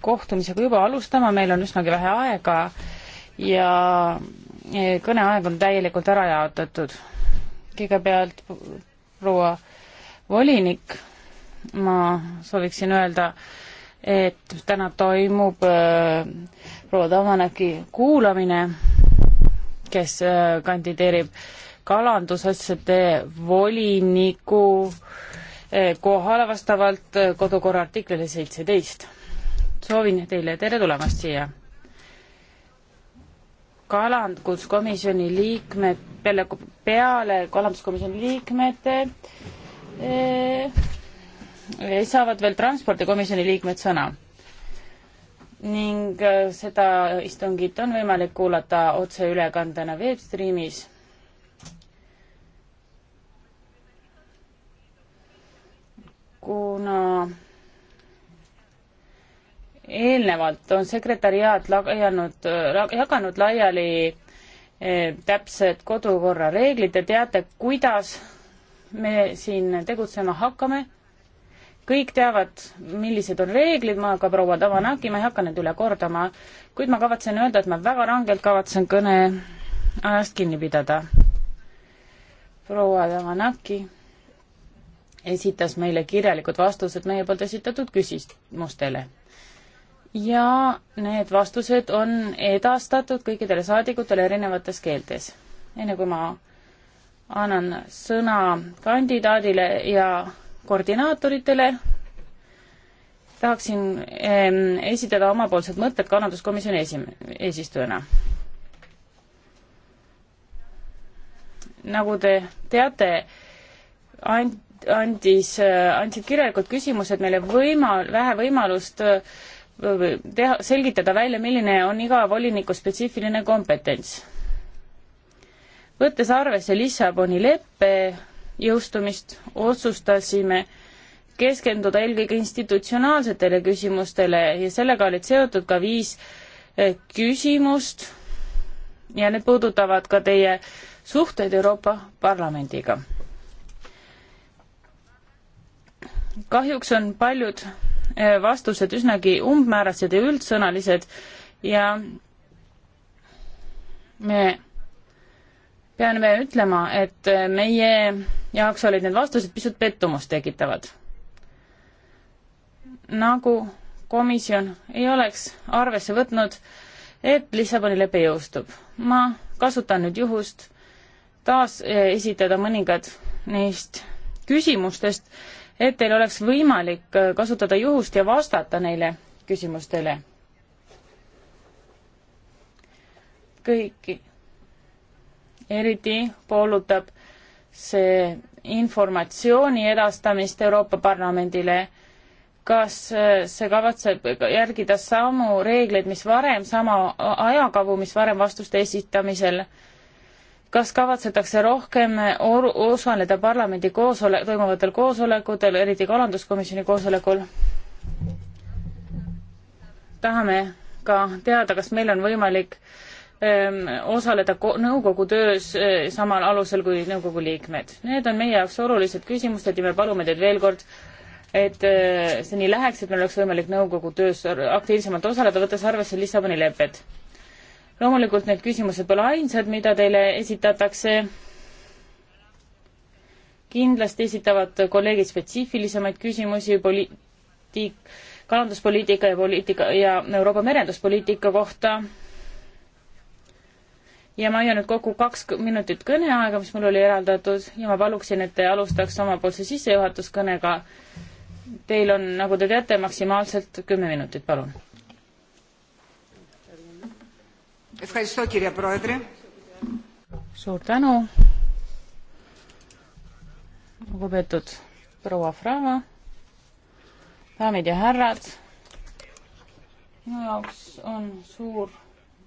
kohtumisega juba alustama, meil on üsnagi vähe aega ja kõneaeg on täielikult ära jaotatud. kõigepealt proua volinik, ma sooviksin öelda, et täna toimub äh, proua Tavanaki kuulamine, kes äh, kandideerib kalandusasjade voliniku äh, kohale vastavalt kodukorra artiklile seitseteist soovin teile tere tulemast siia. kalanduskomisjoni liikmed, peale, peale kalanduskomisjoni liikmete eh, saavad veel transpordikomisjoni liikmed sõna. ning eh, seda istungit on võimalik kuulata otseülekandena veebstriimis kuna eelnevalt on sekretäriaat jaganud, jaganud laiali eh, täpsed kodukorra reeglid, te teate, kuidas me siin tegutsema hakkame. kõik teavad, millised on reeglid, ma ka proua Tavanaki, ma ei hakka neid üle kordama, kuid ma kavatsen öelda, et ma väga rangelt kavatsen kõne ajast kinni pidada. proua Tavanaki esitas meile kirjalikud vastused meie poolt esitatud küsimustele ja need vastused on edastatud kõikidele saadikutele erinevates keeltes. enne kui ma annan sõna kandidaadile ja koordinaatoritele, tahaksin ehm, esitada omapoolsed mõtted kalanduskomisjoni esi-, eesistujana. nagu te teate, and-, andis, eh, andsid kirjalikud küsimused meile võima-, vähe võimalust äh, teha, selgitada välja, milline on iga voliniku spetsiifiline kompetents. võttes arvesse Lissaboni leppe jõustumist, otsustasime keskenduda eelkõige institutsionaalsetele küsimustele ja sellega olid seotud ka viis eh, küsimust ja need puudutavad ka teie suhteid Euroopa Parlamendiga. kahjuks on paljud Eh, vastused üsnagi umbmäärased ja üldsõnalised ja me peame ütlema, et eh, meie jaoks olid need vastused pisut pettumust tekitavad. nagu komisjon ei oleks arvesse võtnud, et Lissaboni lepe jõustub. ma kasutan nüüd juhust taas eh, esitada mõningad neist küsimustest, et teil oleks võimalik äh, kasutada juhust ja vastata neile küsimustele. kõiki. eriti puudutab see informatsiooni edastamist Euroopa Parlamendile, kas äh, see kavatseb järgida samu reegleid, mis varem, sama ajakava, mis varem vastuste esitamisel äh, kas kavatsetakse rohkem osaleda parlamendi koosole-, toimuvatel koosolekutel, eriti kalanduskomisjoni koosolekul? tahame ka teada, kas meil on võimalik öö, ehm, osaleda nõukogu töös öö, eh, samal alusel kui nõukogu liikmed. Need on meie jaoks olulised küsimused ja me palume teid veel kord, et öö, eh, see nii läheks, et meil oleks võimalik nõukogu töös aktiivsemalt osaleda, võttes arvesse Lissaboni lepet loomulikult need küsimused pole ainsad, mida teile esitatakse. kindlasti esitavad kolleegid spetsiifilisemaid küsimusi poliitik, kalanduspoliitika ja poliitika ja Euroopa merenduspoliitika kohta. ja ma hoian nüüd kokku kaks minutit kõneaega, mis mul oli eraldatud ja ma paluksin, et te alustaks omapoolse sissejuhatuskõnega. Teil on, nagu te teate, maksimaalselt kümme minutit, palun suur tänu, lugupeetud proua Frava, daamid ja härrad. minu jaoks on suur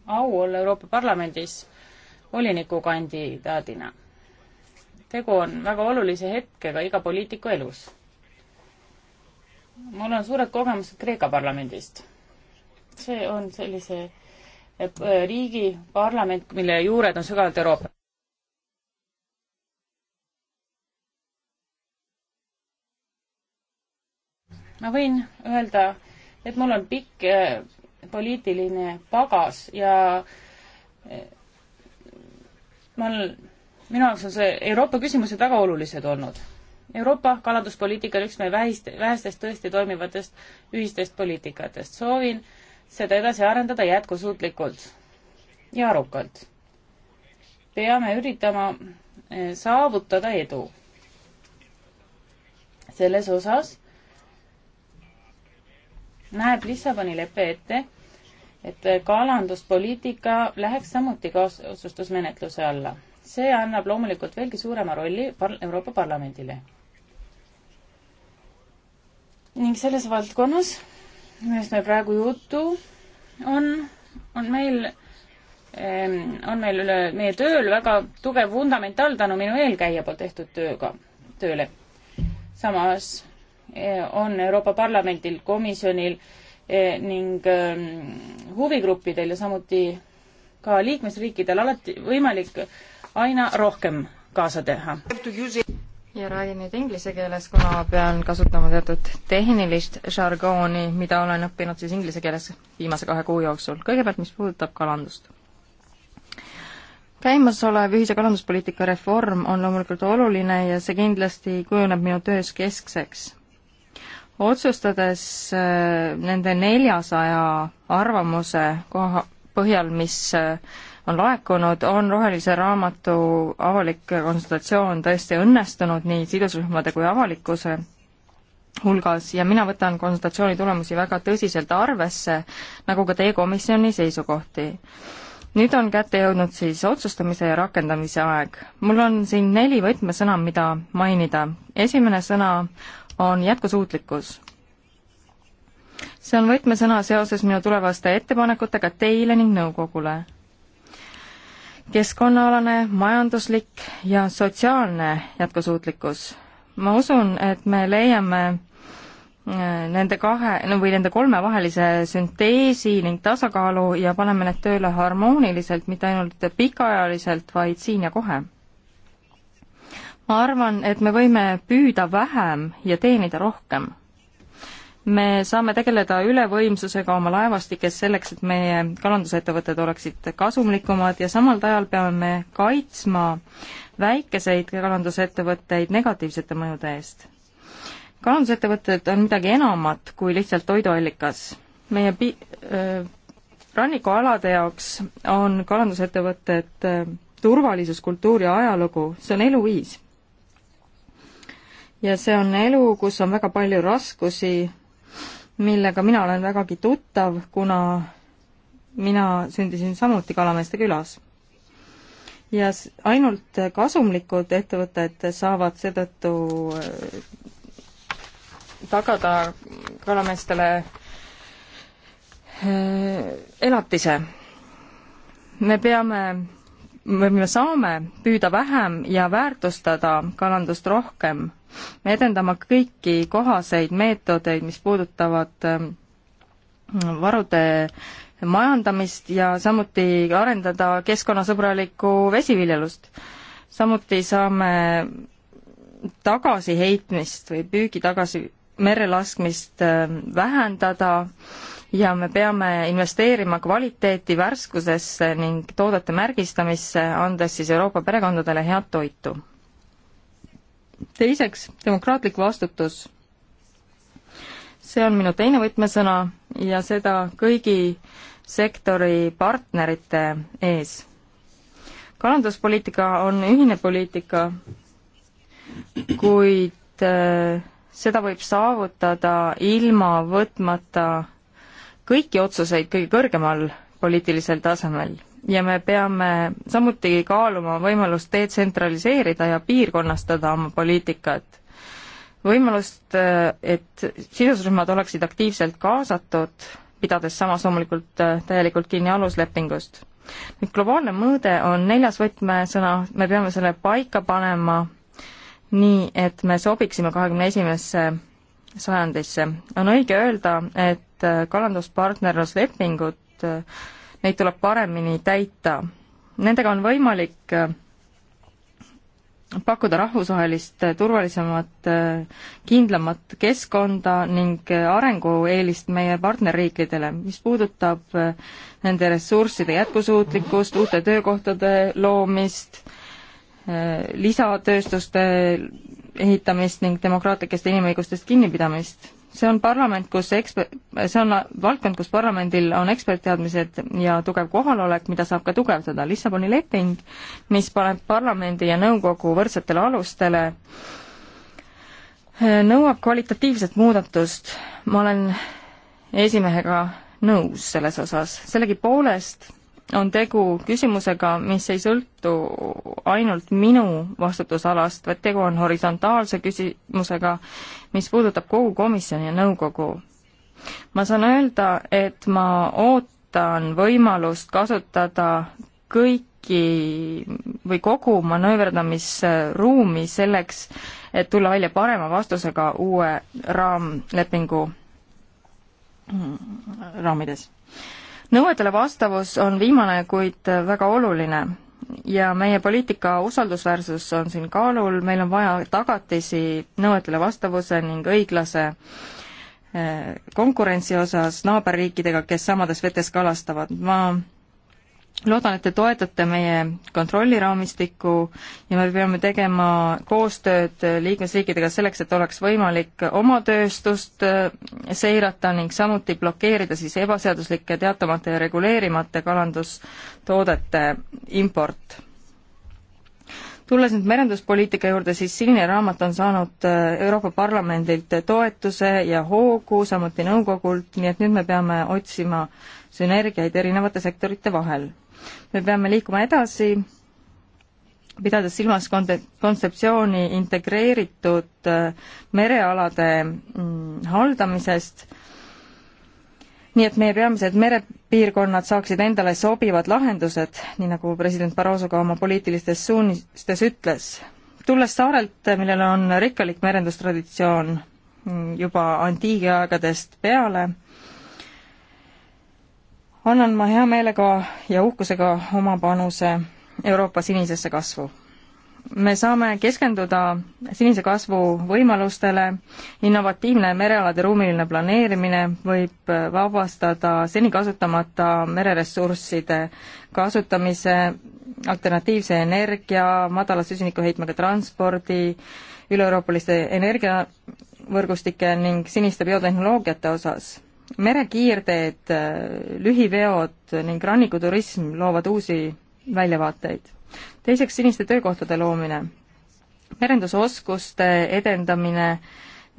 au olla Euroopa Parlamendis volinikukandidaadina. tegu on väga olulise hetkega iga poliitiku elus. mul on suured kogemused Kreeka parlamendist. see on sellise Äh, riigi parlament, mille juured on sügavalt Euroopa. ma võin öelda, et mul on pikk äh, poliitiline pagas ja äh, ma olen, minu jaoks on see Euroopa küsimused väga olulised olnud Euroopa kalanduspoliitika on üks meie vähist, vähestest tõesti toimivatest ühistest poliitikatest. soovin seda edasi arendada jätkusuutlikult ja arukalt. peame üritama eh, saavutada edu. selles osas näeb Lissaboni lepe ette, et kalanduspoliitika läheks samuti kaasotsustusmenetluse alla. see annab loomulikult veelgi suurema rolli par Euroopa Parlamendile. ning selles valdkonnas millest meil praegu juttu on, on meil ehm, on meil üle meie tööl väga tugev vundament all tänu minu eelkäija poolt tehtud tööga, tööle. samas eh, on Euroopa Parlamendil, komisjonil eh, ning ehm, huvigruppidel ja samuti ka liikmesriikidel alati võimalik aina rohkem kaasa teha ja räägin nüüd inglise keeles, kuna pean kasutama teatud tehnilist žargooni, mida olen õppinud siis inglise keeles viimase kahe kuu jooksul. kõigepealt, mis puudutab kalandust. käimasolev ühise kalanduspoliitika reform on loomulikult oluline ja see kindlasti kujuneb minu töös keskseks. otsustades äh, nende neljasaja arvamuse koha, põhjal, mis äh, on laekunud, on Rohelise Raamatu avalik konsultatsioon tõesti õnnestunud nii sidusrühmade kui avalikkuse hulgas ja mina võtan konsultatsiooni tulemusi väga tõsiselt arvesse, nagu ka teie komisjoni seisukohti. nüüd on kätte jõudnud siis otsustamise ja rakendamise aeg. mul on siin neli võtmesõna, mida mainida. esimene sõna on jätkusuutlikkus. see on võtmesõna seoses minu tulevaste ettepanekutega teile ning nõukogule keskkonnaalane, majanduslik ja sotsiaalne jätkusuutlikkus. ma usun, et me leiame äh, nende kahe no, või nende kolme vahelise sünteesi ning tasakaalu ja paneme need tööle harmooniliselt, mitte ainult pikaajaliselt, vaid siin ja kohe. ma arvan, et me võime püüda vähem ja teenida rohkem me saame tegeleda ülevõimsusega oma laevastikes selleks, et meie kalandusettevõtted oleksid kasumlikumad ja samal ajal peame me kaitsma väikeseid kalandusettevõtteid negatiivsete mõjude eest. kalandusettevõtted on midagi enamat kui lihtsalt toiduallikas. meie pi- äh,, rannikualade jaoks on kalandusettevõtted äh, turvalisus, kultuur ja ajalugu, see on eluviis. ja see on elu, kus on väga palju raskusi, millega mina olen vägagi tuttav, kuna mina sündisin samuti Kalameeste külas. ja ainult kasumlikud ettevõtted saavad seetõttu äh, tagada kalameestele äh, elatise. me peame või me saame püüda vähem ja väärtustada kalandust rohkem me edendame kõiki kohaseid meetodeid, mis puudutavad ähm, varude majandamist ja samuti arendada keskkonnasõbralikku vesiviljelust. samuti saame tagasiheitmist või püügi tagasi merre laskmist ähm, vähendada ja me peame investeerima kvaliteeti, värskusesse ning toodete märgistamisse, andes siis Euroopa perekondadele head toitu teiseks, demokraatlik vastutus. see on minu teine võtmesõna ja seda kõigi sektori partnerite ees. kalanduspoliitika on ühine poliitika, kuid äh, seda võib saavutada ilma võtmata kõiki otsuseid kõige kõrgemal poliitilisel tasemel ja me peame samuti kaaluma võimalust detsentraliseerida ja piirkonnastada oma poliitikat võimalust, eh, et sidusrühmad oleksid aktiivselt kaasatud, pidades samas loomulikult eh, täielikult kinni aluslepingust. nüüd globaalne mõõde on neljas võtmesõna, me peame selle paika panema nii, et me sobiksime kahekümne esimesse sajandisse. on õige öelda, et eh, kalanduspartnerluslepingud neid tuleb paremini täita. Nendega on võimalik äh, pakkuda rahvusvahelist äh, turvalisemat, äh, kindlamat keskkonda ning arengueelist meie partnerriikidele, mis puudutab nende ressursside jätkusuutlikkust, uute töökohtade loomist, lisatööstuste ehitamist ning demokraatlikest inimõigustest kinnipidamist see on parlament, kus eksper-, see on valdkond, kus parlamendil on ekspertteadmised ja tugev kohalolek, mida saab ka tugevdada. Lissaboni leping, mis paneb parlamendi ja nõukogu võrdsetele alustele, nõuab kvalitatiivset muudatust. ma olen esimehega nõus selles osas. sellegipoolest on tegu küsimusega, mis ei sõltu ainult minu vastutusalast, vaid tegu on horisontaalse küsimusega mis puudutab kogu komisjoni ja nõukogu. ma saan öelda, et ma ootan võimalust kasutada kõiki või kogu manööverdamisruumi selleks, et tulla välja parema vastusega uue raamlepingu raamides. nõuetele vastavus on viimane, kuid väga oluline ja meie poliitika usaldusväärsus on siin kaalul, meil on vaja tagatisi nõuetele vastavuse ning õiglase eh, konkurentsi osas naaberriikidega, kes samades vetes kalastavad. ma loodan, et te toetate meie kontrolliraamistikku ja me peame tegema koostööd liikmesriikidega selleks, et oleks võimalik oma tööstust äh, seirata ning samuti blokeerida siis ebaseaduslike, teatamata ja reguleerimata kalandustoodete import. tulles nüüd merenduspoliitika juurde, siis Sinine raamat on saanud äh, Euroopa Parlamendilt toetuse ja hoogu, samuti nõukogult, nii et nüüd me peame otsima sünergiaid erinevate sektorite vahel me peame liikuma edasi, pidades silmas kontseptsiooni integreeritud äh, merealade mm, haldamisest, nii et meie peamised merepiirkonnad saaksid endale sobivad lahendused, nii nagu president Barroso ka oma poliitilistes suunistes ütles. tulles saarelt, millel on rikkalik merendustraditsioon mm, juba antiigiaegadest peale, annan ma hea meelega ja uhkusega oma panuse Euroopa sinisesse kasvu. me saame keskenduda sinise kasvu võimalustele, innovatiivne merealade ruumiline planeerimine võib vabastada seni kasutamata mereressursside kasutamise, alternatiivse energia, madala süsinikuheitmega transpordi, üle-euroopaliste energiavõrgustike ning siniste biotehnoloogiate osas merekiirteed, lühiveod ning rannikuturism loovad uusi väljavaateid. teiseks, siniste töökohtade loomine, merendusoskuste edendamine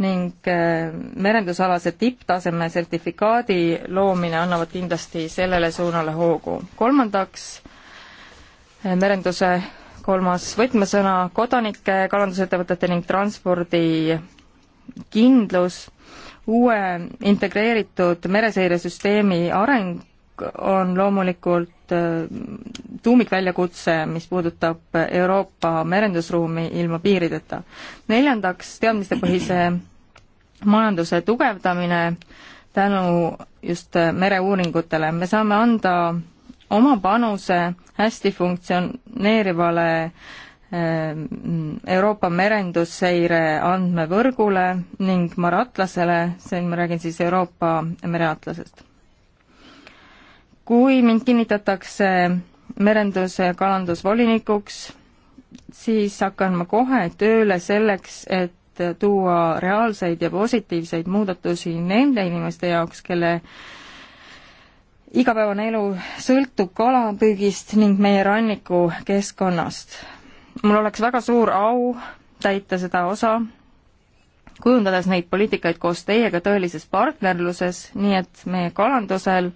ning äh, merendusalase tipptaseme sertifikaadi loomine annavad kindlasti sellele suunale hoogu. kolmandaks, äh, merenduse kolmas võtmesõna, kodanike, kalandusettevõtete ning transpordi kindlus uue integreeritud mereseiresüsteemi areng on loomulikult äh, tuumikväljakutse, mis puudutab Euroopa merendusruumi ilma piirideta. neljandaks, teadmistepõhise majanduse tugevdamine tänu just äh, mereuuringutele. me saame anda oma panuse hästi funktsioneerivale Euroopa merendusseire andmevõrgule ning Maratlasele, siin ma räägin siis Euroopa mereatlasest. kui mind kinnitatakse merendus- ja kalandusvolinikuks, siis hakkan ma kohe tööle selleks, et tuua reaalseid ja positiivseid muudatusi nende inimeste jaoks, kelle igapäevane elu sõltub kalapüügist ning meie rannikukeskkonnast mul oleks väga suur au täita seda osa, kujundades neid poliitikaid koos teiega tõelises partnerluses, nii et meie kalandusel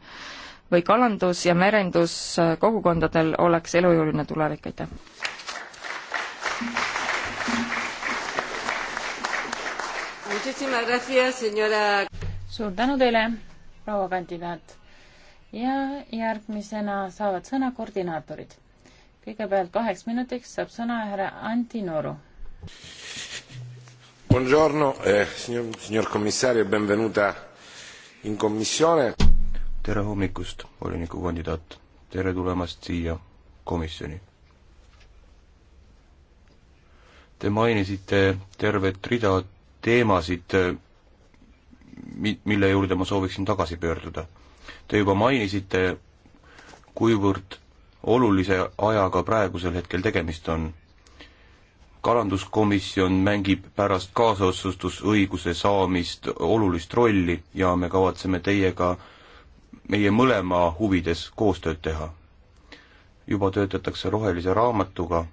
või kalandus- ja merenduskogukondadel oleks elujõuline tulevik, aitäh! suur tänu teile, proua kandidaat! ja järgmisena saavad sõna koordinaatorid kõigepealt kaheks minutiks saab sõna härra Anti Noru. Buongiorno eh,, signor, signor commissario, benvenuta in commissione. tere hommikust, volinikukandidaat. tere tulemast siia komisjoni. Te mainisite tervet rida teemasid, mi-, mille juurde ma sooviksin tagasi pöörduda. Te juba mainisite, kuivõrd olulise ajaga praegusel hetkel tegemist on. kalanduskomisjon mängib pärast kaasotsustusõiguse saamist olulist rolli ja me kavatseme teiega meie mõlema huvides koostööd teha. juba töötatakse rohelise raamatuga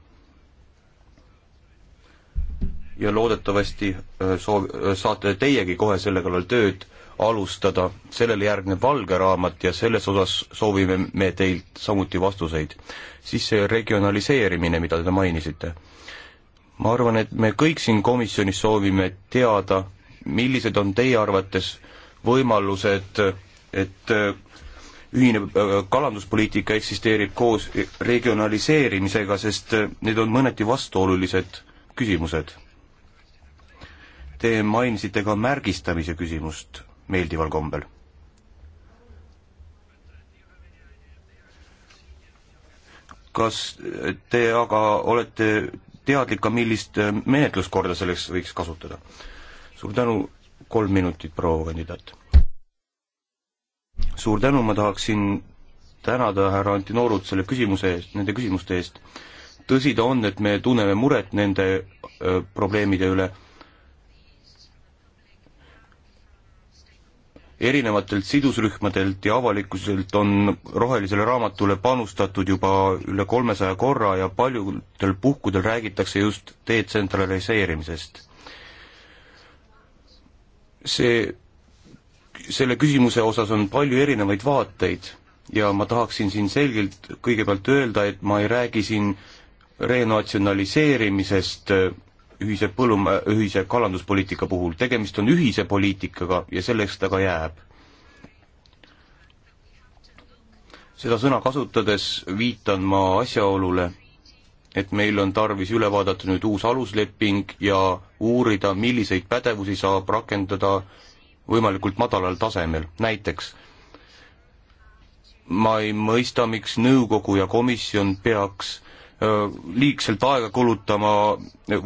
ja loodetavasti äh, soov, äh, saate teiegi kohe selle kallal tööd alustada, sellele järgneb valge raamat ja selles osas soovime me teilt samuti vastuseid. siis see regionaliseerimine, mida te mainisite. ma arvan, et me kõik siin komisjonis soovime teada, millised on teie arvates võimalused, et äh, ühine äh, kalanduspoliitika eksisteerib koos regionaliseerimisega, sest äh, need on mõneti vastuolulised küsimused. Te mainisite ka märgistamise küsimust meeldival kombel. kas te aga olete teadlik ka, millist menetluskorda selleks võiks kasutada? suur tänu, kolm minutit, proua kandidaat. suur tänu, ma tahaksin tänada härra Antinorut selle küsimuse eest, nende küsimuste eest. tõsi ta on, et me tunneme muret nende öö, äh, probleemide üle erinevatelt sidusrühmadelt ja avalikkuselt on rohelisele raamatule panustatud juba üle kolmesaja korra ja paljudel puhkudel räägitakse just detsentraliseerimisest. see, selle küsimuse osas on palju erinevaid vaateid ja ma tahaksin siin selgelt kõigepealt öelda, et ma ei räägi siin renatsionaliseerimisest ühise põllum-, ühise kalanduspoliitika puhul, tegemist on ühise poliitikaga ja selleks ta ka jääb. seda sõna kasutades viitan ma asjaolule, et meil on tarvis üle vaadata nüüd uus alusleping ja uurida, milliseid pädevusi saab rakendada võimalikult madalal tasemel, näiteks ma ei mõista, miks nõukogu ja komisjon peaks äh, Äh, liigselt aega kulutama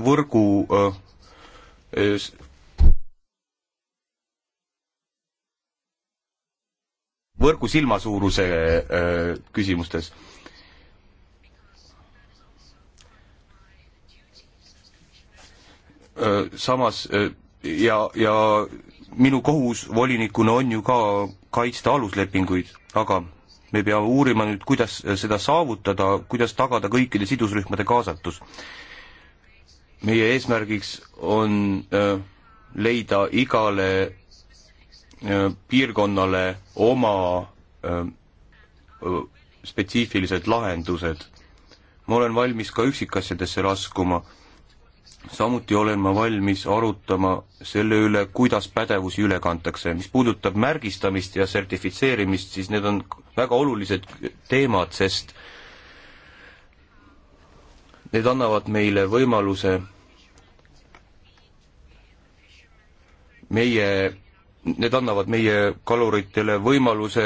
võrgu äh, äh, võrgu silmasuuruse küsimustes. samas ja, ja minu kohus volinikuna on ju ka kaitsta aluslepinguid, aga me peame uurima nüüd, kuidas seda saavutada, kuidas tagada kõikide sidusrühmade kaasatus. meie eesmärgiks on öö, äh, leida igale öö, äh, piirkonnale oma öö, äh, spetsiifilised lahendused. ma olen valmis ka üksikasjadesse laskuma samuti olen ma valmis arutama selle üle, kuidas pädevusi üle kantakse. mis puudutab märgistamist ja sertifitseerimist, siis need on väga olulised teemad, sest need annavad meile võimaluse meie, need annavad meie kaluritele võimaluse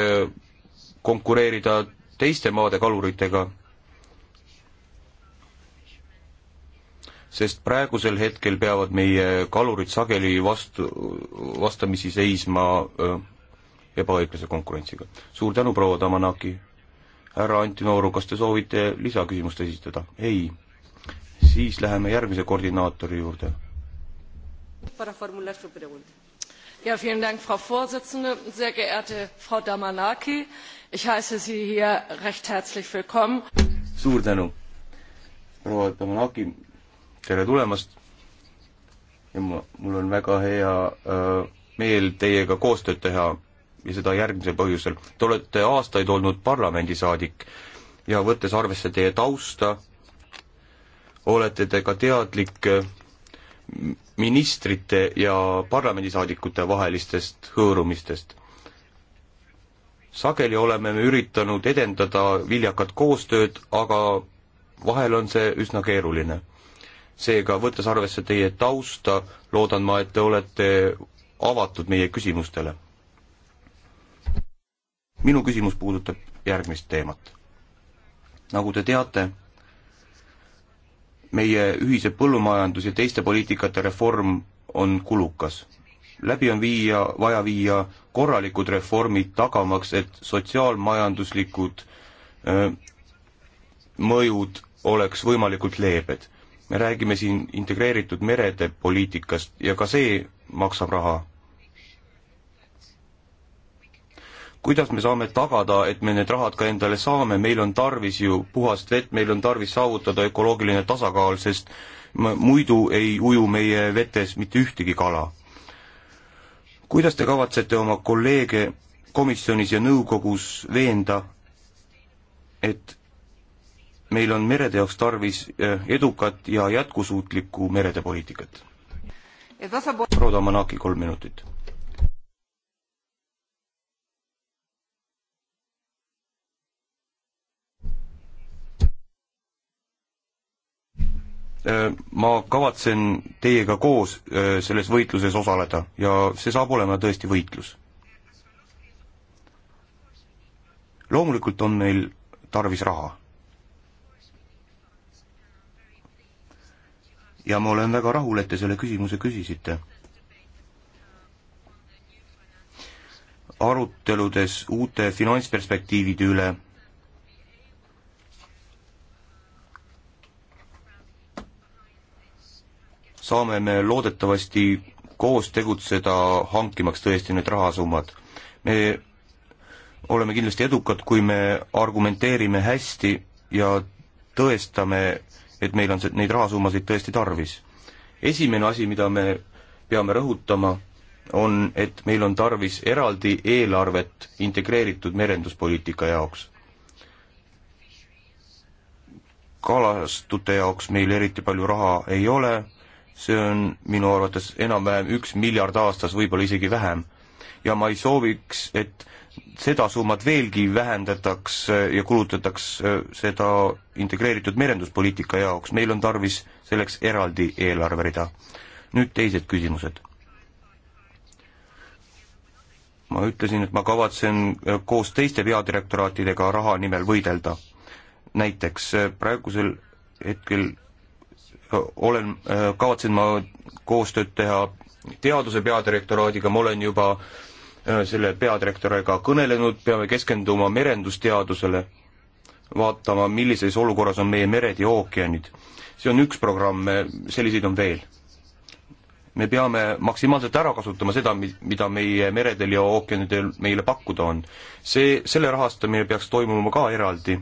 konkureerida teiste maade kaluritega sest praegusel hetkel peavad meie kalurid sageli vastu, vastamisi seisma ebaõiglase konkurentsiga. suur tänu, proua Tamanaki! härra Anti Nooru, kas te soovite lisaküsimust esitada? ei. siis läheme järgmise koordinaatori juurde. Ja, vielen Dank, Frau Vorsitzende, sehr geehrte Frau Damanaki. Ich heiße Sie hier recht herzlich willkommen. Suur tänu, proua Damanaki, tere tulemast ja ma, mul on väga hea öö, meel teiega koostööd teha ja seda järgmisel põhjusel. Te olete aastaid olnud parlamendisaadik ja võttes arvesse teie tausta, olete te ka teadlik ministrite ja parlamendisaadikute vahelistest hõõrumistest. sageli oleme me üritanud edendada viljakat koostööd, aga vahel on see üsna keeruline seega, võttes arvesse teie tausta, loodan ma, et te olete avatud meie küsimustele. minu küsimus puudutab järgmist teemat. nagu te teate, meie ühise põllumajandus- ja teiste poliitikate reform on kulukas. läbi on viia, vaja viia korralikud reformid, tagamaks, et sotsiaalmajanduslikud öö, äh, mõjud oleks võimalikult leebed me räägime siin integreeritud merede poliitikast ja ka see maksab raha. kuidas me saame tagada, et me need rahad ka endale saame, meil on tarvis ju puhast vett, meil on tarvis saavutada ökoloogiline tasakaal, sest muidu ei uju meie vetes mitte ühtegi kala. kuidas te kavatsete oma kolleege komisjonis ja nõukogus veenda, et meil on merede jaoks tarvis eh, edukat ja jätkusuutlikku merede poliitikat. proua Tamanaki, kolm minutit. Eh, ma kavatsen teiega koos eh, selles võitluses osaleda ja see saab olema tõesti võitlus. loomulikult on meil tarvis raha ja ma olen väga rahul, et te selle küsimuse küsisite. aruteludes uute finantsperspektiivide üle saame me loodetavasti koos tegutseda, hankimaks tõesti need rahasummad. me oleme kindlasti edukad, kui me argumenteerime hästi ja tõestame et meil on see, neid rahasummasid tõesti tarvis. esimene asi, mida me peame rõhutama, on, et meil on tarvis eraldi eelarvet integreeritud merenduspoliitika jaoks. kalastute jaoks meil eriti palju raha ei ole, see on minu arvates enam-vähem üks miljard aastas, võib-olla isegi vähem. ja ma ei sooviks, et seda summat veelgi vähendataks äh, ja kulutataks äh, seda integreeritud merenduspoliitika jaoks, meil on tarvis selleks eraldi eelarverida. nüüd teised küsimused. ma ütlesin, et ma kavatsen äh, koos teiste peadirektoraatidega raha nimel võidelda. näiteks praegusel hetkel olen, kavatsen ma koostööd teha teaduse peadirektoraadiga, ma olen juba äh, Äh, selle peadirektoriga kõnelenud, peame keskenduma merendusteadusele, vaatama, millises olukorras on meie mered ja ookeanid. see on üks programm, selliseid on veel. me peame maksimaalselt ära kasutama seda, mida meie meredel ja ookeanidel meile pakkuda on. see, selle rahastamine peaks toimuma ka eraldi,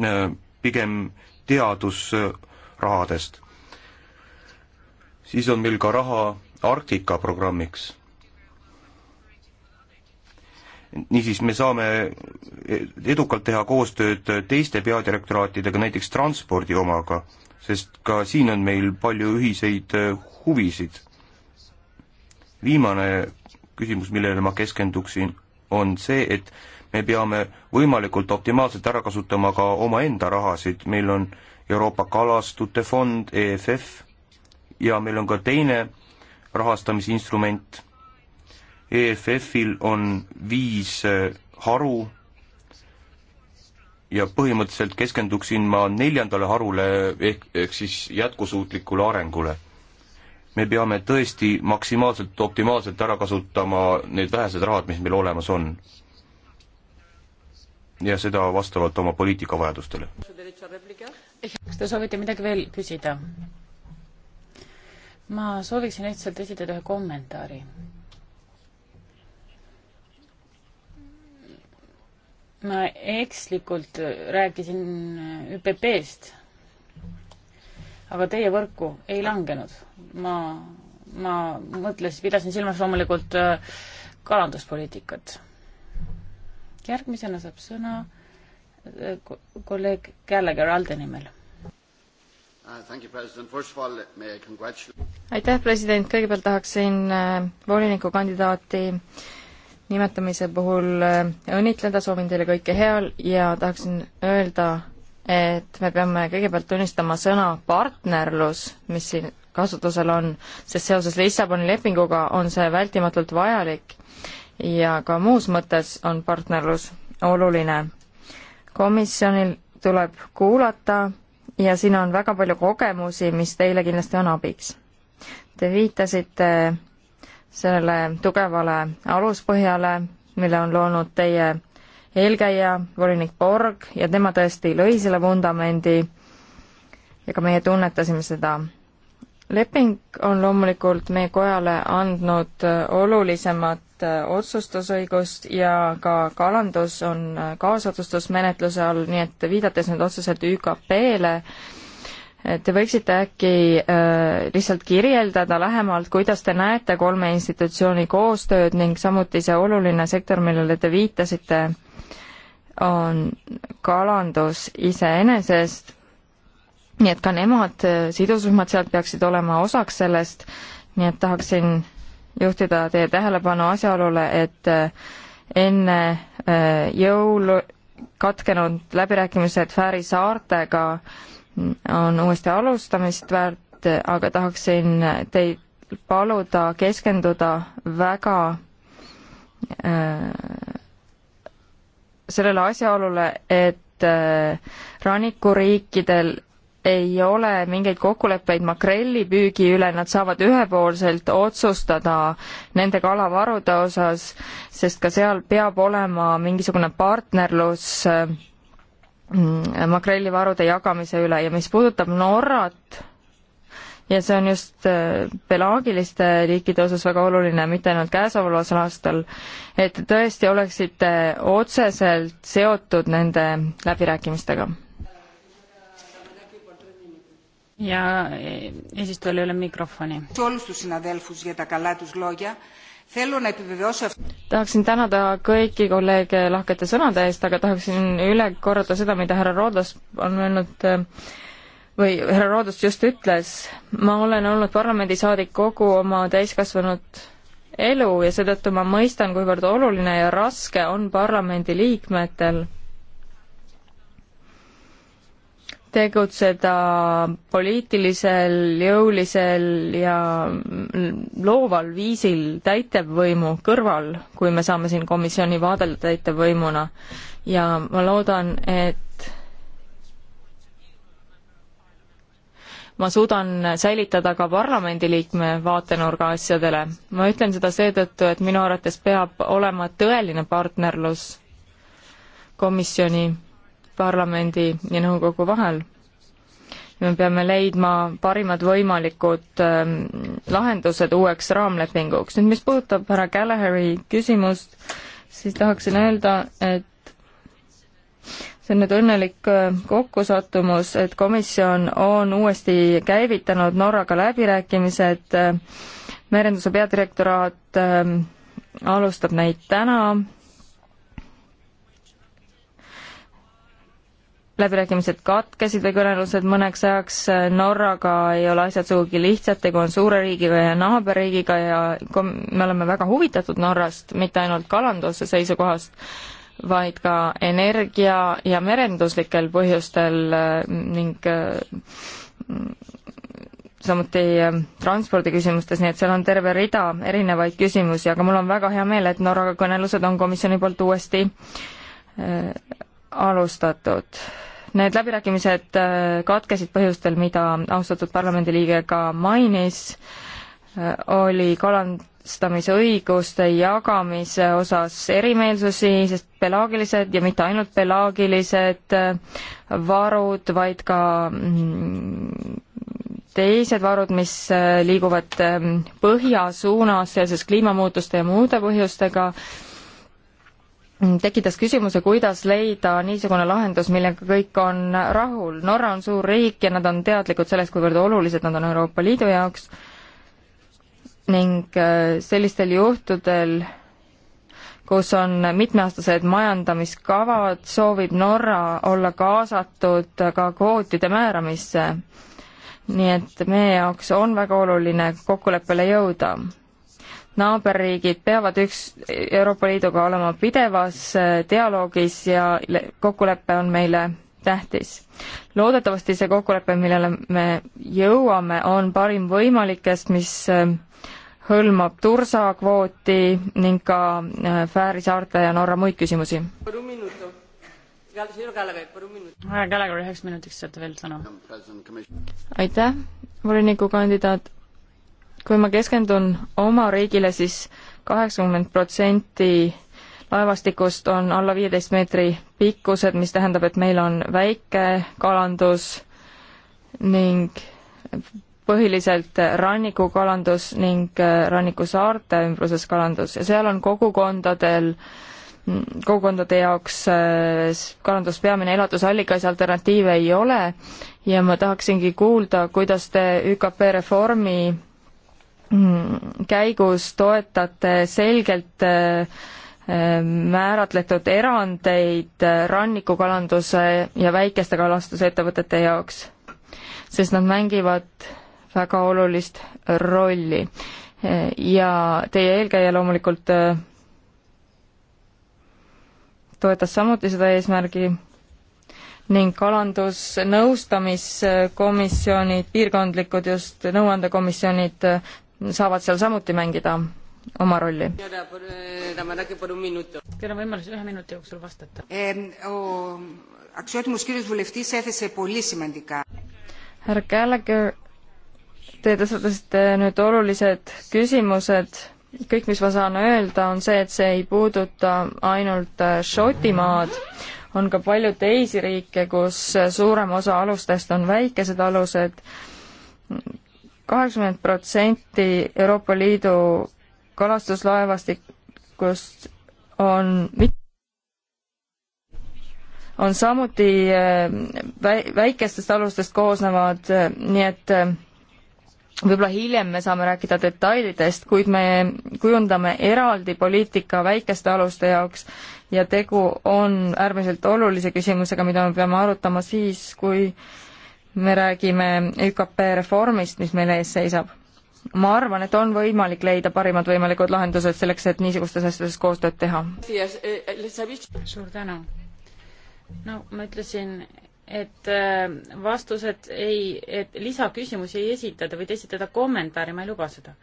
äh, pigem teadusrahadest. siis on meil ka raha Arktika programmiks niisiis, me saame edukalt teha koostööd teiste peadirektoraatidega, näiteks transpordi omaga, sest ka siin on meil palju ühiseid huvisid. viimane küsimus, millele ma keskenduksin, on see, et me peame võimalikult optimaalselt ära kasutama ka omaenda rahasid, meil on Euroopa Kalastute Fond, EFF, ja meil on ka teine rahastamisinstrument EFF-il on viis äh, haru ja põhimõtteliselt keskenduksin ma neljandale harule ehk, ehk siis jätkusuutlikule arengule. me peame tõesti maksimaalselt optimaalselt ära kasutama need vähesed rahad, mis meil olemas on. ja seda vastavalt oma poliitikavajadustele. kas te soovite midagi veel küsida? ma sooviksin lihtsalt esitada ühe kommentaari ma ekslikult rääkisin ÜPP-st, aga teie võrku ei langenud. ma, ma mõtlesin, pidasin silmas loomulikult äh, kalanduspoliitikat. järgmisena saab sõna äh, kolleeg Gallagher Alde nimel. Uh, aitäh, president, kõigepealt tahaksin äh, volinikukandidaati äh, nimetamise puhul äh, õnnitleda, soovin teile kõike heal ja tahaksin öelda, et me peame kõigepealt tunnistama sõna partnerlus, mis siin kasutusel on, sest seoses Lissaboni lepinguga on see vältimatult vajalik ja ka muus mõttes on partnerlus oluline. komisjonil tuleb kuulata ja siin on väga palju kogemusi, mis teile kindlasti on abiks. Te viitasite sellele tugevale aluspõhjale, mille on loonud teie eelkäija, volinik Borg, ja tema tõesti lõi selle vundamendi ja ka meie tunnetasime seda. leping on loomulikult meie kojale andnud olulisemat äh, otsustusõigust ja ka kalandus on äh, kaasotsustusmenetluse all, nii et viidates nüüd otseselt ÜKP-le, Te võiksite äkki äh, lihtsalt kirjeldada lähemalt, kuidas te näete kolme institutsiooni koostööd ning samuti see oluline sektor, millele te viitasite, on kalandus iseenesest, nii et ka nemad, äh, sidusrühmad sealt peaksid olema osaks sellest, nii et tahaksin juhtida teie tähelepanu asjaolule, et äh, enne äh, jõulu katkenud läbirääkimised Fääri saartega äh, on uuesti alustamist väärt, aga tahaksin teid paluda keskenduda väga äh, sellele asjaolule, et äh, rannikuriikidel ei ole mingeid kokkuleppeid makrellipüügi üle, nad saavad ühepoolselt otsustada nende kalavarude osas, sest ka seal peab olema mingisugune partnerlus äh, Mm, makrellivarude jagamise üle ja mis puudutab Norrat, ja see on just äh, pelaagiliste liikide osas väga oluline, mitte ainult käesoleval aastal, et tõesti oleksite otseselt seotud nende läbirääkimistega. ja e, eesistujal ei ole mikrofoni tahaksin tänada kõiki kolleege lahkete sõnade eest, aga tahaksin üle korrata seda, mida härra Roodos on öelnud äh, või härra Roodos just ütles. ma olen olnud parlamendisaadik kogu oma täiskasvanud elu ja seetõttu ma mõistan, kuivõrd oluline ja raske on parlamendiliikmetel tegutseda poliitilisel, jõulisel ja looval viisil täitevvõimu kõrval, kui me saame siin komisjoni vaadelda täitevvõimuna. ja ma loodan, et ma suudan säilitada ka parlamendiliikme vaatenurga asjadele. ma ütlen seda seetõttu, et minu arvates peab olema tõeline partnerlus komisjoni parlamendi ja nõukogu vahel. me peame leidma parimad võimalikud ähm, lahendused uueks raamlepinguks. nüüd, mis puudutab härra Gallagheri küsimust, siis tahaksin öelda, et see on nüüd õnnelik äh, kokkusattumus, et komisjon on uuesti käivitanud Norraga läbirääkimised, äh, merenduse peadirektoraat ähm, alustab neid täna läbirääkimised katkesid või kõnelused mõneks ajaks, Norraga ei ole asjad sugugi lihtsad, tegu on suure riigiga ja naaberriigiga ja me oleme väga huvitatud Norrast, mitte ainult kalanduse seisukohast, vaid ka energia ja merenduslikel põhjustel ning samuti transpordiküsimustes, nii et seal on terve rida erinevaid küsimusi, aga mul on väga hea meel, et Norraga kõnelused on komisjoni poolt uuesti alustatud. Need läbirääkimised äh, katkesid põhjustel, mida austatud parlamendiliige ka mainis, äh, oli kalastamise õiguste jagamise osas erimeelsusi, sest pelaagilised ja mitte ainult pelaagilised äh, varud, vaid ka mm, teised varud, mis liiguvad ähm, põhja suunas seoses kliimamuutuste ja muude põhjustega, Mm, tekitas küsimuse, kuidas leida niisugune lahendus, millega kõik on rahul. Norra on suur riik ja nad on teadlikud sellest, kuivõrd olulised nad on Euroopa Liidu jaoks ning äh, sellistel juhtudel, kus on mitmeaastased majandamiskavad, soovib Norra olla kaasatud ka kvootide määramisse. nii et meie jaoks on väga oluline kokkuleppele jõuda naaberriigid peavad üks Euroopa Liiduga olema pidevas äh, dialoogis ja kokkulepe on meile tähtis. loodetavasti see kokkulepe, millele me jõuame, on parim võimalikest, mis äh, hõlmab tursakvooti ning ka äh, Fääri saarte ja Norra muid küsimusi. härra Gallagher, üheks minutiks saate veel sõna. aitäh, volinikukandidaat kui ma keskendun oma riigile siis, siis kaheksakümmend protsenti laevastikust on alla viieteist meetri pikkused, mis tähendab, et meil on väike kalandus ning põhiliselt rannikukalandus ning äh, rannikusaarte ümbruses kalandus ja seal on kogukondadel, kogukondade jaoks äh, kalandus peamine elatusallikas, alternatiive ei ole ja ma tahaksingi kuulda, kuidas te ÜKP reformi Mm, käigus toetate selgelt äh, äh, määratletud erandeid äh, rannikukalanduse ja väikeste kalastusettevõtete jaoks, sest nad mängivad väga olulist rolli. ja teie eelkäija loomulikult toetas samuti seda eesmärgi ning kalandusnõustamiskomisjonid, piirkondlikud just nõuandekomisjonid saavad seal samuti mängida oma rolli. Teil on võimalus ühe minuti jooksul vastata. härra Gallagher, te tõstatasite nüüd olulised küsimused kõik, mis ma saan öelda, on see, et see ei puuduta ainult äh, Šotimaad, on ka palju teisi riike, kus suurem osa alustest on väikesed alused, kaheksakümmend protsenti Euroopa Liidu kalastuslaevastikust on on samuti äh, väikestest alustest koosnevad, äh, nii et äh, võib-olla hiljem me saame rääkida detailidest, kuid me kujundame eraldi poliitika väikeste aluste jaoks ja tegu on äärmiselt olulise küsimusega, mida me peame arutama siis, kui äh, me räägime ÜKP reformist, mis meil ees seisab. ma arvan, et on võimalik leida parimad võimalikud lahendused selleks, et niisugustes asjades koostööd teha. suur tänu. no ma ütlesin, et äh, vastused ei, et lisaküsimusi ei esitada, võid esitada kommentaari, ma ei luba seda.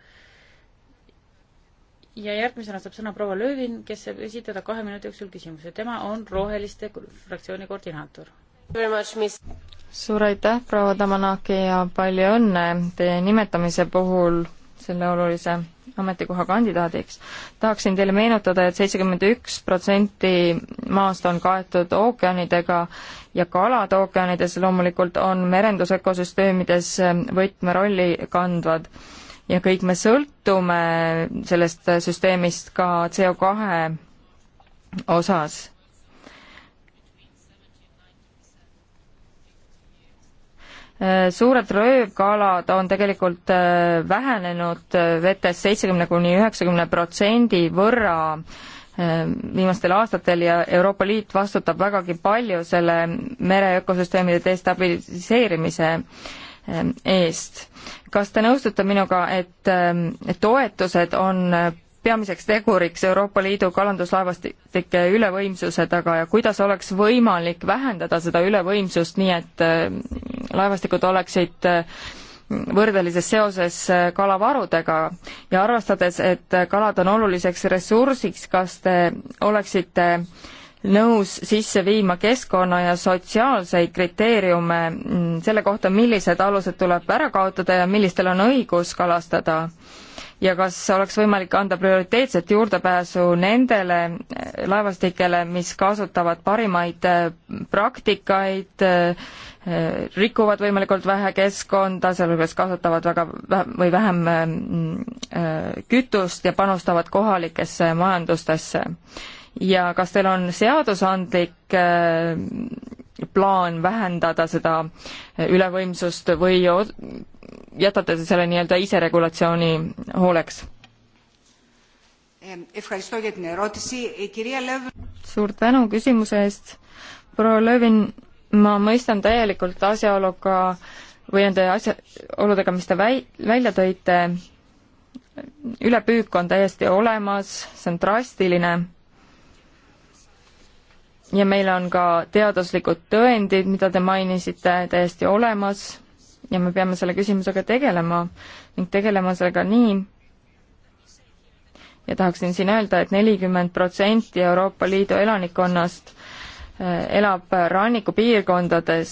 ja järgmisena saab sõna proua Löövin, kes saab esitada kahe minuti jooksul küsimuse. tema on Roheliste fraktsiooni koordinaator suur aitäh, proua Tamanaki ja palju õnne teie nimetamise puhul selle olulise ametikoha kandidaadiks. tahaksin teile meenutada et, et seitsekümmend üks protsenti maast on kaetud ookeanidega ja kalad ookeanides loomulikult on merendusökosüsteemides võtmerolli kandvad ja kõik me sõltume sellest süsteemist ka CO kahe osas Äh, suured röövkalad on tegelikult äh, vähenenud äh, vetes seitsekümne kuni üheksakümne protsendi võrra viimastel aastatel ja Euroopa Liit vastutab vägagi palju selle mere ökosüsteemide destabiliseerimise eest. kas te nõustute minuga, et toetused on peamiseks teguriks Euroopa Liidu kalanduslaevastike ülevõimsuse taga ja kuidas oleks võimalik vähendada seda ülevõimsust nii, et äh, laevastikud oleksid äh, võrdelises seoses äh, kalavarudega ja arvestades, et kalad on oluliseks ressursiks, kas te oleksite nõus sisse viima keskkonna ja sotsiaalseid kriteeriume mm, selle kohta, millised alused tuleb ära kaotada ja millistel on õigus kalastada? ja kas oleks võimalik anda prioriteetset juurdepääsu nendele laevastikele, mis kasutavad parimaid äh, praktikaid, äh, rikuvad võimalikult vähe keskkonda, sealhulgas kasutavad väga vähe või vähem äh, kütust ja panustavad kohalikesse majandustesse. ja kas teil on seadusandlik plaan vähendada seda ülevõimsust või jätate te selle nii-öelda iseregulatsiooni hooleks? suur tänu küsimuse eest, proua Lövin, ma mõistan täielikult asjaoluga või nende asjaoludega, mis te väi-, välja tõite, ülepüük on täiesti olemas, see on drastiline ja meil on ka teaduslikud tõendid, mida te mainisite, täiesti olemas ja me peame selle küsimusega tegelema ning tegelema sellega nii, ja tahaksin siin öelda et, et nelikümmend protsenti Euroopa Liidu elanikkonnast eh, elab rannikupiirkondades,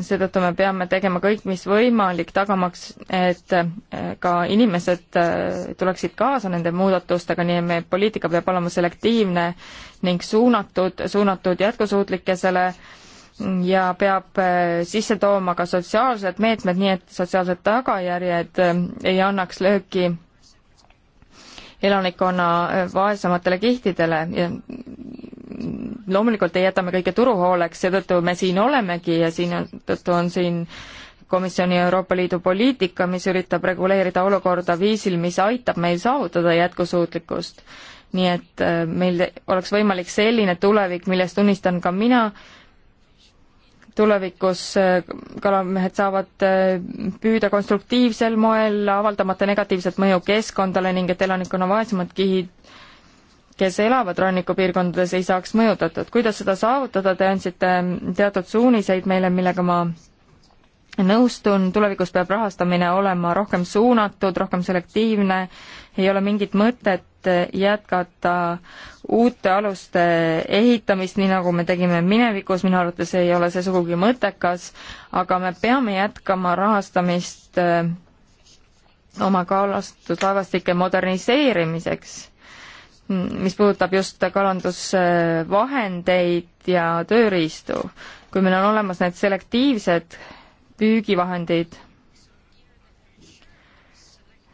seetõttu me peame tegema kõik, mis võimalik, tagamaks, et eh, ka inimesed eh, tuleksid kaasa nende muudatustega, nii et meie poliitika peab olema selektiivne ning suunatud, suunatud jätkusuutlikesele äh, ja peab eh, sisse tooma ka sotsiaalsed meetmed, nii et sotsiaalsed tagajärjed eh, ei annaks lööki elanikkonna eh, vaesematele kihtidele ja loomulikult ei jäta me kõike turuhooleks, seetõttu me siin olemegi ja siin on, tõttu on siin komisjoni Euroopa Liidu poliitika, mis üritab reguleerida olukorda viisil, mis aitab meil saavutada jätkusuutlikkust. nii et meil oleks võimalik selline tulevik, millest unistan ka mina, tulevikus äh, kalamehed saavad äh, püüda konstruktiivsel moel, avaldamata negatiivset mõju keskkondale ning et elanikkonna vaesemad kihid, kes elavad rannikupiirkondades, ei saaks mõjutatud. kuidas seda saavutada, te andsite teatud suuniseid meile, millega ma nõustun, tulevikus peab rahastamine olema rohkem suunatud, rohkem selektiivne, ei ole mingit mõtet jätkata uute aluste ehitamist, nii nagu me tegime minevikus, minu arvates ei ole see sugugi mõttekas, aga me peame jätkama rahastamist äh, oma kalastuslaevastike moderniseerimiseks, mis puudutab just kalandusvahendeid ja tööriistu. kui meil on olemas need selektiivsed püügivahendeid,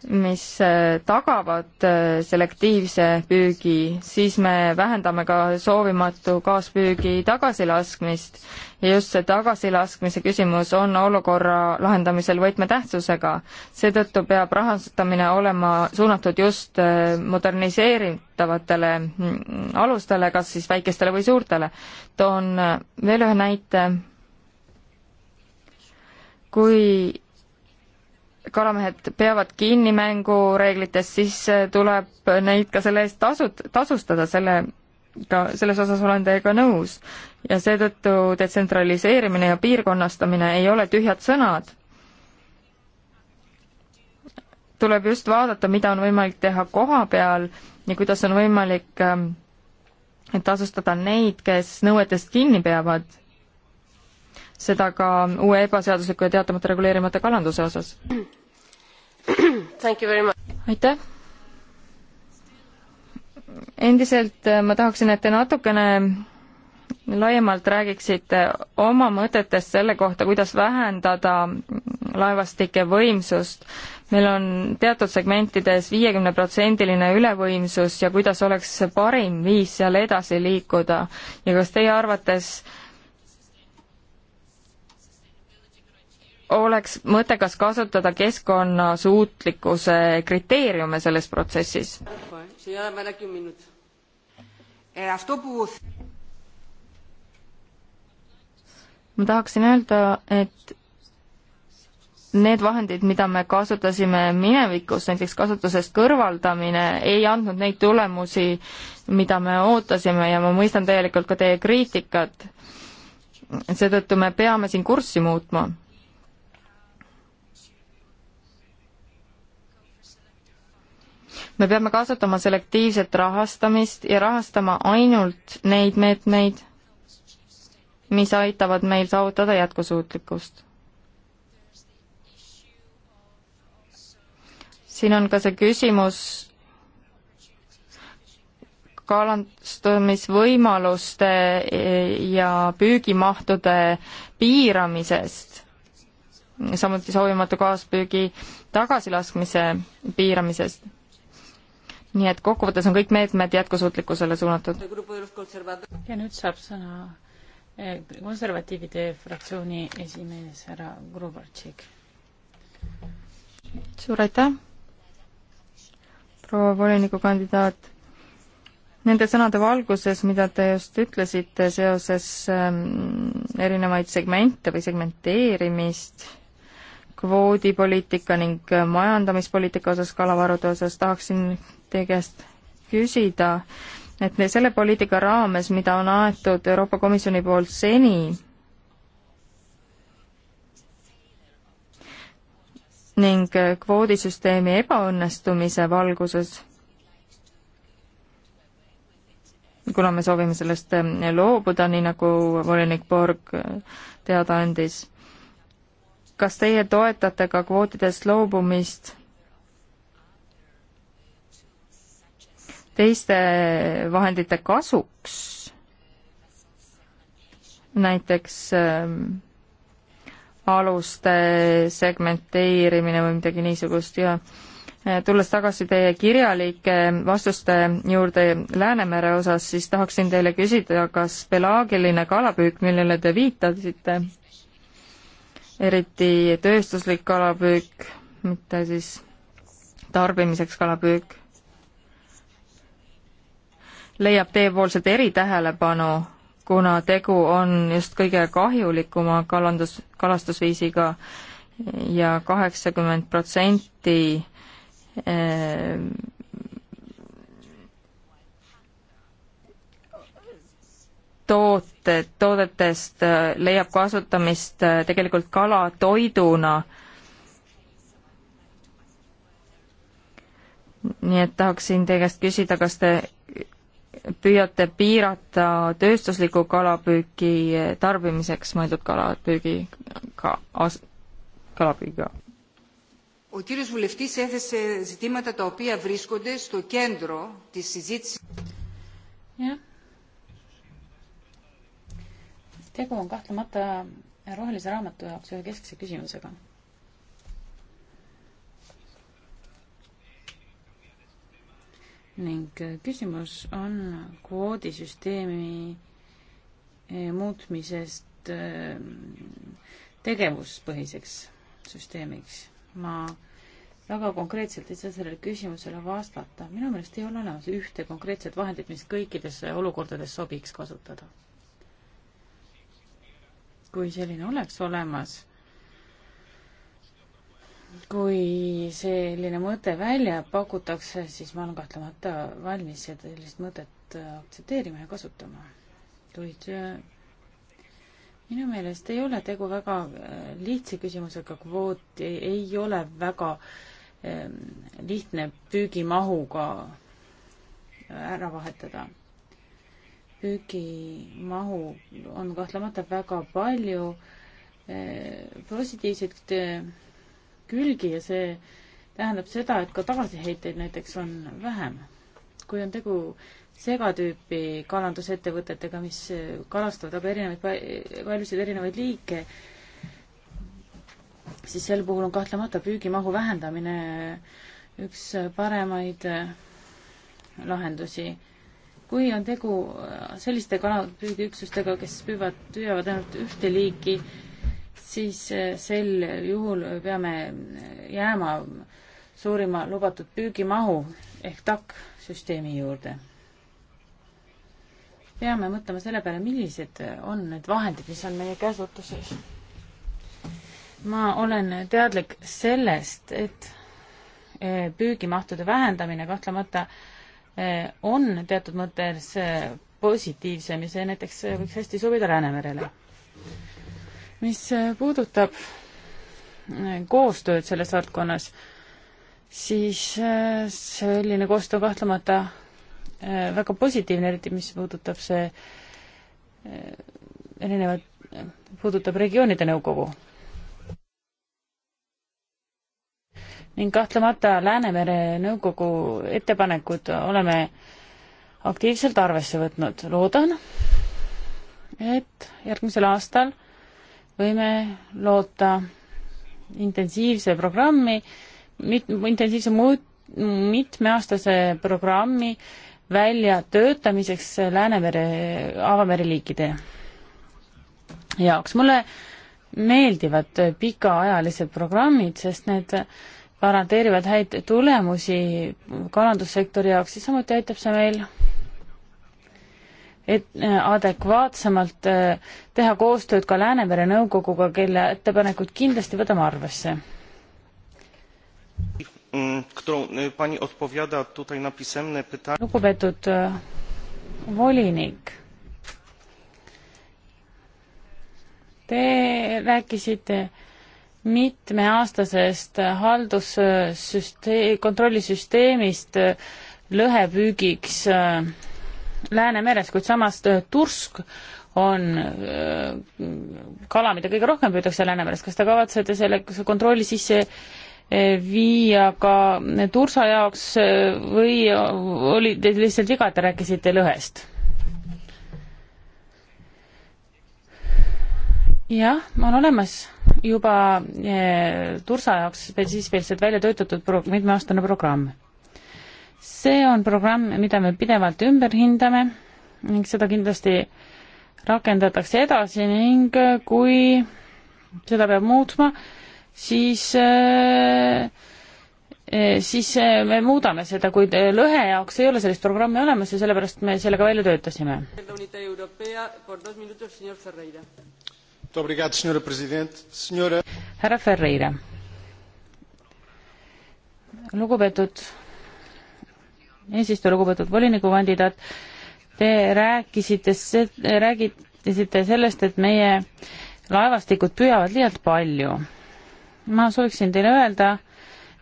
mis äh, tagavad äh, selektiivse püügi, siis me vähendame ka soovimatu kaaspüügi tagasilaskmist ja just see tagasilaskmise küsimus on olukorra lahendamisel võtmetähtsusega. seetõttu peab rahastamine olema suunatud just äh, moderniseeritavatele mm, alustele, kas siis väikestele või suurtele. toon veel ühe näite kui kalamehed peavad kinni mängureeglitest, siis äh, tuleb neid ka selle eest tasud, tasustada, selle ka selles osas olen teiega nõus ja seetõttu detsentraliseerimine ja piirkonnastamine ei ole tühjad sõnad. tuleb just vaadata, mida on võimalik teha koha peal ja kuidas on võimalik ähm, tasustada neid, kes nõuetest kinni peavad seda ka uue ebaseadusliku ja teatamata reguleerimata kalanduse osas. aitäh! endiselt äh, ma tahaksin, et te natukene laiemalt räägiksite oma mõtetest selle kohta, kuidas vähendada laevastike võimsust. meil on teatud segmentides viiekümneprotsendiline ülevõimsus ja kuidas oleks parim viis seal edasi liikuda ja kas teie arvates äh, oleks mõttekas kasutada keskkonnasuutlikkuse kriteeriume selles protsessis? ma tahaksin öelda, et need vahendid, mida me kasutasime minevikus, näiteks kasutusest kõrvaldamine, ei andnud neid tulemusi, mida me ootasime ja ma mõistan täielikult ka teie kriitikat. seetõttu me peame siin kurssi muutma me peame kasutama selektiivset rahastamist ja rahastama ainult neid meetmeid, mis aitavad meil saavutada jätkusuutlikkust. siin on ka see küsimus kalastamisvõimaluste ja püügimahtude piiramisest, samuti soovimatu kaaspüügi tagasilaskmise piiramisest nii et kokkuvõttes on kõik meetmed jätkusuutlikkusele suunatud. ja nüüd saab sõna eh, konservatiivide fraktsiooni esimees härra Grubartšik. suur aitäh, proua volinikukandidaat nende sõnade valguses, mida te just ütlesite seoses ähm, erinevaid segmente või segmenteerimist, kvoodipoliitika ning äh, majandamispoliitika osas, kalavarude osas, tahaksin teie käest küsida, et selle poliitika raames, mida on aetud Euroopa Komisjoni poolt seni, ning kvoodisüsteemi ebaõnnestumise valguses, kuna me soovime sellest loobuda, nii nagu volinik Borg teada andis, kas teie toetate ka kvootidest loobumist teiste vahendite kasuks, näiteks ähm, aluste segmenteerimine või midagi niisugust ja äh, tulles tagasi teie kirjalike vastuste juurde Läänemere osas, siis tahaksin teile küsida, kas pelaagiline kalapüük, millele te viitasite, eriti tööstuslik kalapüük, mitte siis tarbimiseks kalapüük, leiab teiepoolset eritähelepanu, kuna tegu on just kõige kahjulikuma kalandus, kalastusviisiga ja kaheksakümmend protsenti eh, tooted, toodetest eh, leiab kasutamist eh, tegelikult kalatoiduna. nii et tahaksin teie käest küsida, kas te püüate piirata tööstusliku kalapüüki tarbimiseks mõeldud kalapüügi ka as-, kalapüügiga? Ο κύριος Βουλευτής έθεσε ζητήματα τα οποία βρίσκονται στο κέντρο της συζήτησης. Jah. Tegu on kahtlemata rohelise raamatu jaoks ühe keskse küsimusega ning äh, küsimus on kvoodisüsteemi äh, muutmisest äh, tegevuspõhiseks süsteemiks. ma väga konkreetselt ei saa sellele küsimusele vastata. minu meelest ei ole olemas ühte konkreetset vahendit, mis kõikides olukordades sobiks kasutada. kui selline oleks olemas, kui selline mõte välja pakutakse, siis ma olen kahtlemata valmis sellist mõtet aktsepteerima ja kasutama. kuid äh, minu meelest ei ole tegu väga äh, lihtsa küsimusega, kvoot ei ole väga ähm, lihtne püügimahuga äh, ära vahetada. püügimahu on kahtlemata väga palju positiivseid külgi ja see tähendab seda, et ka tagasiheiteid näiteks on vähem. kui on tegu segatüüpi kalandusettevõtetega, mis kalastavad aga erinevaid, paljusid erinevaid liike, siis sel puhul on kahtlemata püügimahu vähendamine üks paremaid lahendusi. kui on tegu selliste kalapüügiüksustega, kes püüavad, püüavad ainult ühte liiki, siis eh, sel juhul peame eh, jääma suurima lubatud püügimahu ehk TAK süsteemi juurde. peame mõtlema selle peale, millised on need vahendid, mis on meie käsutuses. ma olen teadlik sellest, et eh, püügimahtude vähendamine kahtlemata on teatud mõttes positiivsem ja see näiteks võiks hästi sobida Läänemerele mis puudutab äh, koostööd selles valdkonnas, siis äh, selline koostöö kahtlemata äh, väga positiivne, eriti mis puudutab see erinevad, puudutab regioonide nõukogu. ning kahtlemata Läänemere nõukogu ettepanekud oleme aktiivselt arvesse võtnud. loodan, et järgmisel aastal võime loota intensiivse programmi, mit-, intensiivse muut-, mitmeaastase programmi väljatöötamiseks Läänemere, avamere liikide jaoks. mulle meeldivad pikaajalised programmid, sest need garanteerivad häid tulemusi kalandussektori jaoks ja samuti aitab see meil et äh, adekvaatsemalt äh, teha koostööd ka Läänemere nõukoguga, kelle ettepanekud kindlasti võtame arvesse. Mm, lugupeetud volinik, te rääkisite mitmeaastasest haldussüsteem, kontrollisüsteemist lõhepüügiks äh, Läänemeres, kuid samas äh, tursk on äh, kala, mida kõige rohkem püütakse Läänemeres. kas te kavatsete selle kontrolli sisse äh, viia ka tursa jaoks või oli teil lihtsalt viga, et te rääkisite lõhest? jah, on olemas juba tursa jaoks spetsiifiliselt välja töötatud pro-, mitmeaastane programm see on programm, mida me pidevalt ümber hindame ning seda kindlasti rakendatakse edasi ning äh, kui seda peab muutma, siis äh, äh, siis me muudame seda, kuid lõhe jaoks ei ole sellist programmi olemas ja sellepärast me selle ka välja töötasime. härra Ferreira. lugupeetud eesistuja, lugupeetud volinikukandidaat, te rääkisite, rääkisite sellest, et meie laevastikud püüavad liialt palju. ma sooviksin teile öelda,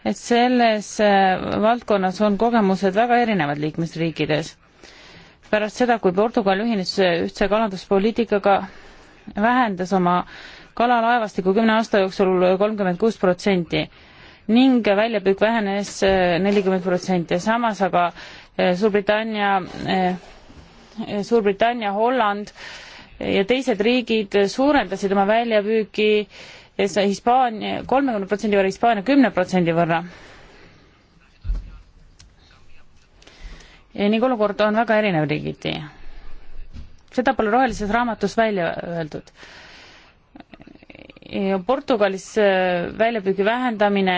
et selles äh, valdkonnas on kogemused väga erinevad liikmesriikides. pärast seda, kui Portugal ühines ühtse kalanduspoliitikaga, vähendas oma kalalaevastiku kümne aasta jooksul kolmkümmend kuus protsenti ning väljapüük vähenes eh, nelikümmend protsenti, samas aga eh, Suurbritannia, eh, Suurbritannia, Holland ja teised riigid suurendasid oma väljapüüki Hispaania kolmekümne protsendi võrra, Hispaania kümne protsendi võrra ja ning olukord on väga erinev riigiti. seda pole rohelises raamatus välja öeldud. Portugalis äh, väljapüügi vähendamine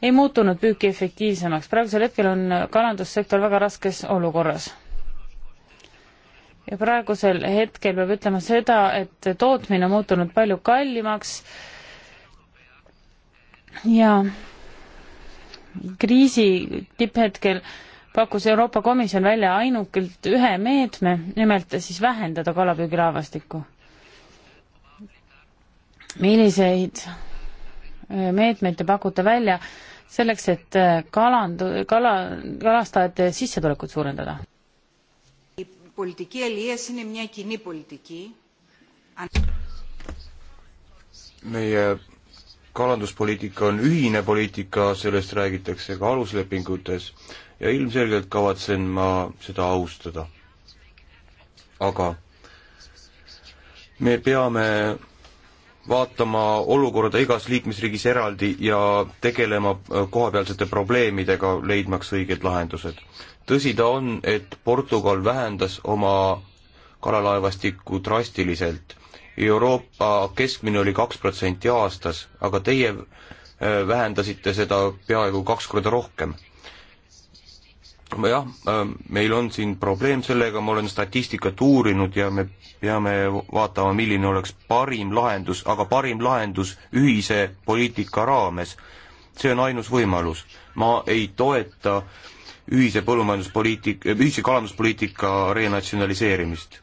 ei muutunud püüki efektiivsemaks. praegusel hetkel on kalandussektor väga raskes olukorras. ja praegusel hetkel peab ütlema seda, et tootmine on muutunud palju kallimaks ja kriisi tipphetkel pakkus Euroopa Komisjon välja ainukelt ühe meetme, nimelt siis vähendada kalapüügilaevastikku milliseid äh, meetmeid te pakute välja selleks, et äh, kalandu-, kala, kalastajate sissetulekut suurendada? meie kalanduspoliitika on ühine poliitika, sellest räägitakse ka aluslepingutes ja ilmselgelt kavatsen ma seda austada. aga me peame vaatama olukorda igas liikmesriigis eraldi ja tegelema äh, kohapealsete probleemidega, leidmaks õiged lahendused. tõsi ta on, et Portugal vähendas oma kalalaevastikku drastiliselt. Euroopa keskmine oli kaks protsenti aastas, aga teie äh, vähendasite seda peaaegu kaks korda rohkem jah, ähm, meil on siin probleem sellega, ma olen statistikat uurinud ja me peame vaatama, milline oleks parim lahendus, aga parim lahendus ühise poliitika raames. see on ainus võimalus. ma ei toeta ühise põllumajanduspoliitik-, äh, ühise kalanduspoliitika renatsionaliseerimist.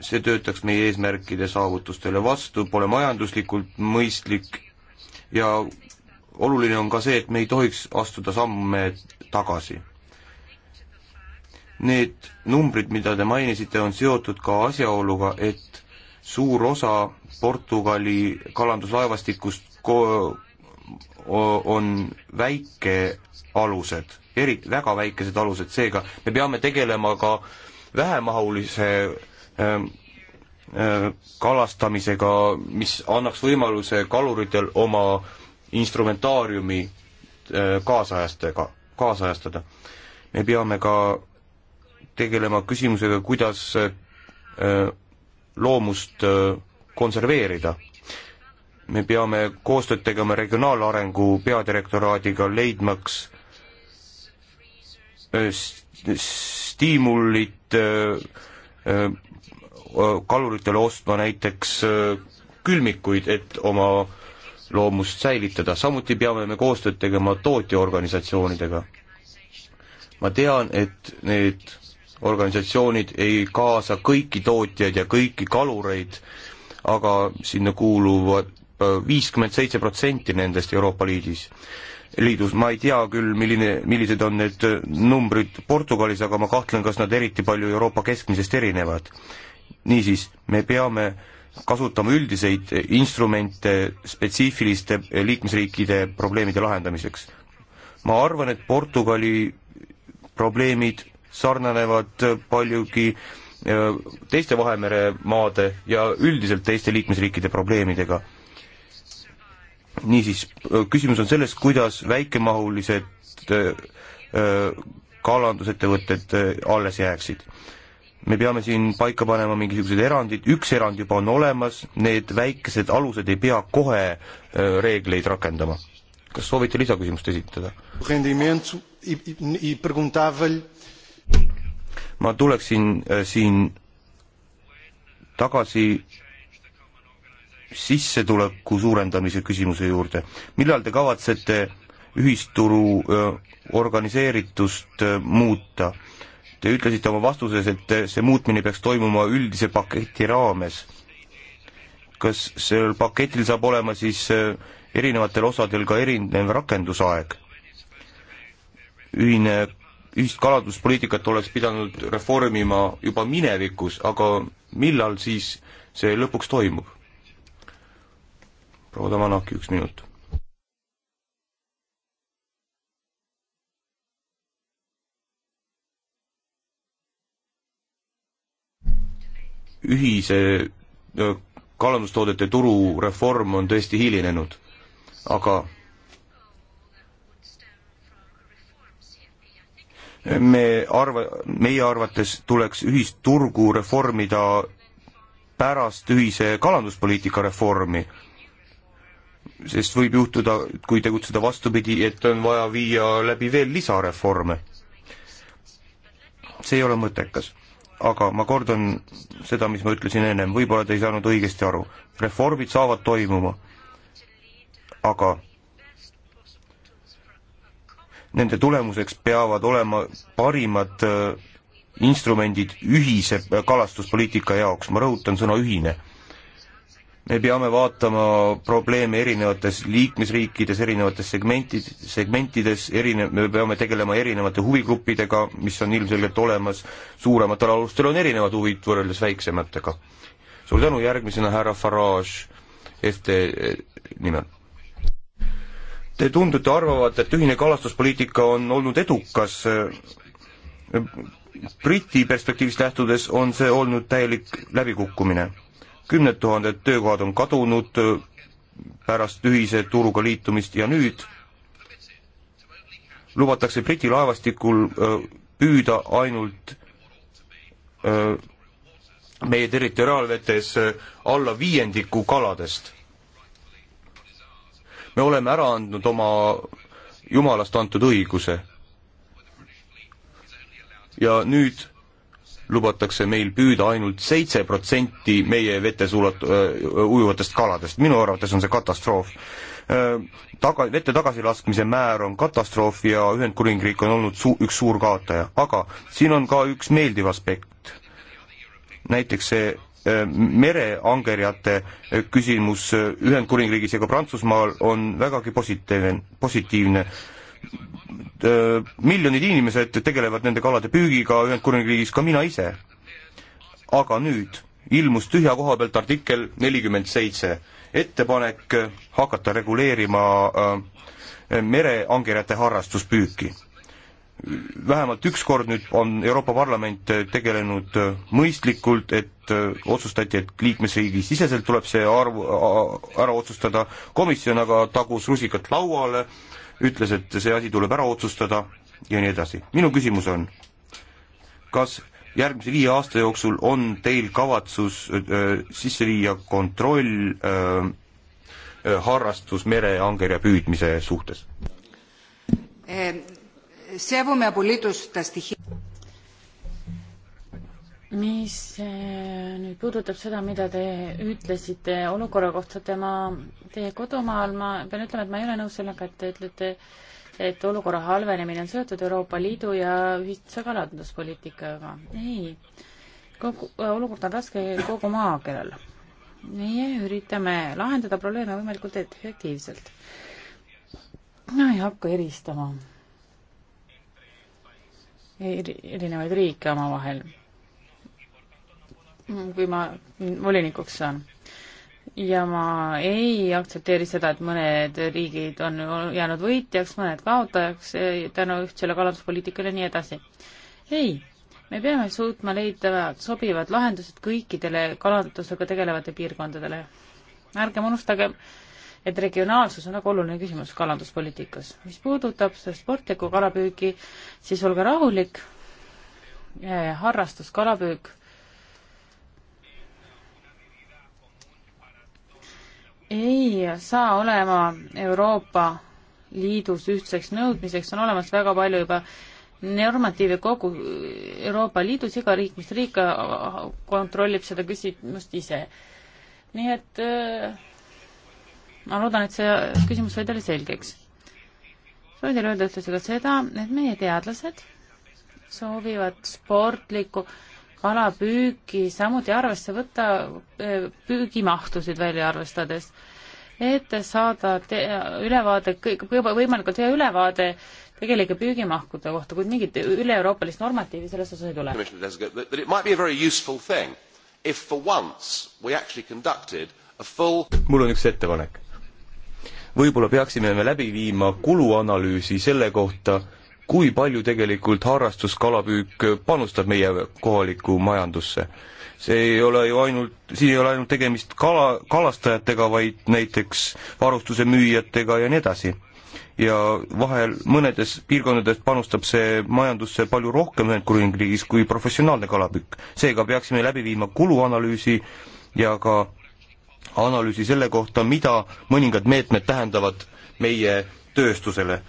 see töötaks meie eesmärkide saavutustele vastu, pole majanduslikult mõistlik ja oluline on ka see, et me ei tohiks astuda samme tagasi. Need numbrid, mida te mainisite, on seotud ka asjaoluga, et suur osa Portugali kalanduslaevastikust ko-, on väikealused, eri, väga väikesed alused, seega me peame tegelema ka vähemahulise äh, äh, kalastamisega, mis annaks võimaluse kaluritel oma instrumentaariumi äh, kaasajastega, kaasajastada. me peame ka tegelema küsimusega, kuidas äh, loomust äh, konserveerida. me peame koostööd tegema Regionaalarengu peadirektoraadiga, leidmaks äh, stiimulit kaluritele ostma näiteks külmikuid, et oma loomust säilitada, samuti peame me koostööd tegema tootjaorganisatsioonidega. ma tean, et need organisatsioonid ei kaasa kõiki tootjaid ja kõiki kalureid, aga sinna kuuluvad äh, viiskümmend seitse protsenti nendest Euroopa Liidis, liidus, ma ei tea küll, milline, millised on need äh, numbrid Portugalis, aga ma kahtlen, kas nad eriti palju Euroopa keskmisest erinevad. niisiis, me peame äh, kasutama üldiseid instrumente spetsiifiliste liikmesriikide probleemide lahendamiseks. ma arvan, et Portugali probleemid sarnanevad paljugi äh, teiste Vahemere maade ja üldiselt teiste liikmesriikide probleemidega. niisiis, äh, küsimus on selles, kuidas väikemahulised äh, kalandusettevõtted alles jääksid me peame siin paika panema mingisugused erandid, üks erand juba on olemas, need väikesed alused ei pea kohe reegleid rakendama. kas soovite lisaküsimust esitada? E, e, e ma tuleksin siin tagasi sissetuleku suurendamise küsimuse juurde. millal te kavatsete ühisturu organiseeritust muuta? Te ütlesite oma vastuses, et see muutmine peaks toimuma üldise paketi raames. kas sellel paketil saab olema siis äh, erinevatel osadel ka erinev rakendusaeg? ühine, ühist kalanduspoliitikat oleks pidanud reformima juba minevikus, aga millal siis see lõpuks toimub? proua Tamanaki, üks minut ühise kalandustoodete turu reform on tõesti hilinenud, aga me arva-, meie arvates tuleks ühist turgu reformida pärast ühise kalanduspoliitika reformi, sest võib juhtuda, kui tegutseda vastupidi, et on vaja viia läbi veel lisareforme. see ei ole mõttekas aga ma kordan seda, mis ma ütlesin ennem, võib-olla te ei saanud õigesti aru. reformid saavad toimuma, aga nende tulemuseks peavad olema parimad äh, instrumendid ühise äh, kalastuspoliitika jaoks, ma rõhutan sõna ühine me peame vaatama probleeme erinevates liikmesriikides, erinevates segmentid, segmentides, erine-, me peame tegelema erinevate huvigruppidega, mis on ilmselgelt olemas, suurematel alustel on erinevad huvid võrreldes väiksematega. suur tänu, järgmisena härra Farage FD nimel. Te tundute arvavat, et ühine kalastuspoliitika on olnud edukas, Briti perspektiivist lähtudes on see olnud täielik läbikukkumine kümned tuhanded töökohad on kadunud äh, pärast ühise turuga liitumist ja nüüd lubatakse Briti laevastikul äh, püüda ainult äh, meie territoriaalvetes alla viiendiku kaladest. me oleme ära andnud oma jumalast antud õiguse. ja nüüd lubatakse meil püüda ainult seitse protsenti meie vetes ulat- uh,, ujuvatest kaladest, minu arvates on see katastroof uh,. Taga, vette tagasilaskmise määr on katastroof ja Ühendkuningriik on olnud su-, üks suur kaotaja, aga siin on ka üks meeldiv aspekt. näiteks see mereangerjate küsimus Ühendkuningriigis ja ka Prantsusmaal on vägagi positiivne, positiivne. Äh, miljonid inimesed tegelevad nende kalade püügiga Ühendkuningriigis, ka mina ise. aga nüüd ilmus tühja koha pealt artikkel nelikümmend seitse, ettepanek hakata reguleerima äh, mereangerjate harrastuspüüki. vähemalt üks kord nüüd on Euroopa Parlament tegelenud äh, mõistlikult, et otsustati, et liikmesriigi siseselt tuleb see arv ära otsustada, komisjon aga tagus rusikat lauale, ütles, et see asi tuleb ära otsustada ja nii edasi. minu küsimus on, kas järgmise viie aasta jooksul on teil kavatsus öö, äh, sisse viia kontroll öö, äh, äh, harrastus mereangerja püüdmise suhtes? Eh, mis eh, nüüd puudutab seda, mida te ütlesite olukorra kohta tema, teie kodumaal, ma pean ütlema, et ma ei ole nõus sellega, et te ütlete, et olukorra halvenemine on seotud Euroopa Liidu ja ühise kalanduspoliitikaga. ei, kogu, äh, olukord on raske kogu maakeral. meie üritame lahendada probleeme võimalikult efektiivselt. ma ei hakka eristama erinevaid riike omavahel kui ma volinikuks saan. ja ma ei aktsepteeri seda, et mõned riigid on jäänud võitjaks, mõned kaotajaks eh, tänu ühtsele kalanduspoliitikale ja nii edasi. ei, me peame suutma leida sobivad lahendused kõikidele kalandusega tegelevate piirkondadele. ärgem unustagem, et regionaalsus on väga oluline küsimus kalanduspoliitikas. mis puudutab sportlikku kalapüügi, siis olge rahulik, eh, harrastuskalapüük ei saa olema Euroopa Liidus ühtseks nõudmiseks, on olemas väga palju juba normatiive kogu Euroopa Liidus, iga riik, mis riik kontrollib seda küsimust ise. nii et äh, ma loodan, et see küsimus sai teile selgeks. soovin teile öelda ühtlasi ka seda, et meie teadlased soovivad sportlikku äh, kalapüüki samuti arvesse võtta, eh, püügimahtusid välja arvestades, et saada te, ülevaade, kõik, võimalikult hea ülevaade tegelike püügimahkude kohta, kuid mingit üle-euroopalist normatiivi selles osas ei tule. Full... mul on üks ettepanek. võib-olla peaksime me läbi viima kuluanalüüsi selle kohta, kui palju tegelikult harrastuskalapüük panustab meie kohalikku majandusse. see ei ole ju ainult, siin ei ole ainult tegemist kala, kalastajatega, vaid näiteks varustuse müüjatega ja nii edasi. ja vahel mõnedes piirkondades panustab see majandusse palju rohkem Ühendkuningriigis kui professionaalne kalapükk. seega peaksime läbi viima kuluanalüüsi ja ka analüüsi selle kohta, mida mõningad meetmed tähendavad meie tööstusele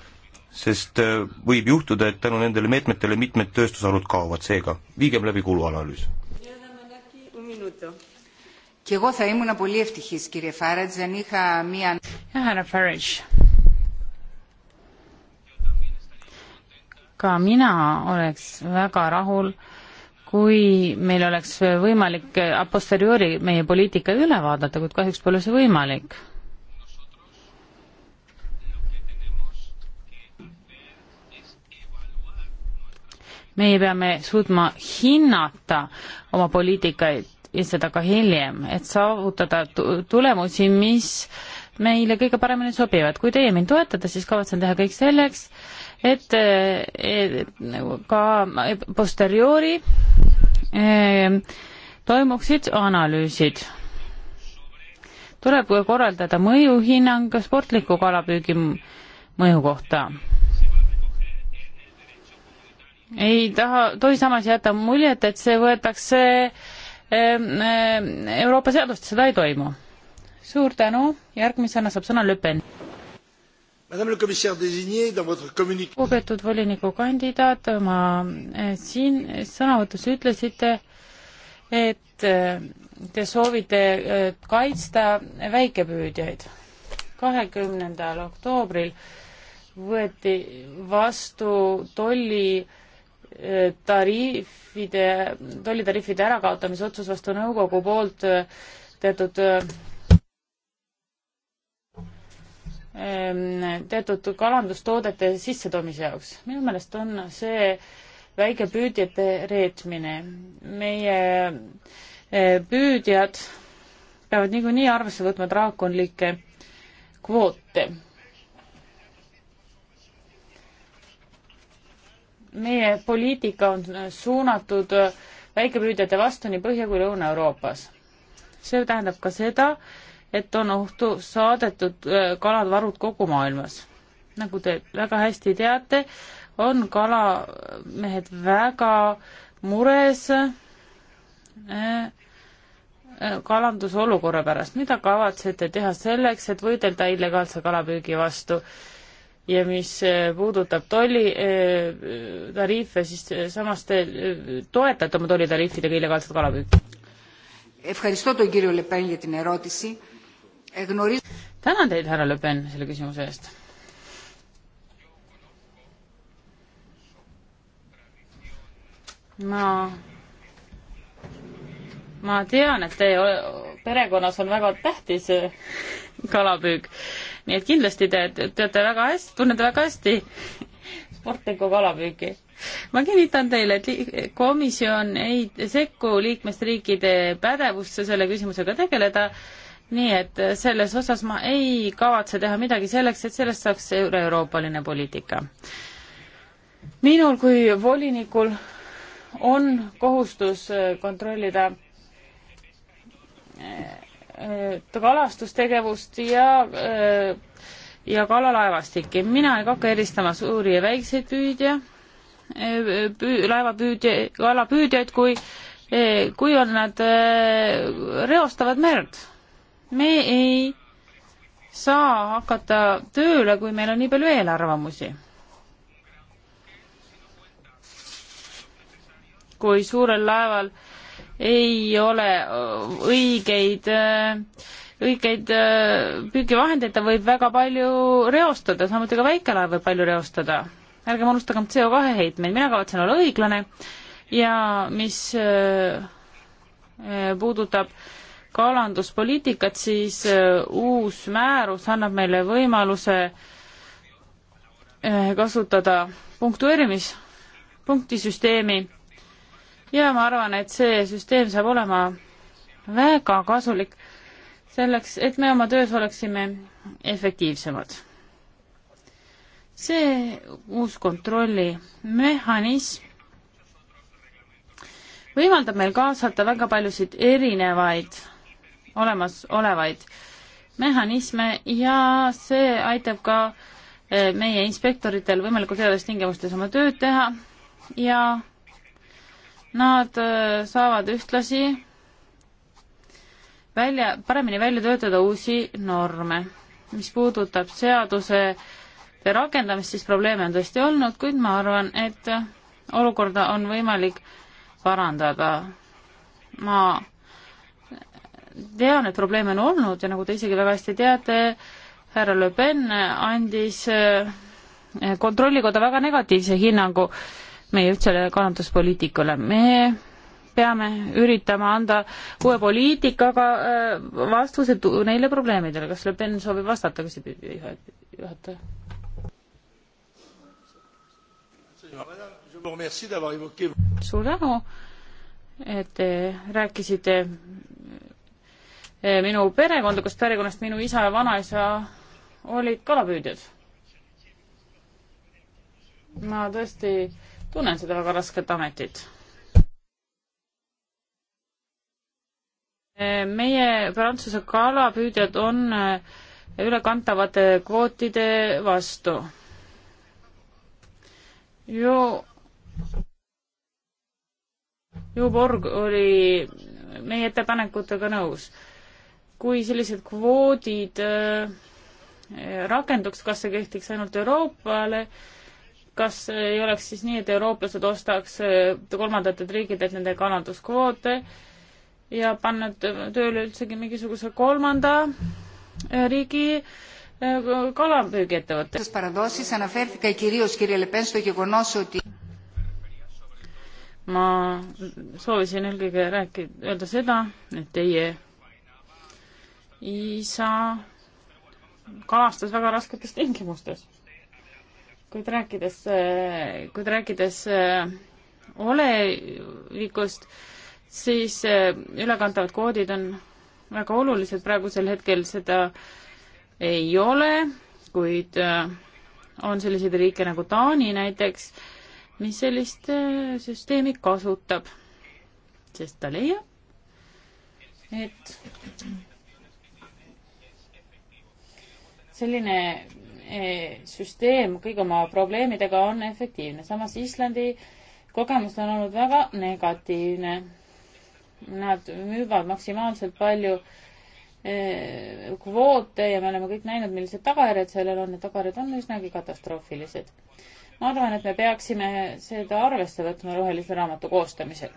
sest äh, võib juhtuda, et tänu nendele meetmetele mitmed tööstusharud kaovad, seega viigem läbi kuluanalüüs. Και εγώ θα ήμουν πολύ ευτυχής, κύριε Φάρετζ, αν είχα μία... Άρα, Φάρετζ. Ka mina oleks väga rahul, kui meil oleks võimalik a posteriori meie poliitika üle vaadata, kuid kahjuks pole see võimalik meie peame suutma hinnata oma poliitikaid ja seda ka hiljem, et saavutada tulemusi, mis meile kõige paremini sobivad. kui teie mind toetate, siis kavatsen teha kõik selleks, et, et nagu ka posteriori eh, toimuksid analüüsid. tuleb korraldada mõjuhinnang sportliku kalapüügi mõju kohta ei taha, tohi samas jätta muljet, et see võetakse Euroopa seadust, seda ei toimu. suur tänu, järgmisena saab sõna Lüpen. lugupeetud volinikukandidaat, oma eh, siin sõnavõtus ütlesite, et eh, te soovite eh, kaitsta väikepüüdjaid. kahekümnendal oktoobril võeti vastu tolli tariifide, tollitariifide ärakaotamise otsus vastu nõukogu poolt äh, teatud äh, teatud kalandustoodete sissetoomise jaoks. minu meelest on see väikepüüdjate reetmine. meie äh, püüdjad peavad niikuinii arvesse võtma draakonlikke kvoote meie poliitika on suunatud väikepüüdjate vastu nii Põhja kui Lõuna-Euroopas. see tähendab ka seda, et on ohtu saadetud äh, kalavarud kogu maailmas. nagu te väga hästi teate, on kalamehed väga mures äh, äh, kalandusolukorra pärast. mida kavatsete teha selleks, et võidelda illegaalse kalapüügi vastu? ja mis äh, puudutab tollitariife, äh, siis äh, samas te toetate oma tollitariifidega illegaalset kalapüüki? tänan teid, härra Le Pen, selle küsimuse eest. ma, ma tean, et teie perekonnas on väga tähtis kalapüük nii et kindlasti te teate väga hästi, tunnete väga hästi sportlikku kalapüüki. ma kinnitan teile, et komisjon ei sekku liikmesriikide pädevusse selle küsimusega tegeleda, nii et selles osas ma ei kavatse teha midagi selleks, et sellest saaks üle-euroopaline poliitika. minul kui volinikul on kohustus kontrollida kalastustegevust ja äh, ja kalalaevastikke. mina ei hakka eristama suuri ja väikseid püüdja, äh, püü-, laevapüüdja, kalapüüdjaid, kui, äh, kui on nad reostavad merd. me ei saa hakata tööle, kui meil on nii palju eelarvamusi. kui suurel laeval äh, ei ole äh, õigeid, äh, õigeid äh, püügivahendeid, ta võib väga palju reostada, samuti ka väikelaev võib palju reostada. ärgem unustagem CO2 heitmeid, mina kavatsen olla õiglane ja mis puudutab kalanduspoliitikat, siis uus määrus annab meile võimaluse kasutada punktueerimis, punktisüsteemi ja ma arvan, et see süsteem saab olema väga kasulik selleks, et me oma töös oleksime efektiivsemad. see uus kontrollimehhanism võimaldab meil kaasata väga paljusid erinevaid olemasolevaid mehhanisme ja see aitab ka eh, meie inspektoritel võimalikult heades tingimustes oma tööd teha ja Nad äh, saavad ühtlasi välja, paremini välja töötada uusi norme. mis puudutab seaduse rakendamist, siis probleeme on tõesti olnud, kuid ma arvan, et olukorda on võimalik parandada. ma tean, et probleeme on olnud ja nagu te isegi väga hästi teate, härra Le Pen andis äh, kontrollikoda väga negatiivse hinnangu äh, meie ühtsele kalanduspoliitikale. me peame üritama anda uue poliitikaga äh, vastused neile probleemidele. kas Le Pen soovib vastata, küsib juhataja? suur tänu, et te rääkisite äh, minu perekondlikust perekonnast, minu isa ja vanaisa olid kalapüüdjad. ma tõesti äh, tunnen seda väga rasket ametit. meie Prantsuse kalapüüdjad on eh, ülekantavate kvootide vastu. ju ju Borg oli meie ettepanekutega nõus. kui sellised kvoodid eh, rakenduks, kas see kehtiks ainult Euroopale äh, kas ei oleks siis nii, et eurooplased ostaks äh, kolmandatelt riikidelt nende kalanduskvoote ja pannud tööle üldsegi mingisuguse kolmanda äh, riigi äh, kalapüügiettevõtte? ma soovisin eelkõige rääkida, öelda seda, et teie isa kalastas väga rasketes tingimustes kuid rääkides, kuid rääkides äh, olevikust, siis äh, ülekantavad koodid on väga olulised, praegusel hetkel seda ei ole, kuid äh, on selliseid riike nagu Taani näiteks, mis sellist süsteemi kasutab, sest ta leiab, et selline süsteem kõigi oma probleemidega on efektiivne, samas Islandi kogemus on olnud väga negatiivne. Nad müüvad maksimaalselt palju e, kvoote ja me oleme kõik näinud, millised tagajärjed sellel on, need tagajärjed on üsnagi katastroofilised. ma arvan, et me peaksime seda arvesse võtma rohelise raamatu koostamisel.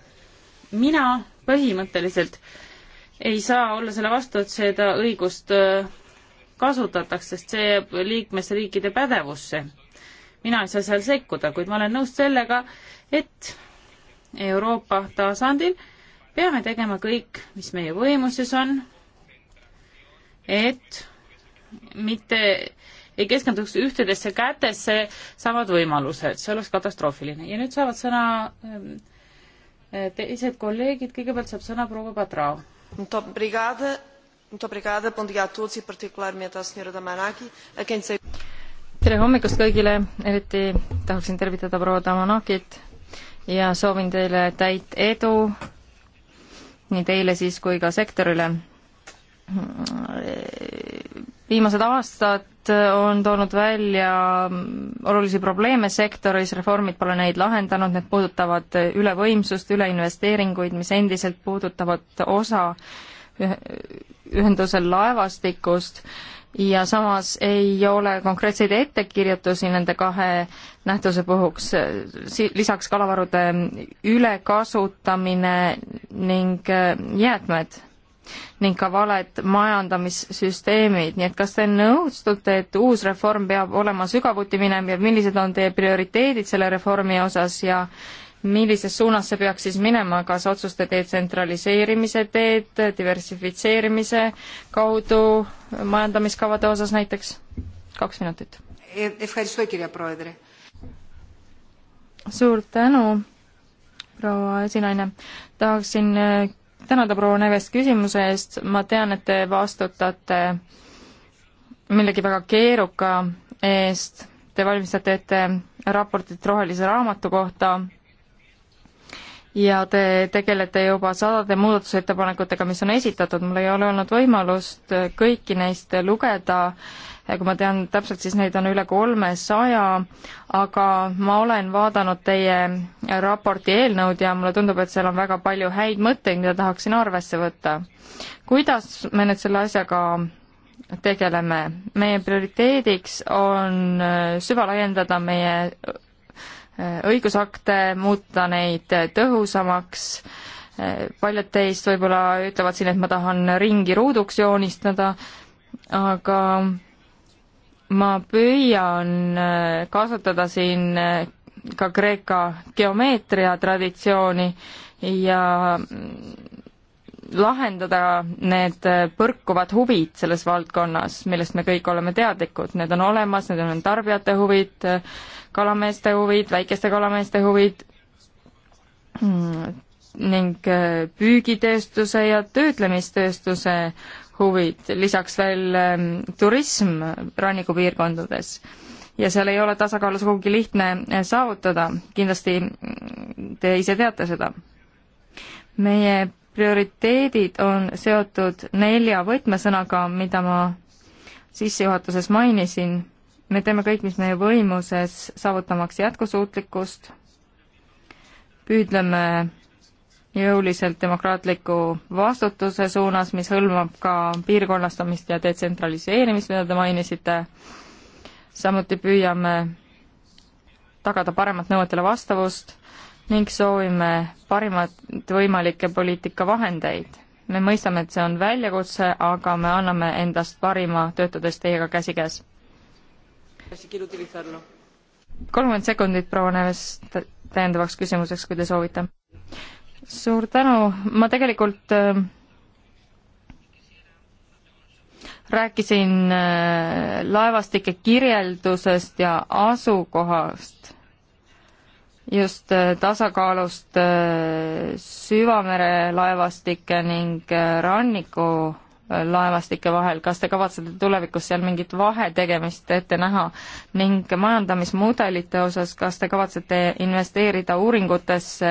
mina põhimõtteliselt ei saa olla selle vastu, et seda õigust äh, kasutataks, sest see jääb liikmesriikide pädevusse. mina ei saa seal sekkuda, kuid ma olen nõus sellega, et Euroopa tasandil peame tegema kõik, mis meie võimuses on, et mitte ei keskenduks ühtedesse kätesse samad võimalused, see oleks katastroofiline. ja nüüd saavad sõna ähm, teised kolleegid, kõigepealt saab sõna proua Patrao. E, tere hommikust kõigile, eriti tahaksin tervitada proua Damanakit ja soovin teile täit edu nii teile siis kui ka sektorile. viimased aastad on toonud välja olulisi probleeme sektoris, reformid pole neid lahendanud, need puudutavad ülevõimsust, üleinvesteeringuid, mis endiselt puudutavad osa ühenduse laevastikust ja samas ei ole konkreetseid ettekirjutusi nende kahe nähtuse puhuks, lisaks kalavarude ülekasutamine ning äh, jäätmed ning ka valed majandamissüsteemid, nii et kas te nõustute, et uus reform peab olema sügavuti minev ja millised on teie prioriteedid selle reformi osas ja millises suunas see peaks siis minema, kas otsuste detsentraliseerimise teed, diversifitseerimise kaudu majandamiskavade osas näiteks? kaks minutit. suur tänu, proua esinaine. tahaksin eh, tänada proua Nevest küsimuse eest, ma tean, et te vastutate millegi väga keeruka eest, te valmistate ette raportit rohelise raamatu kohta ja te tegelete juba sadade muudatusettepanekutega, mis on esitatud, mul ei ole olnud võimalust kõiki neist lugeda, kui ma tean täpselt, siis neid on üle kolmesaja, aga ma olen vaadanud teie raporti eelnõud ja mulle tundub, et seal on väga palju häid mõtteid, mida tahaksin arvesse võtta. kuidas me nüüd selle asjaga tegeleme? meie prioriteediks on süvalaiendada meie õigusakte, muuta neid tõhusamaks, paljud teist võib-olla ütlevad siin, et ma tahan ringi ruuduks joonistada, aga ma püüan äh, kasutada siin äh, ka Kreeka geomeetria traditsiooni ja mm, lahendada need põrkuvad huvid selles valdkonnas, millest me kõik oleme teadlikud, need on olemas, need on tarbijate huvid, kalameeste huvid, väikeste kalameeste huvid ning püügitööstuse ja töötlemistööstuse huvid, lisaks veel ähm, turism rannikupiirkondades ja seal ei ole tasakaalu sugugi lihtne äh, saavutada, kindlasti mm, te ise teate seda. meie prioriteedid on seotud nelja võtmesõnaga, mida ma sissejuhatuses mainisin. me teeme kõik, mis meie võimuses, saavutamaks jätkusuutlikkust, püüdleme jõuliselt demokraatliku vastutuse suunas, mis hõlmab ka piirkonnastamist ja detsentraliseerimist, mida te mainisite, samuti püüame tagada paremat nõuetele vastavust ning soovime parimat võimalikke poliitikavahendeid. me mõistame, et see on väljakutse, aga me anname endast parima, töötades teiega käsikäes. kolmkümmend sekundit, proua Neves, täiendavaks küsimuseks, kui te soovite. suur tänu, ma tegelikult äh, rääkisin äh, laevastike kirjeldusest ja asukohast just äh, tasakaalust äh, süvamere laevastike ning äh, ranniku laevastike vahel, kas te kavatsete tulevikus seal mingit vahetegemist ette näha ning majandamismudelite osas, kas te kavatsete investeerida uuringutesse,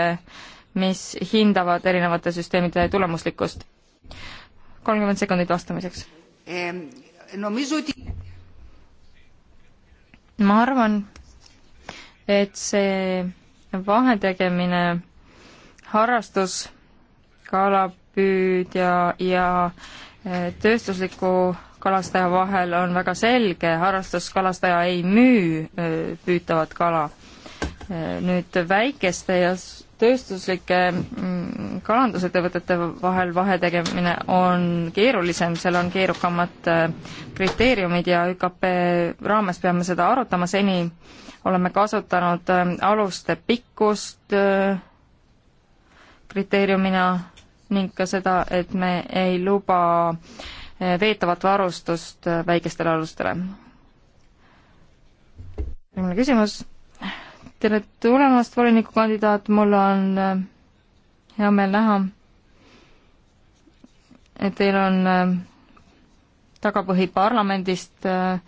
mis hindavad erinevate süsteemide tulemuslikkust? kolmkümmend sekundit vastamiseks. ma arvan, et see vahetegemine harrastuskalapüüdja ja eh, tööstusliku kalastaja vahel on väga selge, harrastuskalastaja ei müü eh, püütavat kala. Eh, nüüd väikeste ja tööstuslike mm, kalandusettevõtete vahel vahetegemine on keerulisem, seal on keerukamad äh, kriteeriumid ja ÜKP raames peame seda arutama, seni oleme kasutanud äh, aluste pikkust äh, kriteeriumina ning ka seda, et me ei luba veetavat varustust väikestele alustele. järgmine küsimus tere tulemast, volinikukandidaat, mul on äh, hea meel näha, et teil on äh, tagapõhi parlamendist, äh,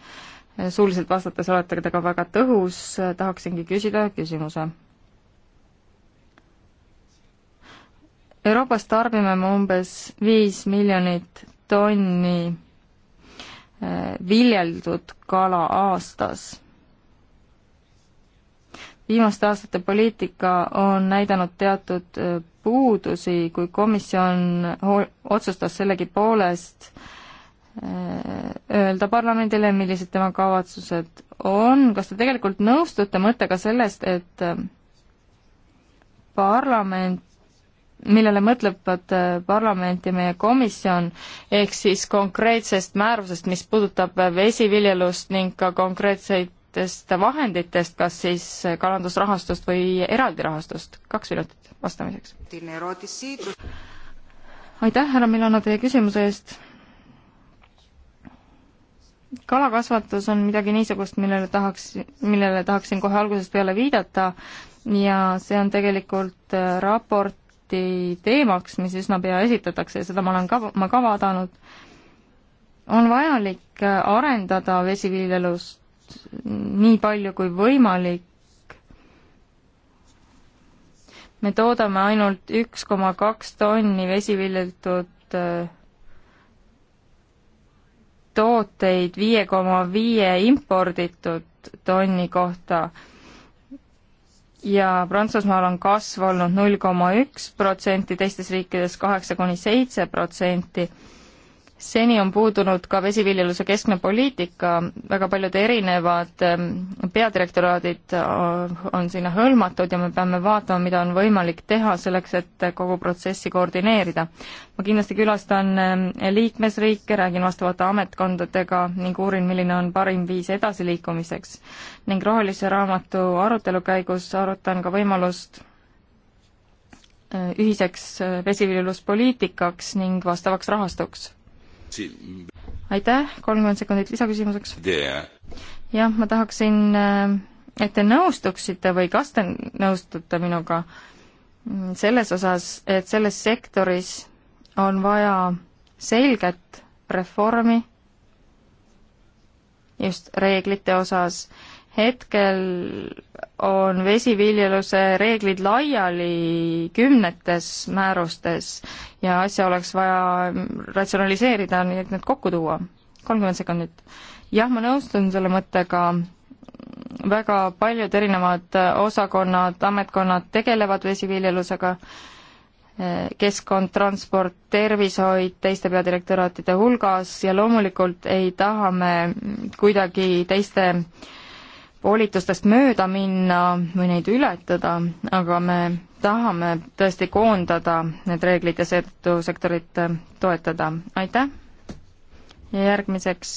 suuliselt vastates olete te ka väga tõhus, tahaksingi küsida küsimuse. Euroopas tarbime me umbes viis miljonit tonni viljeldud kala aastas viimaste aastate poliitika on näidanud teatud äh, puudusi, kui komisjon otsustas sellegipoolest äh, öelda parlamendile, millised tema kavatsused on, kas te tegelikult nõustute mõttega sellest, et äh, parlament, millele mõtlevad parlament ja meie komisjon, ehk siis konkreetsest määrusest, mis puudutab vesiviljelust ning ka konkreetseid erinevatest vahenditest, kas siis kalandusrahastust või eraldi rahastust? kaks minutit vastamiseks. aitäh, härra Milano, teie küsimuse eest. kalakasvatus on midagi niisugust, millele tahaks, millele tahaksin kohe algusest peale viidata ja see on tegelikult äh, raporti teemaks, mis üsna pea esitatakse ja seda ma olen ka, ma ka vaadanud on vajalik äh, arendada vesiviljelust nii palju kui võimalik. me toodame ainult üks koma kaks tonni vesiviljeldatud äh, tooteid viie koma viie imporditud tonni kohta ja Prantsusmaal on kasv olnud null koma üks protsenti, teistes riikides kaheksa kuni seitse protsenti seni on puudunud ka vesiviljeluse keskne poliitika, väga paljud erinevad ähm, peadirektoraadid äh, on sinna hõlmatud ja me peame vaatama, mida on võimalik teha selleks, et kogu protsessi koordineerida. ma kindlasti külastan ähm, liikmesriike, räägin vastavate ametkondadega ning uurin, milline on parim viis edasiliikumiseks. ning Rohelise Raamatu arutelu käigus arutan ka võimalust äh, ühiseks äh, vesiviljeluspoliitikaks ning vastavaks rahastuks aitäh, kolmkümmend sekundit lisaküsimuseks. jah, ma tahaksin, äh, et te nõustuksite või kas te nõustute minuga selles osas, et selles sektoris on vaja selget reformi just reeglite osas hetkel on vesiviljeluse reeglid laiali kümnetes määrustes ja asja oleks vaja ratsionaliseerida, nii et need kokku tuua. kolmkümmend sekundit. jah, ma nõustun selle mõttega, väga paljud erinevad osakonnad, ametkonnad tegelevad vesiviljelusega, keskkond, transport, tervishoid teiste peadirektoraatide hulgas ja loomulikult ei taha me kuidagi teiste äh, volitustest mööda minna või neid ületada, aga me tahame tõesti koondada need reeglid ja seetõttu sektorit äh, toetada. aitäh! ja järgmiseks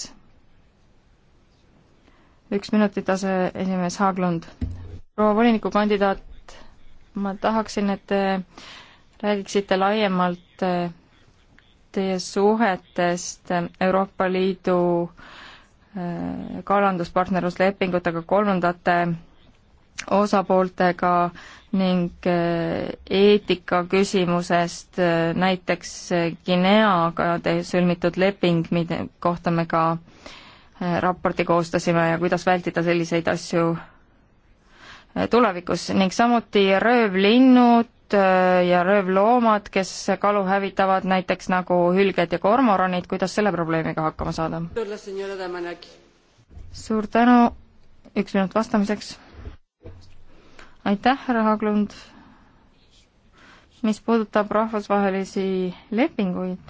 üks minutit, aseesimees Haaglund. proua volinikukandidaat, ma tahaksin, et te räägiksite laiemalt äh, teie suhetest Euroopa Liidu äh, kalanduspartnerluslepingutega kolmandate osapooltega ning eh, eetika küsimusest, eh, näiteks eh, Guineaga sõlmitud leping, mille kohta me ka raporti koostasime ja kuidas vältida selliseid asju tulevikus ning samuti röövlinnud, kalud äh, ja röövloomad, kes kalu hävitavad, näiteks nagu hülged ja kormoranid, kuidas selle probleemiga hakkama saada? suur tänu, üks minut vastamiseks. aitäh, härra Haaglund. mis puudutab rahvusvahelisi lepinguid,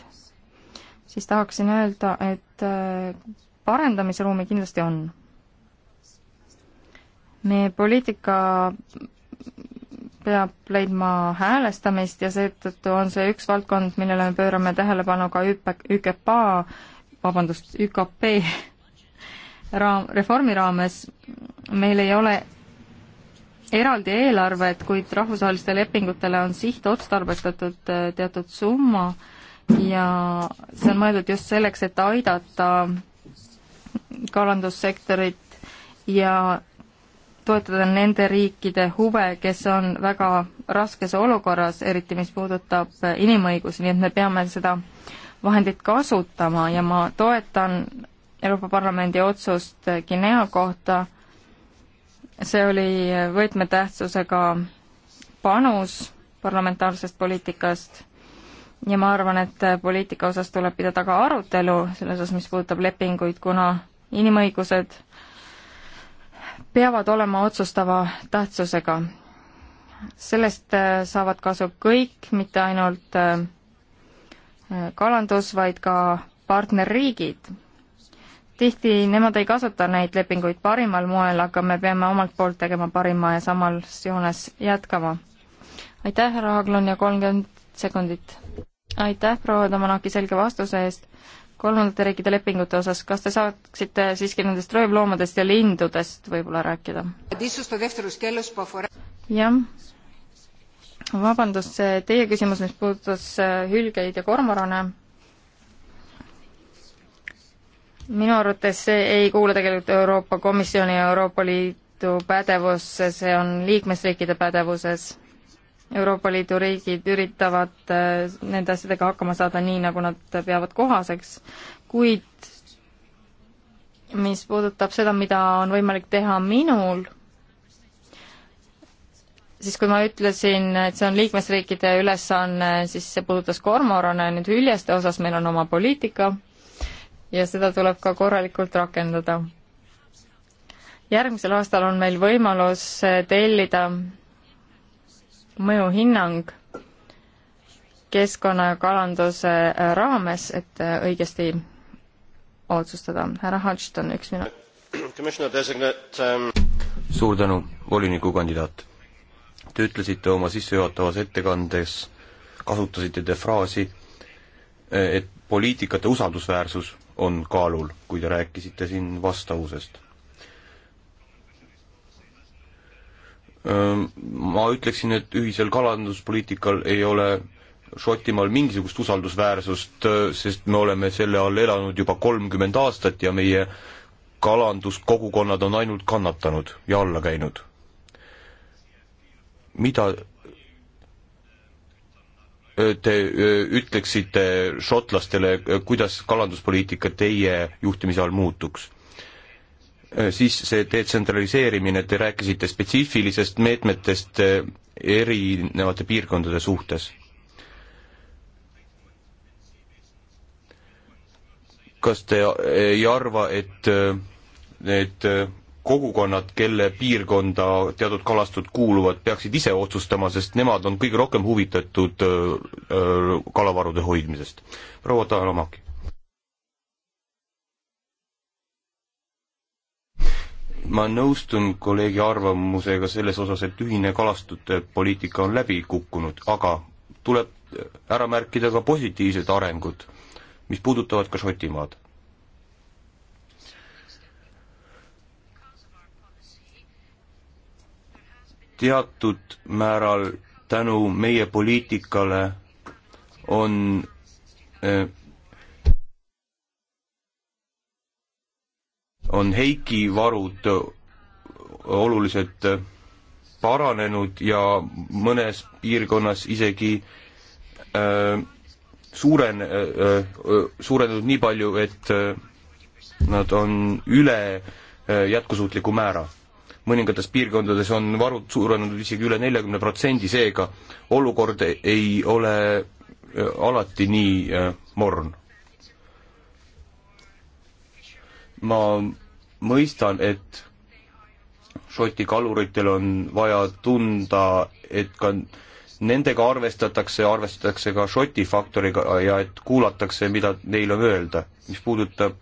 siis tahaksin öelda, et äh, parendamisruumi kindlasti on. meie poliitika peab leidma häälestamist ja seetõttu on see üks valdkond, millele me pöörame tähelepanu ka ÜP-, ÜKPA, vabandust, ÜKP raam, reformi raames. meil ei ole eraldi eelarvet, kuid rahvusvahelistele lepingutele on sihtotstarbestatud äh, teatud summa ja see on mõeldud just selleks, et aidata kalandussektorit ja toetada nende riikide huve, kes on väga raskes olukorras, eriti mis puudutab inimõigusi, nii et me peame seda vahendit kasutama ja ma toetan Euroopa Parlamendi otsust Guinea kohta, see oli võtmetähtsusega panus parlamentaarsest poliitikast ja ma arvan, et poliitika osas tuleb pidada ka arutelu selles osas, mis puudutab lepinguid, kuna inimõigused peavad olema otsustava tähtsusega. sellest äh, saavad kasu kõik, mitte ainult äh, äh, kalandus, vaid ka partnerriigid. tihti nemad ei kasuta neid lepinguid parimal moel, aga me peame omalt poolt tegema parima ja samas joones jätkama. aitäh, härra Haaglon ja kolmkümmend sekundit. aitäh, proua Tamanaki, selge vastuse eest kolmandate riikide lepingute osas, kas te saaksite siiski nendest röövloomadest ja lindudest võib-olla rääkida? jah, vabandust, see teie küsimus, mis puudutas äh, hülgeid ja kormorane, minu arvates see ei kuulu tegelikult Euroopa Komisjoni ja Euroopa Liidu pädevusse, see on liikmesriikide pädevuses Euroopa Liidu riigid üritavad äh, nende asjadega hakkama saada nii, nagu nad peavad kohaseks, kuid mis puudutab seda, mida on võimalik teha minul, siis kui ma ütlesin, et see on liikmesriikide ülesanne, siis see puudutas kormorane, nüüd hüljeste osas meil on oma poliitika ja seda tuleb ka korralikult rakendada. järgmisel aastal on meil võimalus tellida mõjuhinnang keskkonna ja kalanduse äh, raames, et äh, õigesti otsustada. härra Hodgson, üks minut. Um, suur tänu, volinikukandidaat. Te ütlesite oma sissejuhatavas ettekandes, kasutasite te fraasi, äh, et poliitikate usaldusväärsus on kaalul, kui te rääkisite siin vastavusest ma ütleksin, et ühisel kalanduspoliitikal ei ole Šotimaal mingisugust usaldusväärsust, sest me oleme selle all elanud juba kolmkümmend aastat ja meie kalanduskogukonnad on ainult kannatanud ja alla käinud. mida te ütleksite šotlastele, kuidas kalanduspoliitika teie juhtimise all muutuks? Äh, siis see detsentraliseerimine, te rääkisite spetsiifilisest meetmetest äh, erinevate piirkondade suhtes. kas te äh, ei arva, et need kogukonnad, kelle piirkonda teatud kalastud kuuluvad, peaksid ise otsustama, sest nemad on kõige rohkem huvitatud kalavarude hoidmisest? proua Taalamaki. ma nõustun kolleegi arvamusega selles osas, et ühine kalastute poliitika on läbi kukkunud, aga tuleb ära märkida ka positiivsed arengud, mis puudutavad ka Šotimaad. teatud määral tänu meie poliitikale on eh, on Heiki varud oluliselt paranenud ja mõnes piirkonnas isegi äh, suuren- äh,, äh suurenenud nii palju, et äh, nad on üle äh, jätkusuutliku määra. mõningates piirkondades on varud suurenenud isegi üle neljakümne protsendi, seega olukord ei ole äh, alati nii äh, morn ma mõistan, et Šoti kaluritel on vaja tunda, et ka nendega arvestatakse, arvestatakse ka Šoti faktoriga ja et kuulatakse, mida neil on öelda. mis puudutab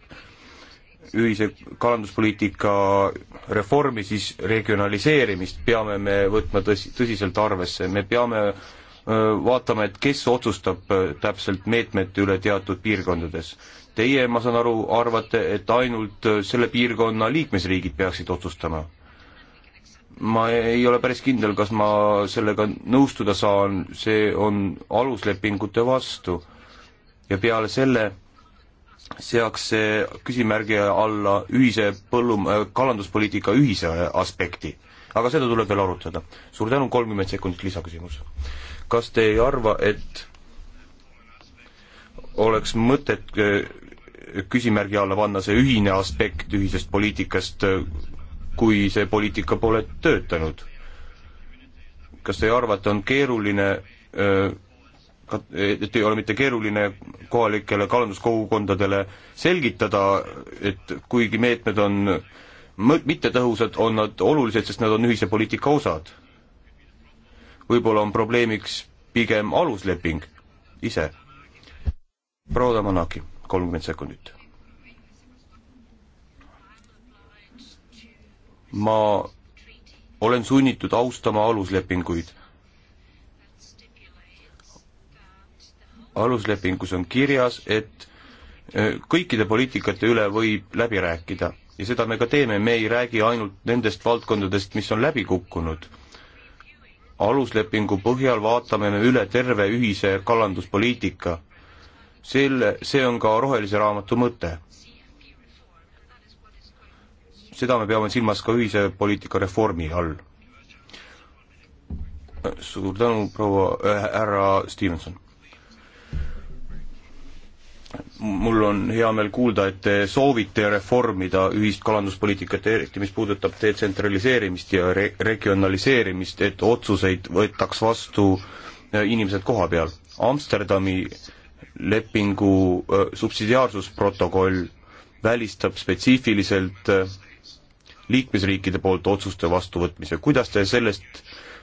ühise kalanduspoliitika reformi, siis regionaliseerimist peame me võtma tõsi, tõsiselt arvesse, me peame vaatama, et kes otsustab täpselt meetmete üle teatud piirkondades Teie, ma saan aru, arvate, et ainult selle piirkonna liikmesriigid peaksid otsustama? ma ei ole päris kindel, kas ma sellega nõustuda saan, see on aluslepingute vastu. ja peale selle seaks see küsimärgi alla ühise põllum-, äh, kalanduspoliitika ühise aspekti. aga seda tuleb veel arutada. suur tänu, kolmkümmend sekundit lisaküsimus. kas te ei arva, et oleks mõtet äh, küsimärgi alla panna see ühine aspekt ühisest poliitikast, äh, kui see poliitika pole töötanud. kas te ei arva, et on keeruline, äh, et ei ole mitte keeruline kohalikele kalanduskogukondadele selgitada, et kuigi meetmed on mittetõhusad, on nad olulised, sest nad on ühise poliitika osad? võib-olla on probleemiks pigem alusleping ise proua Tamanaki, kolmkümmend sekundit. ma olen sunnitud austama aluslepinguid. aluslepingus on kirjas, et eh, kõikide poliitikate üle võib läbi rääkida ja seda me ka teeme, me ei räägi ainult nendest valdkondadest, mis on läbi kukkunud. aluslepingu põhjal vaatame me üle terve ühise kalanduspoliitika selle, see on ka rohelise raamatu mõte. seda me peame silmas ka ühise poliitika reformi all. suur tänu, proua äh,, härra Stevenson. mul on hea meel kuulda, et te soovite reformida ühist kalanduspoliitikat, eriti mis puudutab detsentraliseerimist ja re-, regionaliseerimist, et otsuseid võetaks vastu äh, inimesed koha peal. Amsterdami äh, lepingu subsidiaarsusprotokoll välistab spetsiifiliselt liikmesriikide poolt otsuste vastuvõtmise, kuidas te sellest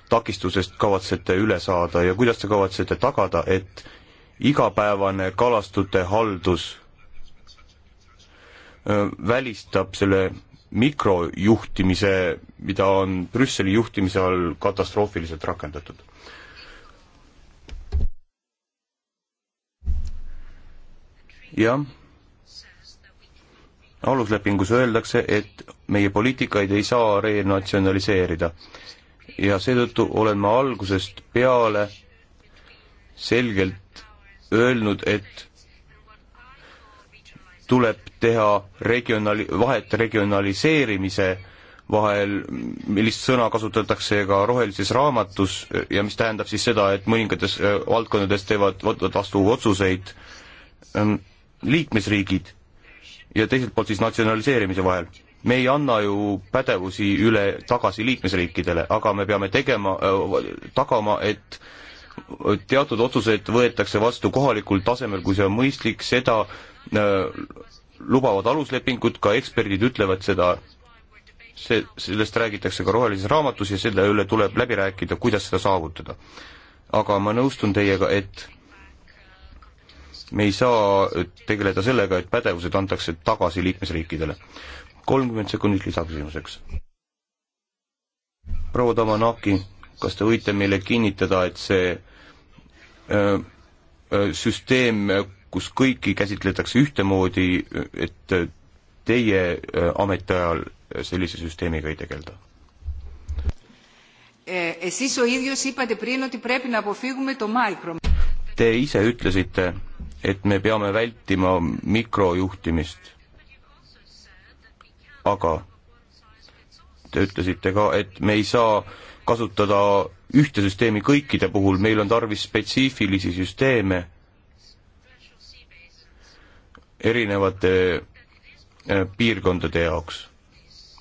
takistusest kavatsete üle saada ja kuidas te kavatsete tagada, et igapäevane kalastute haldus välistab selle mikrojuhtimise, mida on Brüsseli juhtimise all katastroofiliselt rakendatud. jah, aluslepingus öeldakse, et meie poliitikaid ei saa renatsionaliseerida. ja seetõttu olen ma algusest peale selgelt öelnud, et tuleb teha regionaali-, vahet regionaliseerimise vahel, millist sõna kasutatakse ka rohelises raamatus ja mis tähendab siis seda, et mõningates äh, valdkondades teevad, võtavad vastu otsuseid ähm, liikmesriigid ja teiselt poolt siis natsionaliseerimise vahel. me ei anna ju pädevusi üle tagasi liikmesriikidele, aga me peame tegema äh,, tagama, et teatud otsused võetakse vastu kohalikul tasemel, kui see on mõistlik, seda äh, lubavad aluslepingud, ka eksperdid ütlevad seda, see, sellest räägitakse ka Rohelises Raamatus ja selle üle tuleb läbi rääkida, kuidas seda saavutada. aga ma nõustun teiega, et me ei saa tegeleda sellega, et pädevused antakse tagasi liikmesriikidele. kolmkümmend sekundit lisaküsimuseks. proua Tamanaki, kas te võite meile kinnitada, et see öö, äh, öö, äh, süsteem, kus kõiki käsitletakse ühtemoodi, et teie äh, ametiajal sellise süsteemiga ei tegelda? Eh, te ise ütlesite, et me peame vältima mikrojuhtimist. aga te ütlesite ka, et me ei saa kasutada ühte süsteemi kõikide puhul, meil on tarvis spetsiifilisi süsteeme erinevate eh, piirkondade jaoks.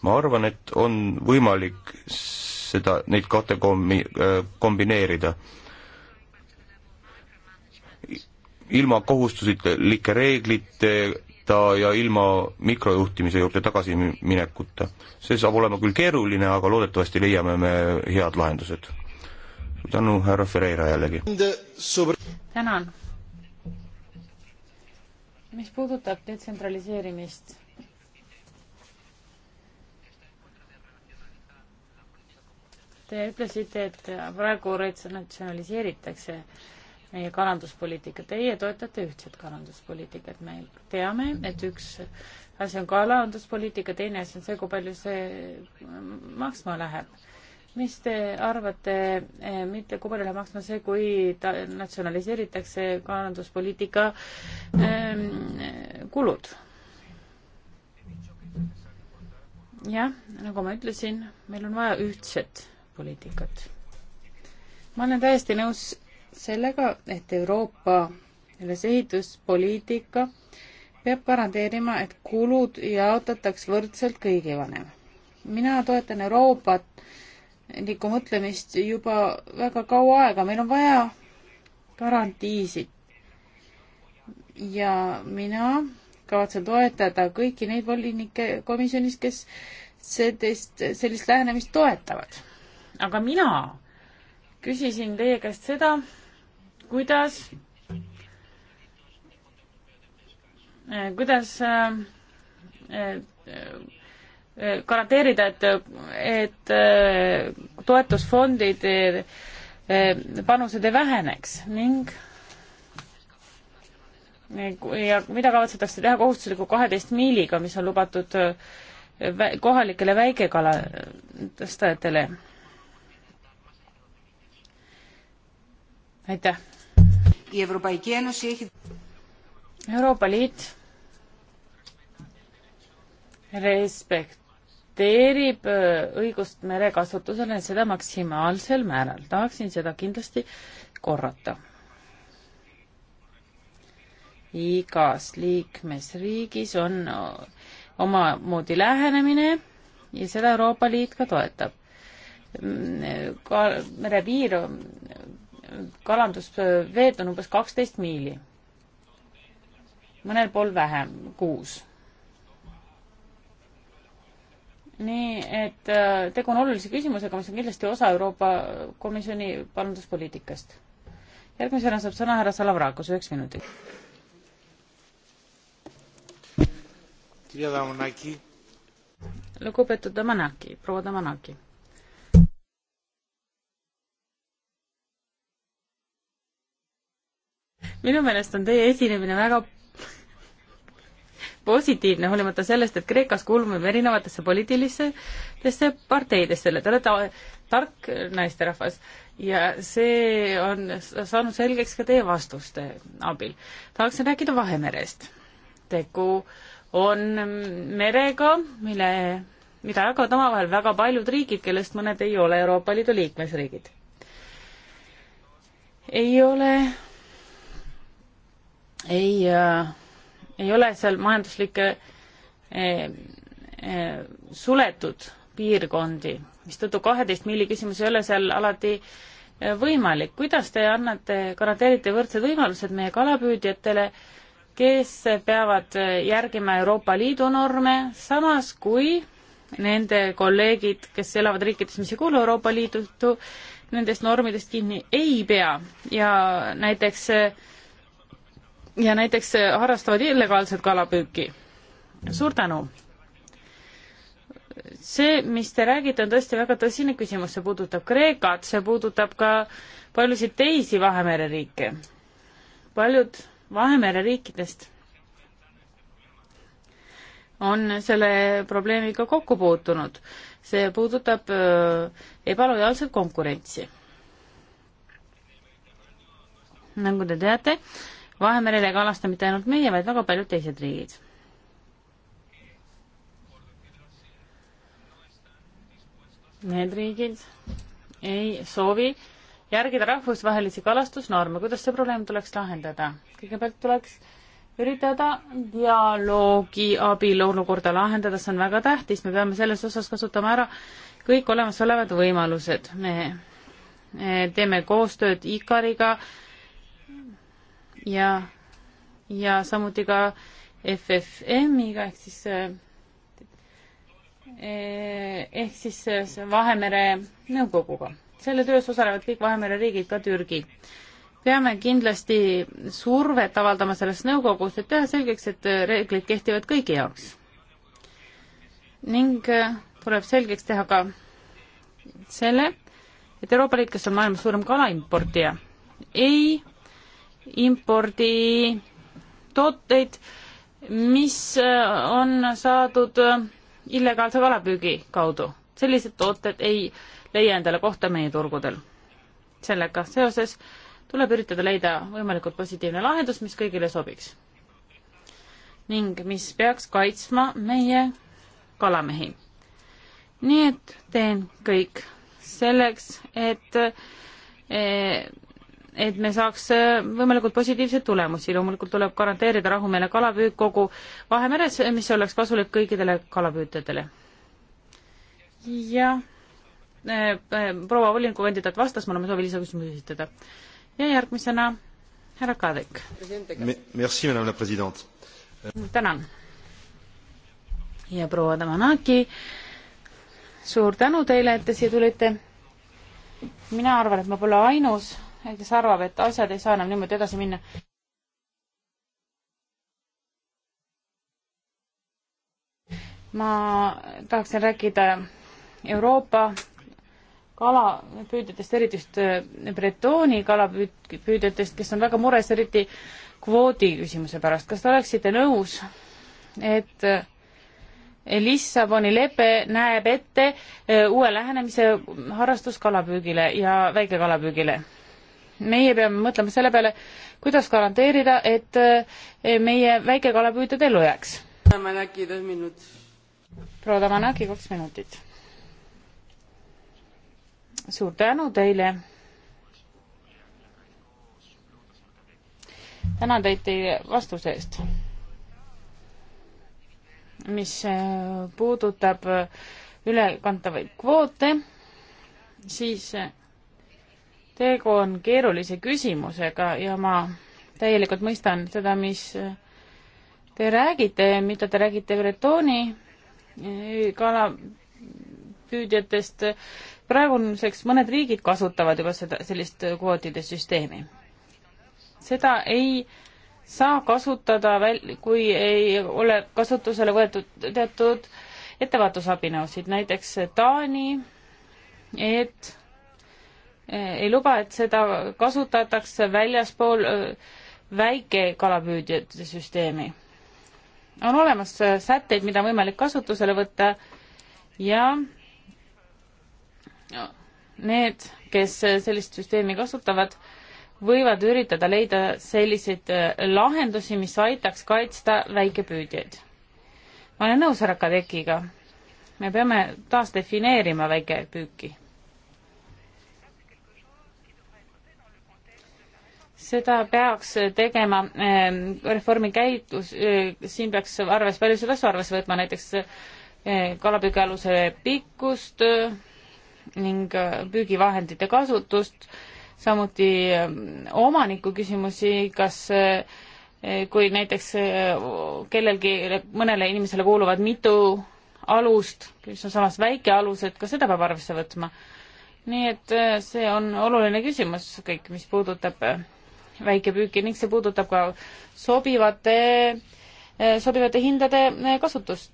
ma arvan, et on võimalik seda, neid kahte kombi-, eh, kombineerida ilma kohustuslike reegliteta ja ilma mikrojuhtimise juurde tagasiminekuta. see saab olema küll keeruline, aga loodetavasti leiame me head lahendused. suur tänu, härra Ferreira jällegi. tänan. mis puudutab detsentraliseerimist Te ütlesite, et praegu ratsionaliseeritakse meie kalanduspoliitika, teie toetate ühtset kalanduspoliitikat, me teame, et üks asi on kalanduspoliitika, teine asi on see, kui palju see maksma läheb. mis te arvate, eh, mitte kui palju läheb maksma see, kui ta natsionaliseeritakse kalanduspoliitika ähm, kulud? jah, nagu ma ütlesin, meil on vaja ühtset poliitikat. ma olen täiesti nõus sellega, et Euroopa ülesehituspoliitika peab garanteerima, et kulud jaotataks võrdselt kõigi vanem. mina toetan Euroopat nagu mõtlemist juba väga kaua aega, meil on vaja garantiisid. ja mina kavatsen toetada kõiki neid volinikke komisjonis, kes sellist, sellist lähenemist toetavad. aga mina küsisin teie käest seda, kuidas, kuidas äh, äh, garanteerida, et, et äh, toetusfondid panused ei väheneks ning ja mida kavatsetakse teha kohustusliku kaheteist miiliga, mis on lubatud kohalikele väikekalastajatele. aitäh. Euroopa Liit respekteerib äh, õigust merekasutusele seda maksimaalsel määral. tahaksin seda kindlasti korrata. igas liikmesriigis on äh, omamoodi lähenemine ja seda Euroopa Liit ka toetab. Mm, ka merepiir kalandusveed on umbes kaksteist miili, mõnel pool vähem, kuus. nii et äh, tegu on olulise küsimusega, mis on kindlasti osa Euroopa Komisjoni kalanduspoliitikast. järgmisena saab sõna härra Salavrakos, üheks minutiks. lugupeetud Damanaki, proua Damanaki minu meelest on teie esinemine väga positiivne, hoolimata sellest, et Kreekas kuulume me erinevatesse poliitilistesse parteidesse, te olete tark naisterahvas ja see on saanud selgeks ka teie vastuste abil. tahaksin rääkida Vahemerest. tegu on merega, mille, mida jagavad omavahel väga paljud riigid, kellest mõned ei ole Euroopa Liidu liikmesriigid. ei ole ei, äh, ei ole seal majanduslikke äh, äh, suletud piirkondi, mistõttu kaheteist miili küsimus ei ole seal alati võimalik. kuidas te annate, garanteerite võrdsed võimalused meie kalapüüdjatele, kes peavad järgima Euroopa Liidu norme, samas kui nende kolleegid, kes elavad riikides, mis ei kuulu Euroopa Liidu, nendest normidest kinni ei pea ja näiteks äh, ja näiteks harrastavad illegaalset kalapüüki. suur tänu! see, mis te räägite, on tõesti väga tõsine küsimus, see puudutab Kreekat, see puudutab ka paljusid teisi Vahemere riike. paljud Vahemere riikidest on selle probleemiga kokku puutunud. see puudutab äh, ebalojaalset konkurentsi. nagu te teate, Vahemerel ei kalasta mitte ainult meie, vaid väga paljud teised riigid. Need riigid ei soovi järgida rahvusvahelisi kalastusnorme, kuidas see probleem tuleks lahendada? kõigepealt tuleks üritada dialoogi abil olukorda lahendada, see on väga tähtis, me peame selles osas kasutama ära kõik olemasolevad võimalused, me teeme koostööd IKAR-iga, ja, ja samuti ka FFM-iga ehk siis eh, eh, ehk siis eh, Vahemere nõukoguga. selle töös osalevad kõik Vahemere riigid, ka Türgi. peame kindlasti survet avaldama selles nõukogus, et teha selgeks, et reeglid kehtivad kõigi jaoks. ning tuleb selgeks teha ka selle, et Euroopa Liit, kes on maailma suurim kalaimportija, ei imporditooteid, mis äh, on saadud äh, illegaalse kalapüügi kaudu. sellised tooted ei leia endale kohta meie turgudel. sellega seoses tuleb üritada leida võimalikult positiivne lahendus, mis kõigile sobiks. ning mis peaks kaitsma meie kalamehi. nii et teen kõik selleks, et äh, et me saaks äh, võimalikult positiivseid tulemusi. loomulikult tuleb garanteerida rahumeelne kalapüük kogu Vahemeres, mis oleks kasulik kõikidele kalapüütajatele. jah, äh, äh, proua Volingu kandidaat vastas, me oleme soovi lisaküsimusi esitada. ja järgmisena härra Kadek. tänan. ja proua Tamanaki, suur tänu teile, et te siia tulite. mina arvan, et ma pole ainus kes arvab, et asjad ei saa enam niimoodi edasi minna. ma tahaksin rääkida Euroopa kalapüüdjatest, eriti just Bretoni kalapüüdjatest, kes on väga mures, eriti kvoodi küsimuse pärast. kas te oleksite nõus, et Lissaboni lepe näeb ette äh, uue lähenemise harrastuskalapüügile ja väikekalapüügile meie peame mõtlema selle peale, kuidas garanteerida, et eh, meie väikekalapüüdjad ellu jääks. proua Tamanaki, kaks minutit. suur tänu teile. tänan teid teie vastuse eest, mis eh, puudutab eh, ülekantavaid kvoote, siis tegu on keerulise küsimusega ja ma täielikult mõistan seda, mis te räägite, mida te räägite Bretoni eh, kalapüüdjatest. praeguseks mõned riigid kasutavad juba seda, sellist kvootide süsteemi. seda ei saa kasutada väl-, kui ei ole kasutusele võetud teatud ettevaatusabinõusid, näiteks Taani, et Eh, ei luba, et seda kasutatakse väljaspool eh, väikekalapüüdjate süsteemi. on olemas eh, sätteid, mida on võimalik kasutusele võtta ja need, kes sellist süsteemi kasutavad, võivad üritada leida selliseid lahendusi, mis aitaks kaitsta väikepüüdjaid. ma olen nõus härra Kadekiga. me peame taas defineerima väikepüüki seda peaks tegema ehm, reformi käitus, ehm, siin peaks arves, palju seda asja arvesse võtma, näiteks ehm, kalapüügialuse pikkust ning püügivahendite kasutust, samuti omaniku küsimusi, kas kui näiteks kellelgi, mõnele inimesele kuuluvad mitu alust, mis on samas väike alus, et ka seda peab arvesse võtma nii et see on oluline küsimus kõik, mis puudutab väikepüüki ning see puudutab ka sobivate, sobivate hindade kasutust,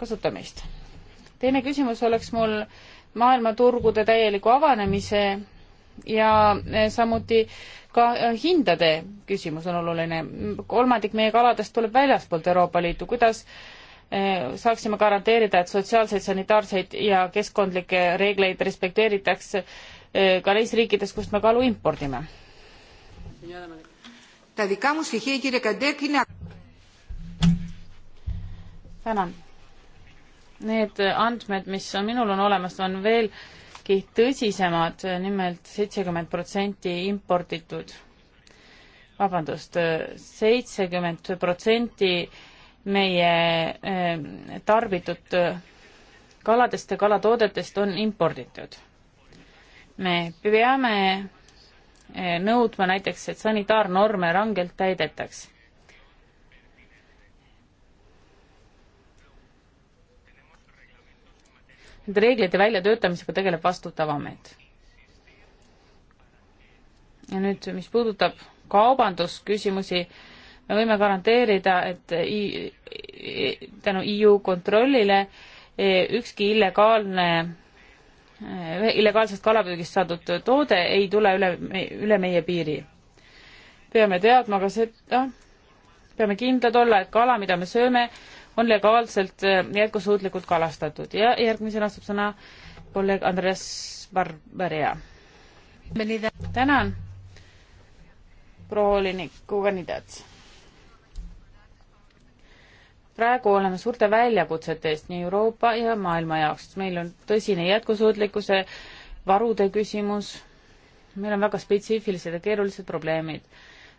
kasutamist. teine küsimus oleks mul maailmaturgude täieliku avanemise ja eh, samuti ka eh, hindade küsimus on oluline. kolmandik meie kaladest tuleb väljaspoolt Euroopa Liitu, kuidas eh, saaksime garanteerida, et sotsiaalseid, sanitaarseid ja keskkondlikke reegleid respekteeritakse ka neis riikides, kust me kalu impordime. Τα δικά μου στοιχεία, κύριε Καντέκ, είναι... Tänan. Need andmed, mis on, minul on olemas, on veelgi tõsisemad nimelt, nimelt seitsekümmend protsenti imporditud, vabandust, seitsekümmend protsenti meie eh, tarbitud kaladest ja kalatoodetest on imporditud. me peame Eh, nõudma näiteks, et sanitaarnorme rangelt täidetaks. Nende reeglite väljatöötamisega tegeleb vastutav amet. ja nüüd, mis puudutab kaubandusküsimusi, me võime garanteerida, et i, tänu EU kontrollile eh, ükski illegaalne illegaalsest kalapüügist saadud toode ei tule üle, üle meie piiri. peame teadma ka seda, peame kindlad olla, et kala, mida me sööme, on legaalselt äh, jätkusuutlikult kalastatud ja järgmisena saab sõna kolleeg Andres Barberia. tänan, proua voliniku kandidaat praegu oleme suurte väljakutsete eest nii Euroopa ja maailma jaoks. meil on tõsine jätkusuutlikkuse varude küsimus, meil on väga spetsiifilised ja keerulised probleemid.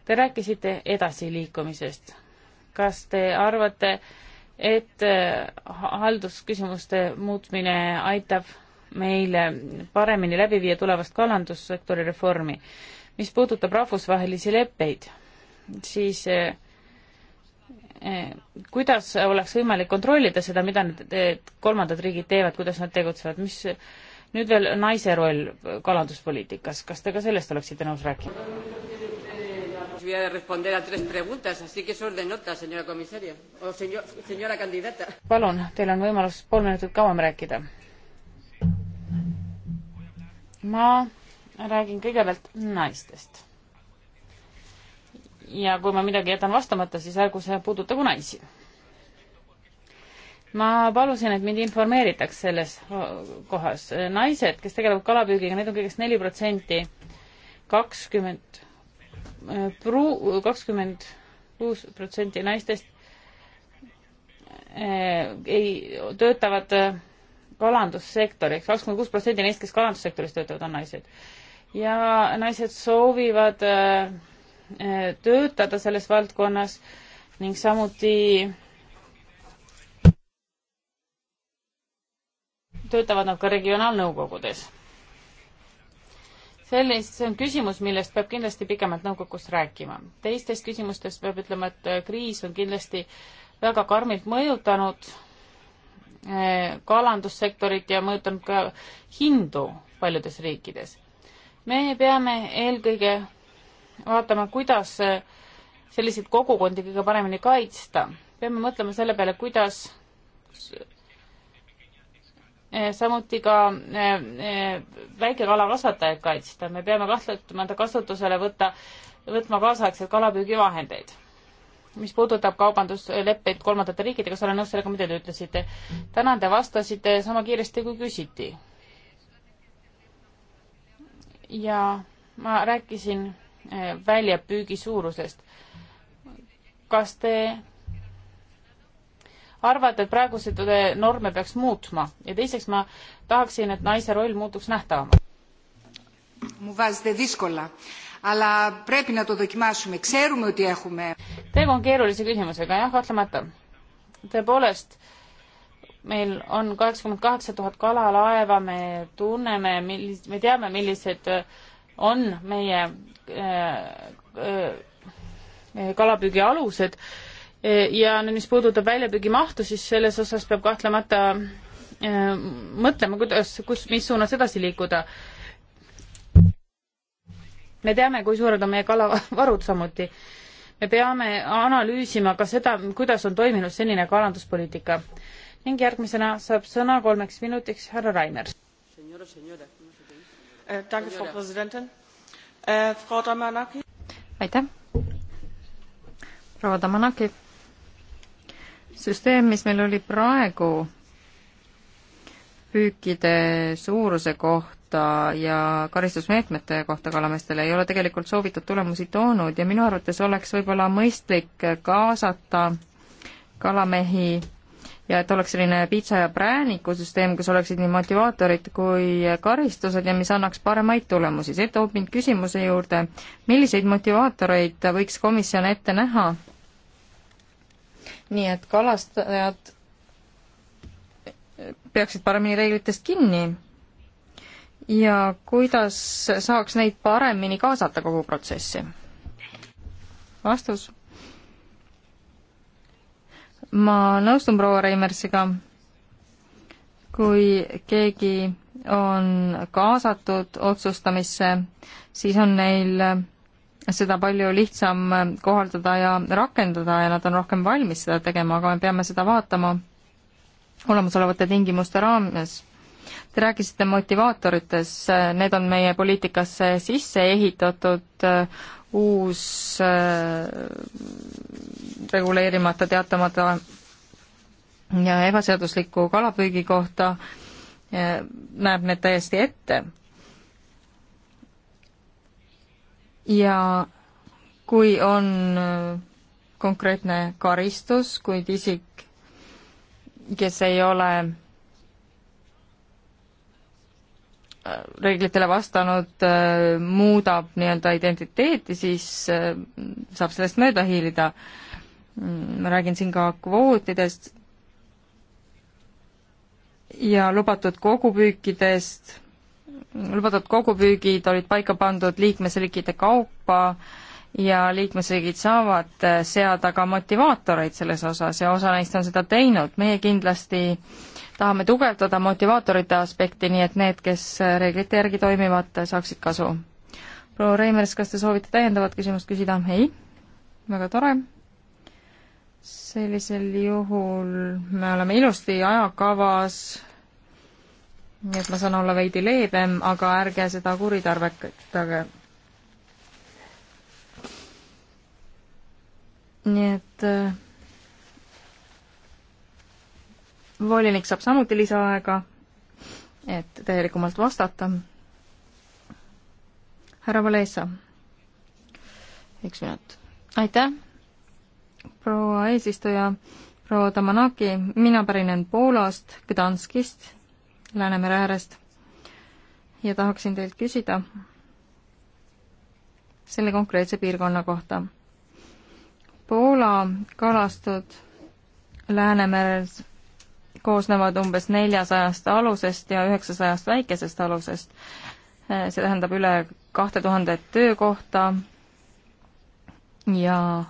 Te rääkisite edasiliikumisest. kas te arvate, et äh, haldusküsimuste muutmine aitab meil paremini läbi viia tulevast kalandussektori reformi? mis puudutab rahvusvahelisi leppeid, siis äh, Eh, kuidas oleks võimalik kontrollida seda, mida need kolmandad riigid teevad, kuidas nad tegutsevad, mis nüüd veel naise roll kalanduspoliitikas, kas te ka sellest oleksite nõus rääkima? voy a responder a tres preguntas, así que eso es de nota, señora comisaria. O señor, señora candidata. Palun, teil on võimalus pool minutit kauem rääkida. ma räägin kõigepealt naistest ja kui ma midagi jätan vastamata, siis ärgu see puudutagu naisi. ma palusin, et mind informeeritaks selles kohas. naised, kes tegelevad kalapüügiga, need on kõigest neli protsenti, kakskümmend äh, pruu-, kakskümmend kuus protsenti naistest äh, ei, töötavad äh, kalandussektoris, kakskümmend kuus protsenti neist, kes kalandussektoris töötavad, on naised. ja naised soovivad äh, Äh, töötada selles valdkonnas ning samuti töötavad nad ka regionaalnõukogudes. sellist, see on küsimus, millest peab kindlasti pikemalt nõukogust rääkima. teistest küsimustest peab ütlema, et äh, kriis on kindlasti väga karmilt mõjutanud äh, kalandussektorit ja mõjutanud ka hindu paljudes riikides. me peame eelkõige vaatama, kuidas selliseid kogukondi kõige paremini kaitsta. peame mõtlema selle peale, kuidas samuti ka eh, väikekalakasvatajaid kaitsta. me peame kahtlemata kasutusele võtta, võtma kaasaegseid kalapüügivahendeid. mis puudutab kaubandusleppeid kolmandate riikidega, siis olen nõus sellega, mida te ütlesite. tänan, te vastasite sama kiiresti, kui küsiti. ja ma rääkisin Eh, välja püügi suurusest. kas te arvate, et praeguseid eh, norme peaks muutma ja teiseks ma tahaksin, et naise roll muutuks nähtavamaks? Mu vajasid diskolla αλλά πρέπει να το δοκιμάσουμε. Ξέρουμε ότι έχουμε. Tegu on keerulise küsimusega, jah, kahtlemata. Tõepoolest, meil on 88 000 kalalaeva, me tunneme, millis, me teame, millised eh, on meie Äh, äh, kalapüügi alused ja nüüd, mis puudutab väljapüügimahtu, siis selles osas peab kahtlemata äh, mõtlema, kuidas, kus, mis suunas edasi liikuda. me teame, kui suured on meie kalavarud samuti. me peame analüüsima ka seda, kuidas on toiminud senine kalanduspoliitika. ning järgmisena saab sõna kolmeks minutiks härra Rainer. Eh, danke, Frau Präsidentin Eh, aitäh. proua Damanaki. süsteem, mis meil oli praegu püükide suuruse kohta ja karistusmeetmete kohta kalameestele ei ole tegelikult soovitud tulemusi toonud ja minu arvates oleks võib-olla mõistlik kaasata kalamehi ja et oleks selline piitsa ja prääniku süsteem, kus oleksid nii motivaatorid kui karistused ja mis annaks paremaid tulemusi. see toob mind küsimuse juurde, milliseid motivaatoreid võiks komisjon ette näha, nii et kalastajad peaksid paremini reeglitest kinni ja kuidas saaks neid paremini kaasata kogu protsessi? vastus ma nõustun proua Reimersiga, kui keegi on kaasatud otsustamisse, siis on neil seda palju lihtsam kohaldada ja rakendada ja nad on rohkem valmis seda tegema, aga me peame seda vaatama olemasolevate tingimuste raames. Te rääkisite motivaatoritest, need on meie poliitikasse sisse ehitatud uus äh, reguleerimata, teatamata ja ebaseadusliku kalapüügi kohta äh, näeb need täiesti ette. ja kui on äh, konkreetne karistus, kuid isik, kes ei ole reeglitele vastanud äh, muudab nii-öelda identiteeti, siis äh, saab sellest mööda hiilida. Mm, ma räägin siin ka kvootidest ja lubatud kogupüükidest, lubatud kogupüügid olid paika pandud liikmesriikide kaupa ja liikmesriigid saavad äh, seada ka motivaatoreid selles osas ja osa neist on seda teinud, meie kindlasti äh, tahame tugevdada motivaatorite aspekti, nii et need, kes reeglite järgi toimivad, saaksid kasu. proua Reimers, kas te soovite täiendavat küsimust küsida? ei? väga tore. sellisel juhul me oleme ilusti ajakavas, nii et ma saan olla veidi leebem, aga ärge seda kuritarvetage. nii et äh, volinik saab samuti lisaaega, et täielikumalt vastata. härra Valesa, üks minut. aitäh, proua eesistuja, proua Tamanaki, mina pärinen Poolast, Gdanskist, Läänemere äärest ja tahaksin teilt küsida selle konkreetse piirkonna kohta. Poola kalastud Läänemeres koosnevad umbes neljasajast alusest ja üheksasajast väikesest alusest. see tähendab üle kahte tuhandet töökohta ja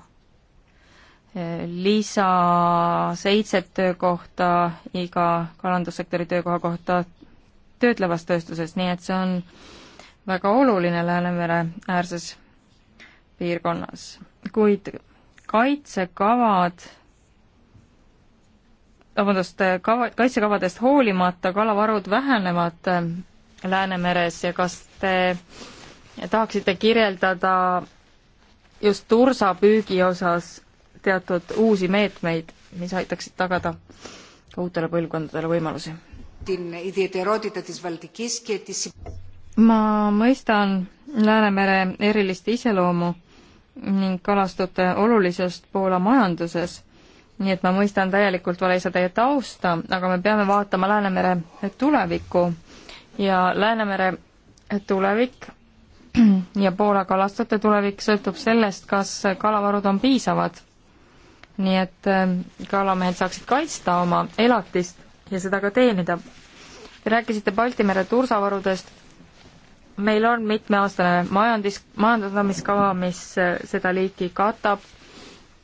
e, lisa seitset töökohta iga kalandussektori töökoha kohta töötlevas tööstuses, nii et see on väga oluline Läänemere äärses piirkonnas. kuid kaitsekavad vabandust, kava, kaitsekavadest hoolimata kalavarud vähenevad äh, Läänemeres ja kas te tahaksite kirjeldada just tursapüügi osas teatud uusi meetmeid, mis aitaksid tagada ka uutele põlvkondadele võimalusi? ma mõistan Läänemere erilist iseloomu ning kalastute olulisust Poola majanduses nii et ma mõistan täielikult Valesa teie tausta, aga me peame vaatama Läänemere tulevikku ja Läänemere tulevik ja Poola kalastajate tulevik sõltub sellest, kas kalavarud on piisavad. nii et äh, kalamehed saaksid kaitsta oma elatist ja seda ka teenida. Te rääkisite Balti mere tursavarudest. meil on mitmeaastane majandis, majandamiskava, mis äh, seda liiki katab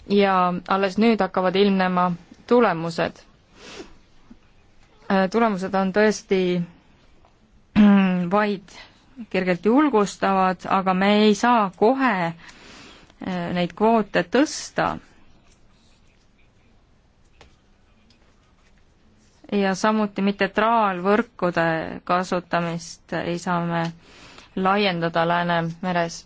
ja alles nüüd hakkavad ilmnema tulemused. Äh, tulemused on tõesti vaid kergelt julgustavad, aga me ei saa kohe äh, neid kvoote tõsta. ja samuti mitetaalvõrkude kasutamist ei saa me laiendada Läänemeres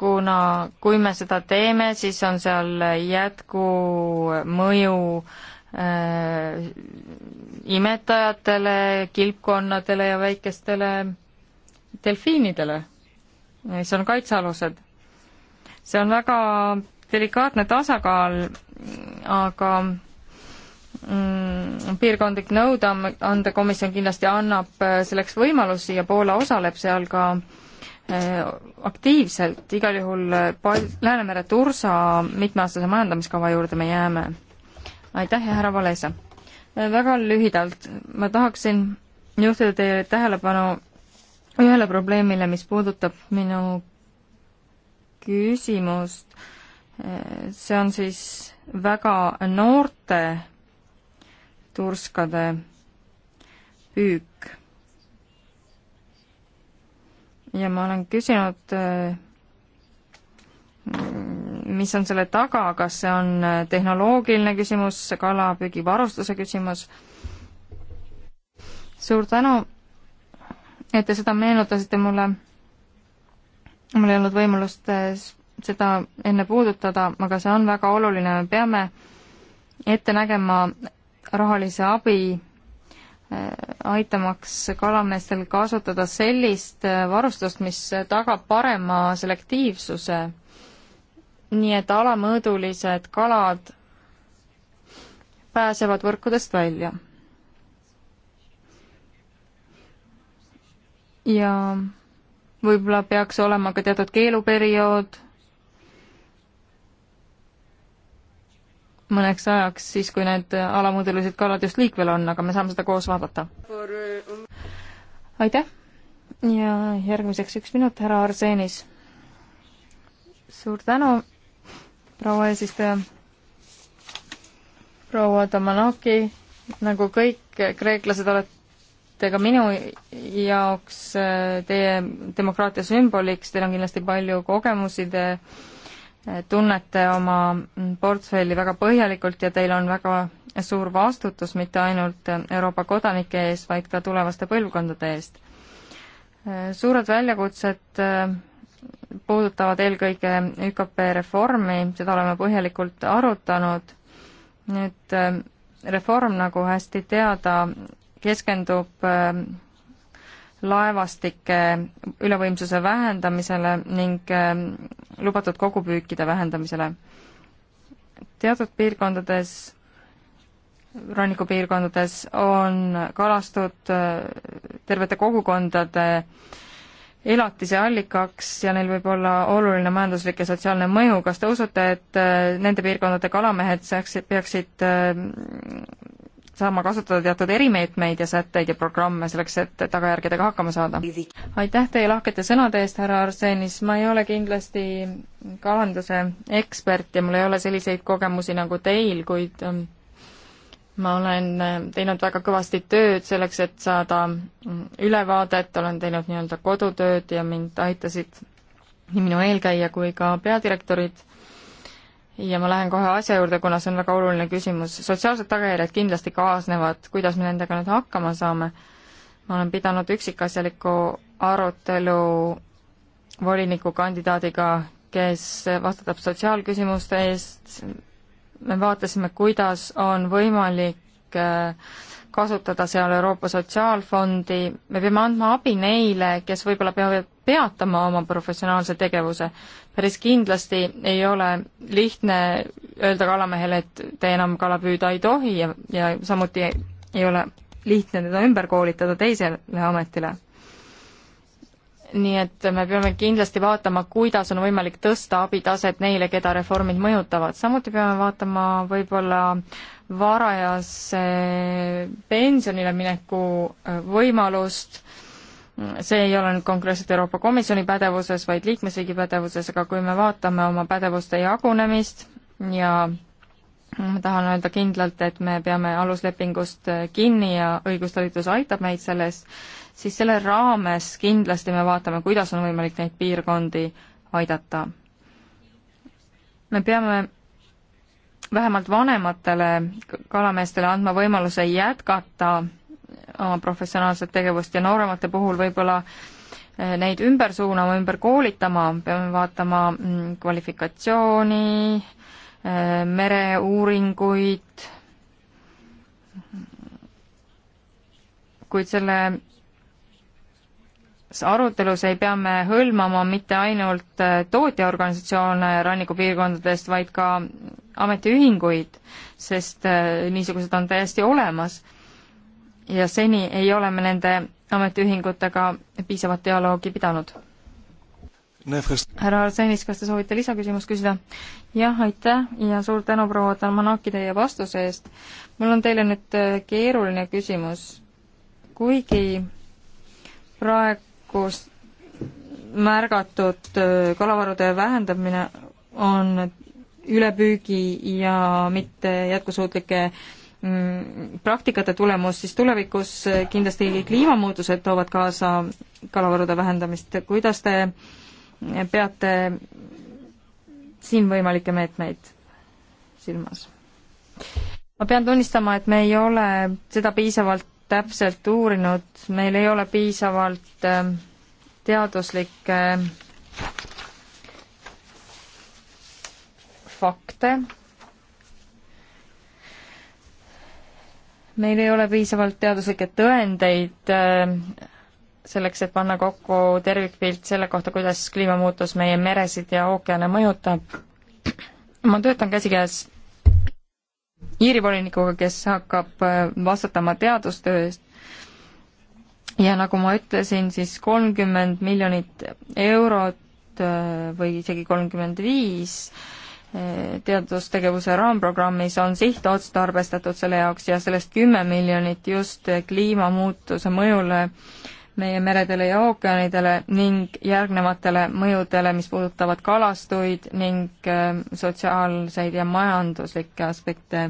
kuna kui me seda teeme, siis on seal jätkumõju äh, imetajatele, kilpkonnadele ja väikestele delfiinidele, mis on kaitsealused. see on väga delikaatne tasakaal, aga mm, piirkondlik nõudeandekomisjon kindlasti annab äh, selleks võimalusi ja Poola osaleb seal ka äh, Äh, aktiivselt, igal juhul äh, pal-, Läänemere tursa mitmeaastase majandamiskava juurde me jääme. aitäh ja härra Valesa! Äh, väga lühidalt, ma tahaksin juhtida teie tähelepanu ühele probleemile, mis puudutab minu küsimust. see on siis väga noorte turskade püük ja ma olen küsinud, äh, mis on selle taga, kas see on äh, tehnoloogiline küsimus, kalapüügivarustuse küsimus? suur tänu, et te seda meenutasite mulle. mul ei olnud võimalust äh, seda enne puudutada, aga see on väga oluline, me peame ette nägema rahalise abi aitamaks kalameestel kasutada sellist äh, varustust, mis tagab parema selektiivsuse. nii et alamõõdulised kalad pääsevad võrkudest välja. ja võib-olla peaks olema ka teatud keeluperiood mõneks ajaks, siis kui need alamudelised kalad just liikvel on, aga me saame seda koos vaadata. aitäh ja järgmiseks üks minut, härra Arsenis. suur tänu, proua eesistuja. proua Tamanaki, nagu kõik kreeklased olete ka minu jaoks eh, teie demokraatia sümboliks, teil on kindlasti palju kogemusi, te tunnete oma portfelli väga põhjalikult ja teil on väga suur vastutus mitte ainult Euroopa kodanike ees, vaid ka tulevaste põlvkondade eest. suured väljakutsed eh, puudutavad eelkõige ÜKP reformi, seda oleme põhjalikult arutanud. nüüd eh, reform, nagu hästi teada, keskendub eh, laevastike ülevõimsuse vähendamisele ning ähm, lubatud kogupüükide vähendamisele. teatud piirkondades, rannikupiirkondades on kalastud äh, tervete kogukondade elatise allikaks ja neil võib olla oluline majanduslik ja sotsiaalne mõju, kas te usute, et äh, nende piirkondade kalamehed saaksid, peaksid ähm, saama kasutada teatud erimeetmeid ja sätteid ja programme selleks, et tagajärgedega hakkama saada. aitäh teie lahkete sõnade eest, härra Arsenis, ma ei ole kindlasti kalanduse ekspert ja mul ei ole selliseid kogemusi nagu teil, kuid ähm, ma olen äh, teinud väga kõvasti tööd selleks, et saada mm, ülevaadet, olen teinud nii-öelda kodutööd ja mind aitasid nii minu eelkäija kui ka peadirektorid ja ma lähen kohe asja juurde, kuna see on väga oluline küsimus. sotsiaalsed tagajärjed kindlasti kaasnevad, kuidas me nendega nüüd hakkama saame. ma olen pidanud üksikasjaliku arutelu volinikukandidaadiga, kes vastutab sotsiaalküsimuste eest. me vaatasime, kuidas on võimalik äh, kasutada seal Euroopa Sotsiaalfondi, me peame andma abi neile, kes võib-olla peavad peatama oma professionaalse tegevuse. päris kindlasti ei ole lihtne öelda kalamehele, et te enam kala püüda ei tohi ja, ja samuti ei ole lihtne teda ümber koolitada teisele ametile. nii et me peame kindlasti vaatama, kuidas on võimalik tõsta abitaset neile, keda reformid mõjutavad, samuti peame vaatama võib-olla varajase pensionile mineku võimalust, see ei ole nüüd konkreetselt Euroopa Komisjoni pädevuses, vaid liikmesriigi pädevuses, aga kui me vaatame oma pädevuste jagunemist ja ma tahan öelda kindlalt, et me peame aluslepingust kinni ja õigustalitus aitab meid selles, siis selle raames kindlasti me vaatame, kuidas on võimalik neid piirkondi aidata. me peame vähemalt vanematele kalameestele andma võimaluse jätkata oma professionaalset tegevust ja nooremate puhul võib-olla eh, neid ümber suunama, ümber koolitama, peame vaatama mm, kvalifikatsiooni, eh, mereuuringuid, kuid selle arutelus ei pea me hõlmama mitte ainult eh, tootjaorganisatsioone rannikupiirkondadest, vaid ka ametiühinguid, sest niisugused on täiesti olemas ja seni ei ole me nende ametiühingutega piisavat dialoogi pidanud. härra Arsenis, kas te soovite lisaküsimust küsida? jah, aitäh ja suur tänu, proua Talmanaki, teie vastuse eest. mul on teile nüüd äh, keeruline küsimus. kuigi praegust märgatud äh, kalavarude vähendamine on ülepüügi ja mitte jätkusuutlike Mm, praktikate tulemus, siis tulevikus eh, kindlasti kliimamuutused toovad kaasa kalavarude vähendamist, kuidas te peate siin võimalikke meetmeid silmas? ma pean tunnistama, et me ei ole seda piisavalt täpselt uurinud, meil ei ole piisavalt eh, teaduslikke fakte meil ei ole piisavalt teaduslikke tõendeid äh, selleks, et panna kokku tervikpilt selle kohta, kuidas kliimamuutus meie meresid ja ookeane mõjutab. ma töötan käsikäes Iiri volinikuga, kes hakkab äh, vastutama teadustöö eest ja nagu ma ütlesin, siis kolmkümmend miljonit eurot äh, või isegi kolmkümmend viis teadustegevuse raamprogrammis on sihtotstarbestatud selle jaoks ja sellest kümme miljonit just kliimamuutuse mõjule meie meredele ja ookeanidele ning järgnevatele mõjudele, mis puudutavad kalastuid ning ähm, sotsiaalseid ja majanduslikke aspekte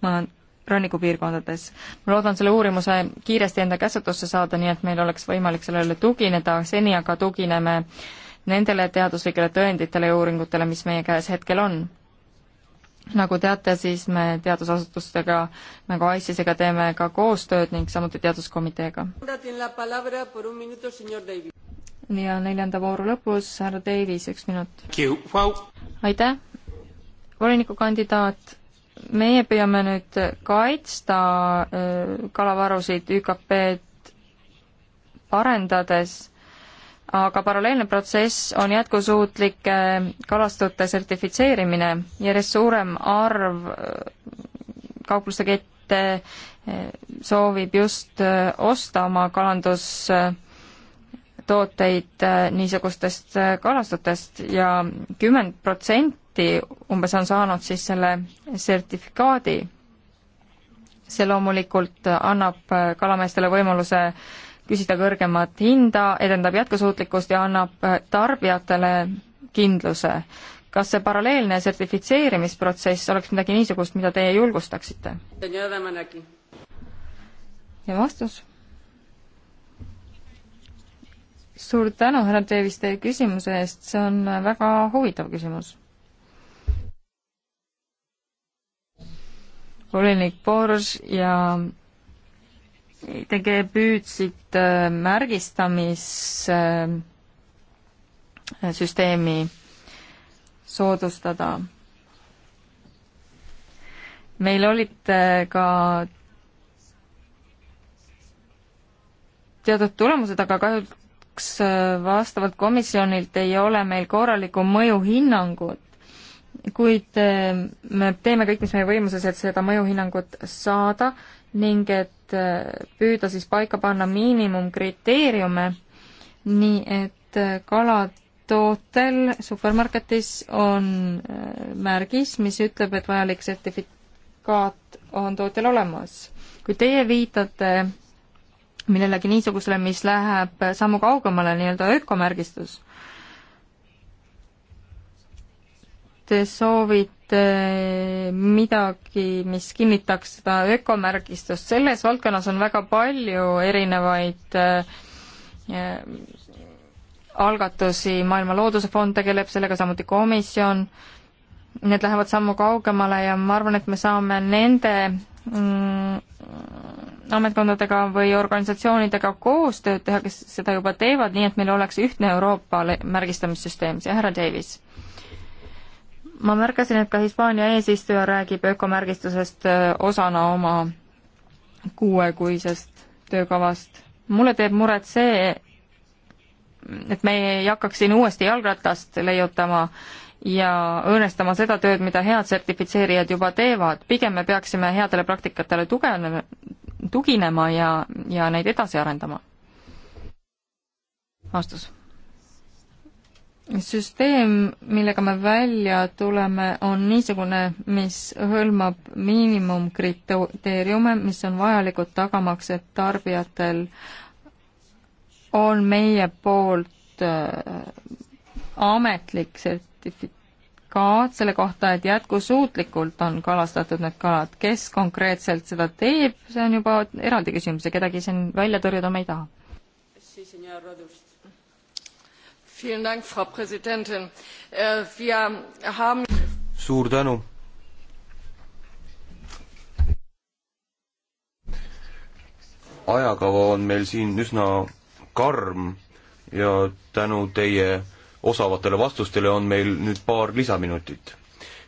majand-, rannikupiirkondades. ma loodan selle uurimuse kiiresti enda käsutusse saada, nii et meil oleks võimalik sellele tugineda, seni aga tugineme äh, nendele teaduslikele tõenditele ja uuringutele, mis meie käes hetkel on. nagu teate, siis me teadusasutustega nagu ICES-iga teeme ka koostööd ning samuti teaduskomiteega. ja neljanda vooru lõpus härra Davies, üks minut. aitäh, volinikukandidaat meie püüame nüüd kaitsta äh, kalavarusid ÜKP-d parendades aga paralleelne protsess on jätkusuutlike kalastute sertifitseerimine. järjest suurem arv äh, kaupluste kette äh, soovib just äh, osta oma kalandustooteid niisugustest kalastutest ja kümmend protsenti umbes on saanud siis selle sertifikaadi. see loomulikult annab kalameestele võimaluse küsida kõrgemat hinda, edendab jätkusuutlikkust ja annab äh, tarbijatele kindluse. kas see paralleelne sertifitseerimisprotsess oleks midagi niisugust, mida teie julgustaksite? ja vastus? suur tänu, härra Davis, teie küsimuse eest, see on äh, väga huvitav küsimus. volinik Borž ja ITG püüdsid äh, märgistamissüsteemi äh, soodustada. meil olid äh, ka teatud tulemused, aga kahjuks vastavalt komisjonilt ei ole meil korralikku mõjuhinnangut, kuid me teeme kõik, mis meie võimuses, et seda mõjuhinnangut saada ning et äh, püüda siis paika panna miinimumkriteeriume, nii et äh, kalatootel supermarketis on äh, märgis, mis ütleb, et vajalik sertifikaat on tootel olemas. kui teie viitate millelegi niisugusele, mis läheb sammu kaugemale, nii-öelda ökomärgistus, te soovite Eh, midagi, mis kinnitaks seda ökomärgistust, selles valdkonnas on väga palju erinevaid eh, algatusi, Maailma Looduse Fond tegeleb sellega, samuti komisjon, need lähevad sammu kaugemale ja ma arvan, et me saame nende mm, ametkondadega või organisatsioonidega koostööd teha, kes seda juba teevad, nii et meil oleks ühtne Euroopa märgistamissüsteem, see härra Davis ma märkasin, et ka Hispaania eesistuja räägib ökomärgistusest äh, osana oma kuuekuisest töökavast. mulle teeb muret see, et me ei hakkaks siin uuesti jalgratast leiutama ja õõnestama seda tööd, mida head sertifitseerijad juba teevad, pigem me peaksime headele praktikatele tugevne-, tuginema ja, ja neid edasi arendama. vastus süsteem, millega me välja tuleme, on niisugune, mis hõlmab miinimumkriteeriume, mis on vajalikud tagamaks, et tarbijatel on meie poolt äh, ametlik sertifikaat selle kohta, et jätkusuutlikult on kalastatud need kalad. kes konkreetselt seda teeb, see on juba eraldi küsimus ja kedagi siin välja tõrjuda me ei taha. siis on Jaan Rodust Äh, suur tänu. ajakava on meil siin üsna karm ja tänu teie osavatele vastustele on meil nüüd paar lisaminutit.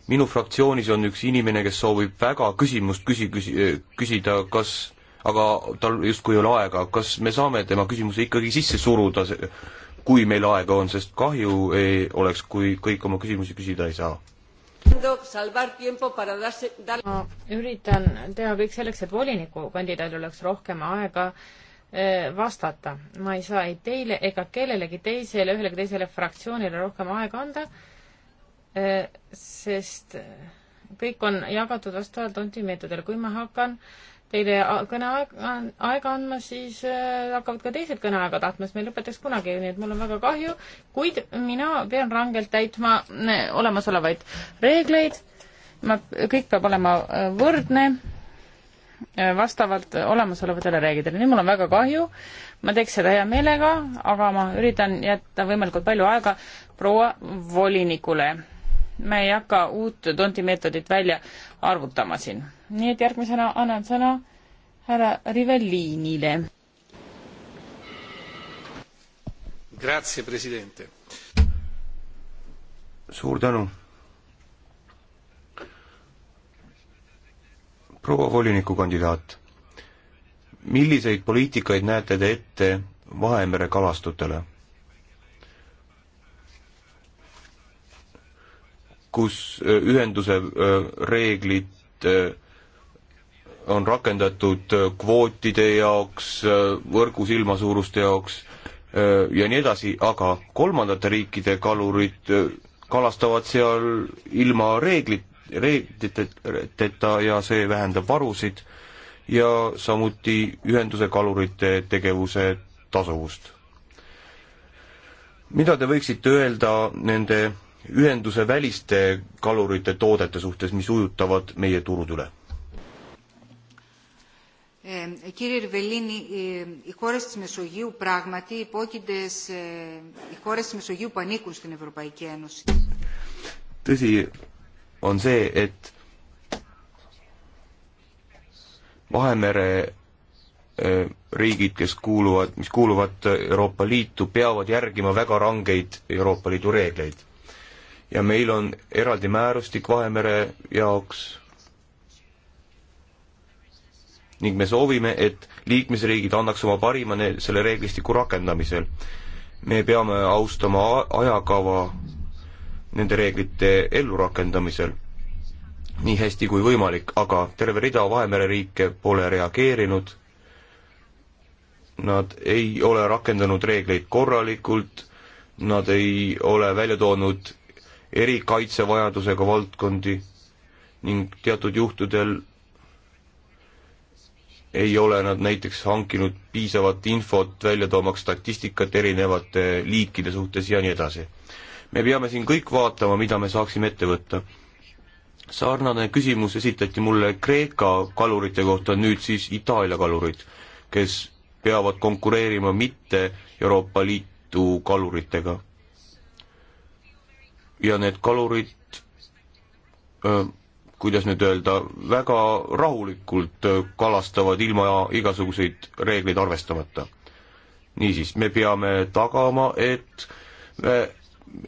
minu fraktsioonis on üks inimene, kes soovib väga küsimust küsi-, küsi-, küsida, kas aga tal justkui ei ole aega, kas me saame tema küsimuse ikkagi sisse suruda, kui meil aega on, sest kahju ei oleks, kui kõik oma küsimusi küsida ei saa. ma üritan teha kõik selleks, et volinikukandidaadil oleks rohkem aega eh, vastata. ma ei saa ei teile ega kellelegi teisele, ühelegi teisele fraktsioonile rohkem aega anda, eh, sest eh, kõik on jagatud vastavalt antimeetodile. kui ma hakkan äh, teile kõneaeg, aega andma, siis äh, hakkavad ka teised kõneaega tahtma, sest me ei lõpetaks kunagi, nii et mul on väga kahju, kuid mina pean rangelt täitma äh, olemasolevaid reegleid, ma, kõik peab olema äh, võrdne, vastavalt olemasolevatele reeglitele, nii mul on väga kahju, ma teeks seda hea meelega, aga ma üritan jätta võimalikult palju aega proua volinikule me ei hakka uut tonti meetodit välja arvutama siin. nii et järgmisena annan sõna härra Rivellinile. Grazie, president. suur tänu. proua volinikukandidaat, milliseid poliitikaid näete te ette Vahemere kalastutele? kus ühenduse reeglid on rakendatud kvootide jaoks, võrgu silmasuuruste jaoks ja nii edasi, aga kolmandate riikide kalurid kalastavad seal ilma reeglit, reegliteta ja see vähendab varusid ja samuti ühenduse kalurite tegevuse tasuvust. mida te võiksite öelda nende ühenduse väliste kalurite toodete suhtes, mis ujutavad meie turud üle? Κύριε Ριβελίνη, οι χώρες της Μεσογείου πράγματι υπόκεινται σε... οι χώρες της Μεσογείου που ανήκουν στην Ευρωπαϊκή Ένωση. Tõsi on see, et Vahemere riigid, kes kuuluvad, mis kuuluvad Euroopa Liitu, peavad järgima väga rangeid Euroopa Liidu reegleid ja meil on eraldi määrustik Vahemere jaoks ning me soovime, et liikmesriigid annaks oma parima neil selle reeglistiku rakendamisel. me peame austama ajakava nende reeglite ellurakendamisel nii hästi kui võimalik, aga terve rida Vahemere riike pole reageerinud. Nad ei ole rakendanud reegleid korralikult, nad ei ole välja toonud erikaitsevajadusega valdkondi ning teatud juhtudel ei ole nad näiteks hankinud piisavat infot välja toomaks statistikat erinevate liikide suhtes ja nii edasi. me peame siin kõik vaatama, mida me saaksime ette võtta. sarnane küsimus esitati mulle Kreeka kalurite kohta, nüüd siis Itaalia kalurid, kes peavad konkureerima mitte Euroopa Liidu kaluritega ja need kalurid, kuidas nüüd öelda, väga rahulikult kalastavad ilma igasuguseid reegleid arvestamata. niisiis, me peame tagama, et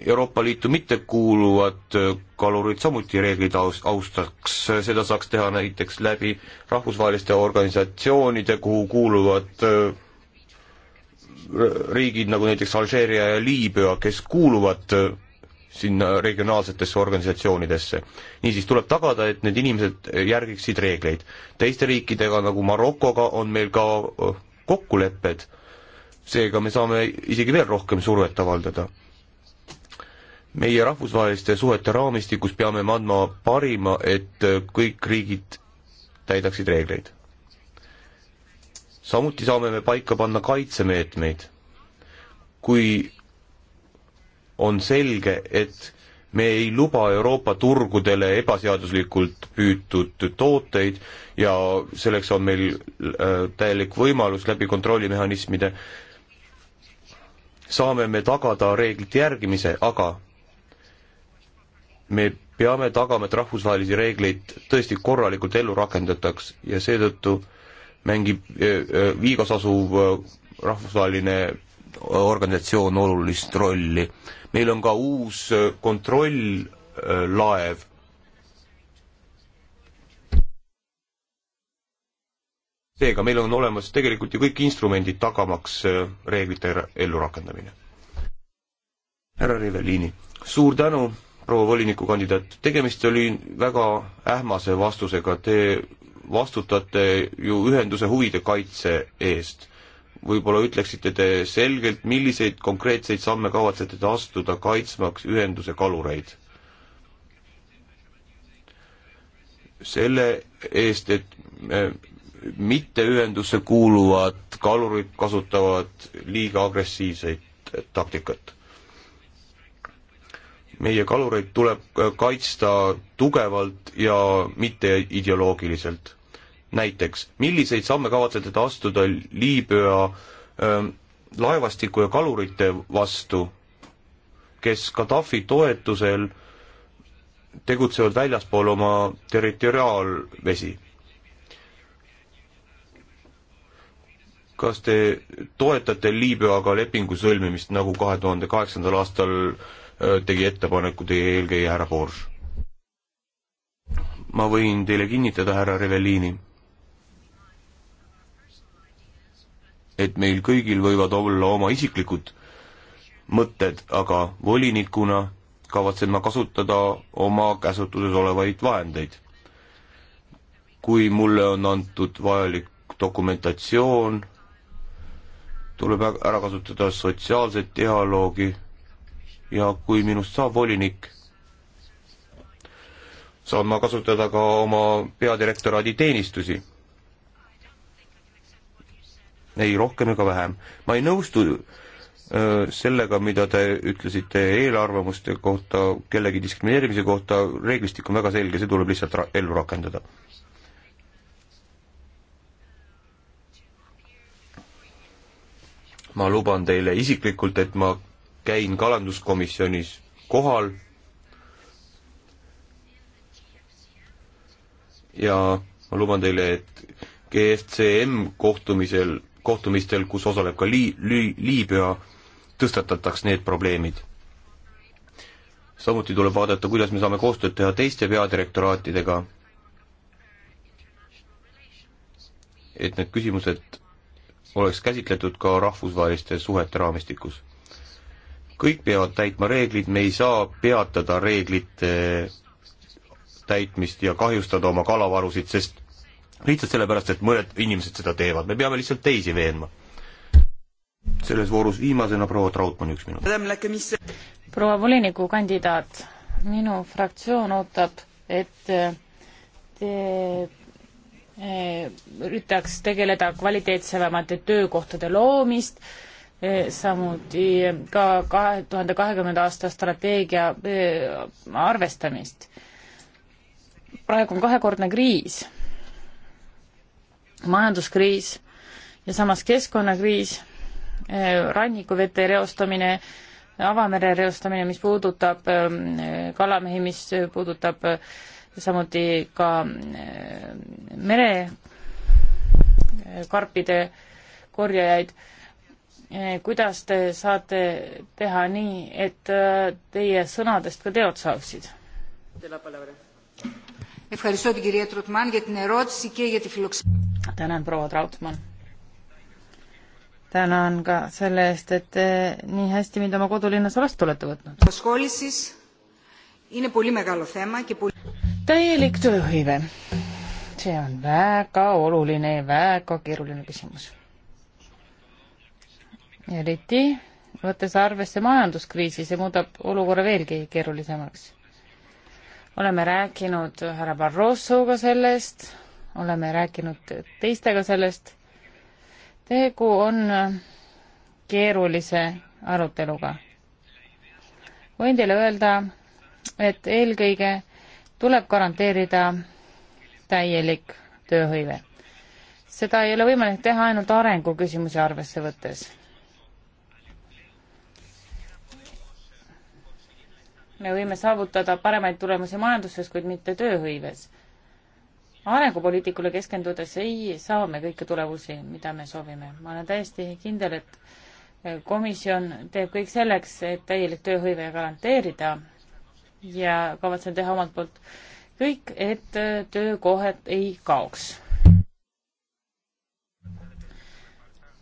Euroopa Liitu mittekuuluvad kalurid samuti reeglid aus-, austaks, seda saaks teha näiteks läbi rahvusvaheliste organisatsioonide, kuhu kuuluvad riigid nagu näiteks Alžeeria ja Liibüa, kes kuuluvad sinna regionaalsetesse organisatsioonidesse. niisiis tuleb tagada, et need inimesed järgiksid reegleid. teiste riikidega, nagu Marokoga, on meil ka kokkulepped, seega me saame isegi veel rohkem survet avaldada. meie rahvusvaheliste suhete raamistikus peame me andma parima, et kõik riigid täidaksid reegleid. samuti saame me paika panna kaitsemeetmeid. kui on selge, et me ei luba Euroopa turgudele ebaseaduslikult püütud tooteid ja selleks on meil äh, täielik võimalus läbi kontrollimehhanismide saame me tagada reeglite järgimise, aga me peame tagama, et rahvusvahelisi reegleid tõesti korralikult ellu rakendataks ja seetõttu mängib äh, äh, Viigas asuv rahvusvaheline organisatsioon olulist rolli. meil on ka uus äh, kontrolllaev. seega meil on olemas tegelikult ju kõik instrumendid tagamaks äh, reeglite ellurakendamine. härra Riveliini, suur tänu, proua volinikukandidaat, tegemist oli väga ähmase vastusega, te vastutate ju ühenduse huvide kaitse eest võib-olla ütleksite te selgelt, milliseid konkreetseid samme kavatsete te astuda, kaitsmaks ühenduse kalureid? selle eest, et äh, mitteühendusse kuuluvad kalurid kasutavad liiga agressiivseid äh, taktikat. meie kalureid tuleb äh, kaitsta tugevalt ja mitte ideoloogiliselt näiteks, milliseid samme kavatsete te astuda Liibüa ähm, laevastiku ja kalurite vastu, kes Gaddafi toetusel tegutsevad väljaspool oma territoriaalvesi? kas te toetate Liibüaga lepingu sõlmimist, nagu kahe tuhande kaheksandal aastal äh, tegi ettepaneku teie eelkäija härra Borš? ma võin teile kinnitada, härra Reveliini et meil kõigil võivad olla oma isiklikud mõtted, aga volinikuna kavatsen ma kasutada oma käsutuses olevaid vahendeid. kui mulle on antud vajalik dokumentatsioon, tuleb ära kasutada sotsiaalset dialoogi ja kui minust saab volinik, saan ma kasutada ka oma peadirektoraadi teenistusi ei rohkem ega vähem. ma ei nõustu äh, sellega, mida te ütlesite eelarvamuste kohta, kellegi diskrimineerimise kohta, reeglistik on väga selge, see tuleb lihtsalt ra ellu rakendada. ma luban teile isiklikult, et ma käin kalanduskomisjonis kohal ja ma luban teile, et GFCM kohtumisel kohtumistel, kus osaleb ka Lii-, Lii-, Liibüa, tõstatataks need probleemid. samuti tuleb vaadata, kuidas me saame koostööd teha teiste peadirektoraatidega, et need küsimused oleks käsitletud ka rahvusvaheliste suhete raamistikus. kõik peavad täitma reeglid, me ei saa peatada reeglite täitmist ja kahjustada oma kalavarusid, sest lihtsalt sellepärast, et mõned inimesed seda teevad, me peame lihtsalt teisi veenma. selles voorus viimasena proua Trautmann, üks minut. proua volinikukandidaat, minu fraktsioon ootab, et te eh, üritaks tegeleda kvaliteetsevamate töökohtade loomist, eh, samuti ka kahe tuhande kahekümnenda aasta strateegia eh, arvestamist. praegu on kahekordne kriis majanduskriis ja samas keskkonnakriis, eh, rannikuvete reostamine, avamere reostamine, mis puudutab ähm, kalamehi, mis puudutab äh, samuti ka äh, merekarpide äh, korjajaid. kuidas te saate teha nii, et teie sõnadest ka teod saaksid? Ευχαριστώ την κυρία Τροτμάν για την ερώτηση και για τη φιλοξενία. Tänan proua Trautmann. tänan ka selle eest, et te nii hästi mind oma kodulinnas vastu olete võtnud. täielik tööhõive. see on väga oluline ja väga keeruline küsimus. eriti võttes arvesse majanduskriisi, see muudab olukorra veelgi keerulisemaks oleme rääkinud härra Barrosoga sellest, oleme rääkinud teistega sellest. tegu on keerulise aruteluga. võin teile öelda, et eelkõige tuleb garanteerida täielik tööhõive. seda ei ole võimalik teha ainult arenguküsimusi arvesse võttes me võime saavutada paremaid tulemusi majanduses, kuid mitte tööhõives. arengupoliitikule keskendudes ei saa me kõiki tulemusi, mida me soovime. ma olen täiesti kindel, et eh, komisjon teeb kõik selleks, et täielik tööhõive garanteerida ja kavatsen teha omalt poolt kõik, et eh, töökohad ei kaoks.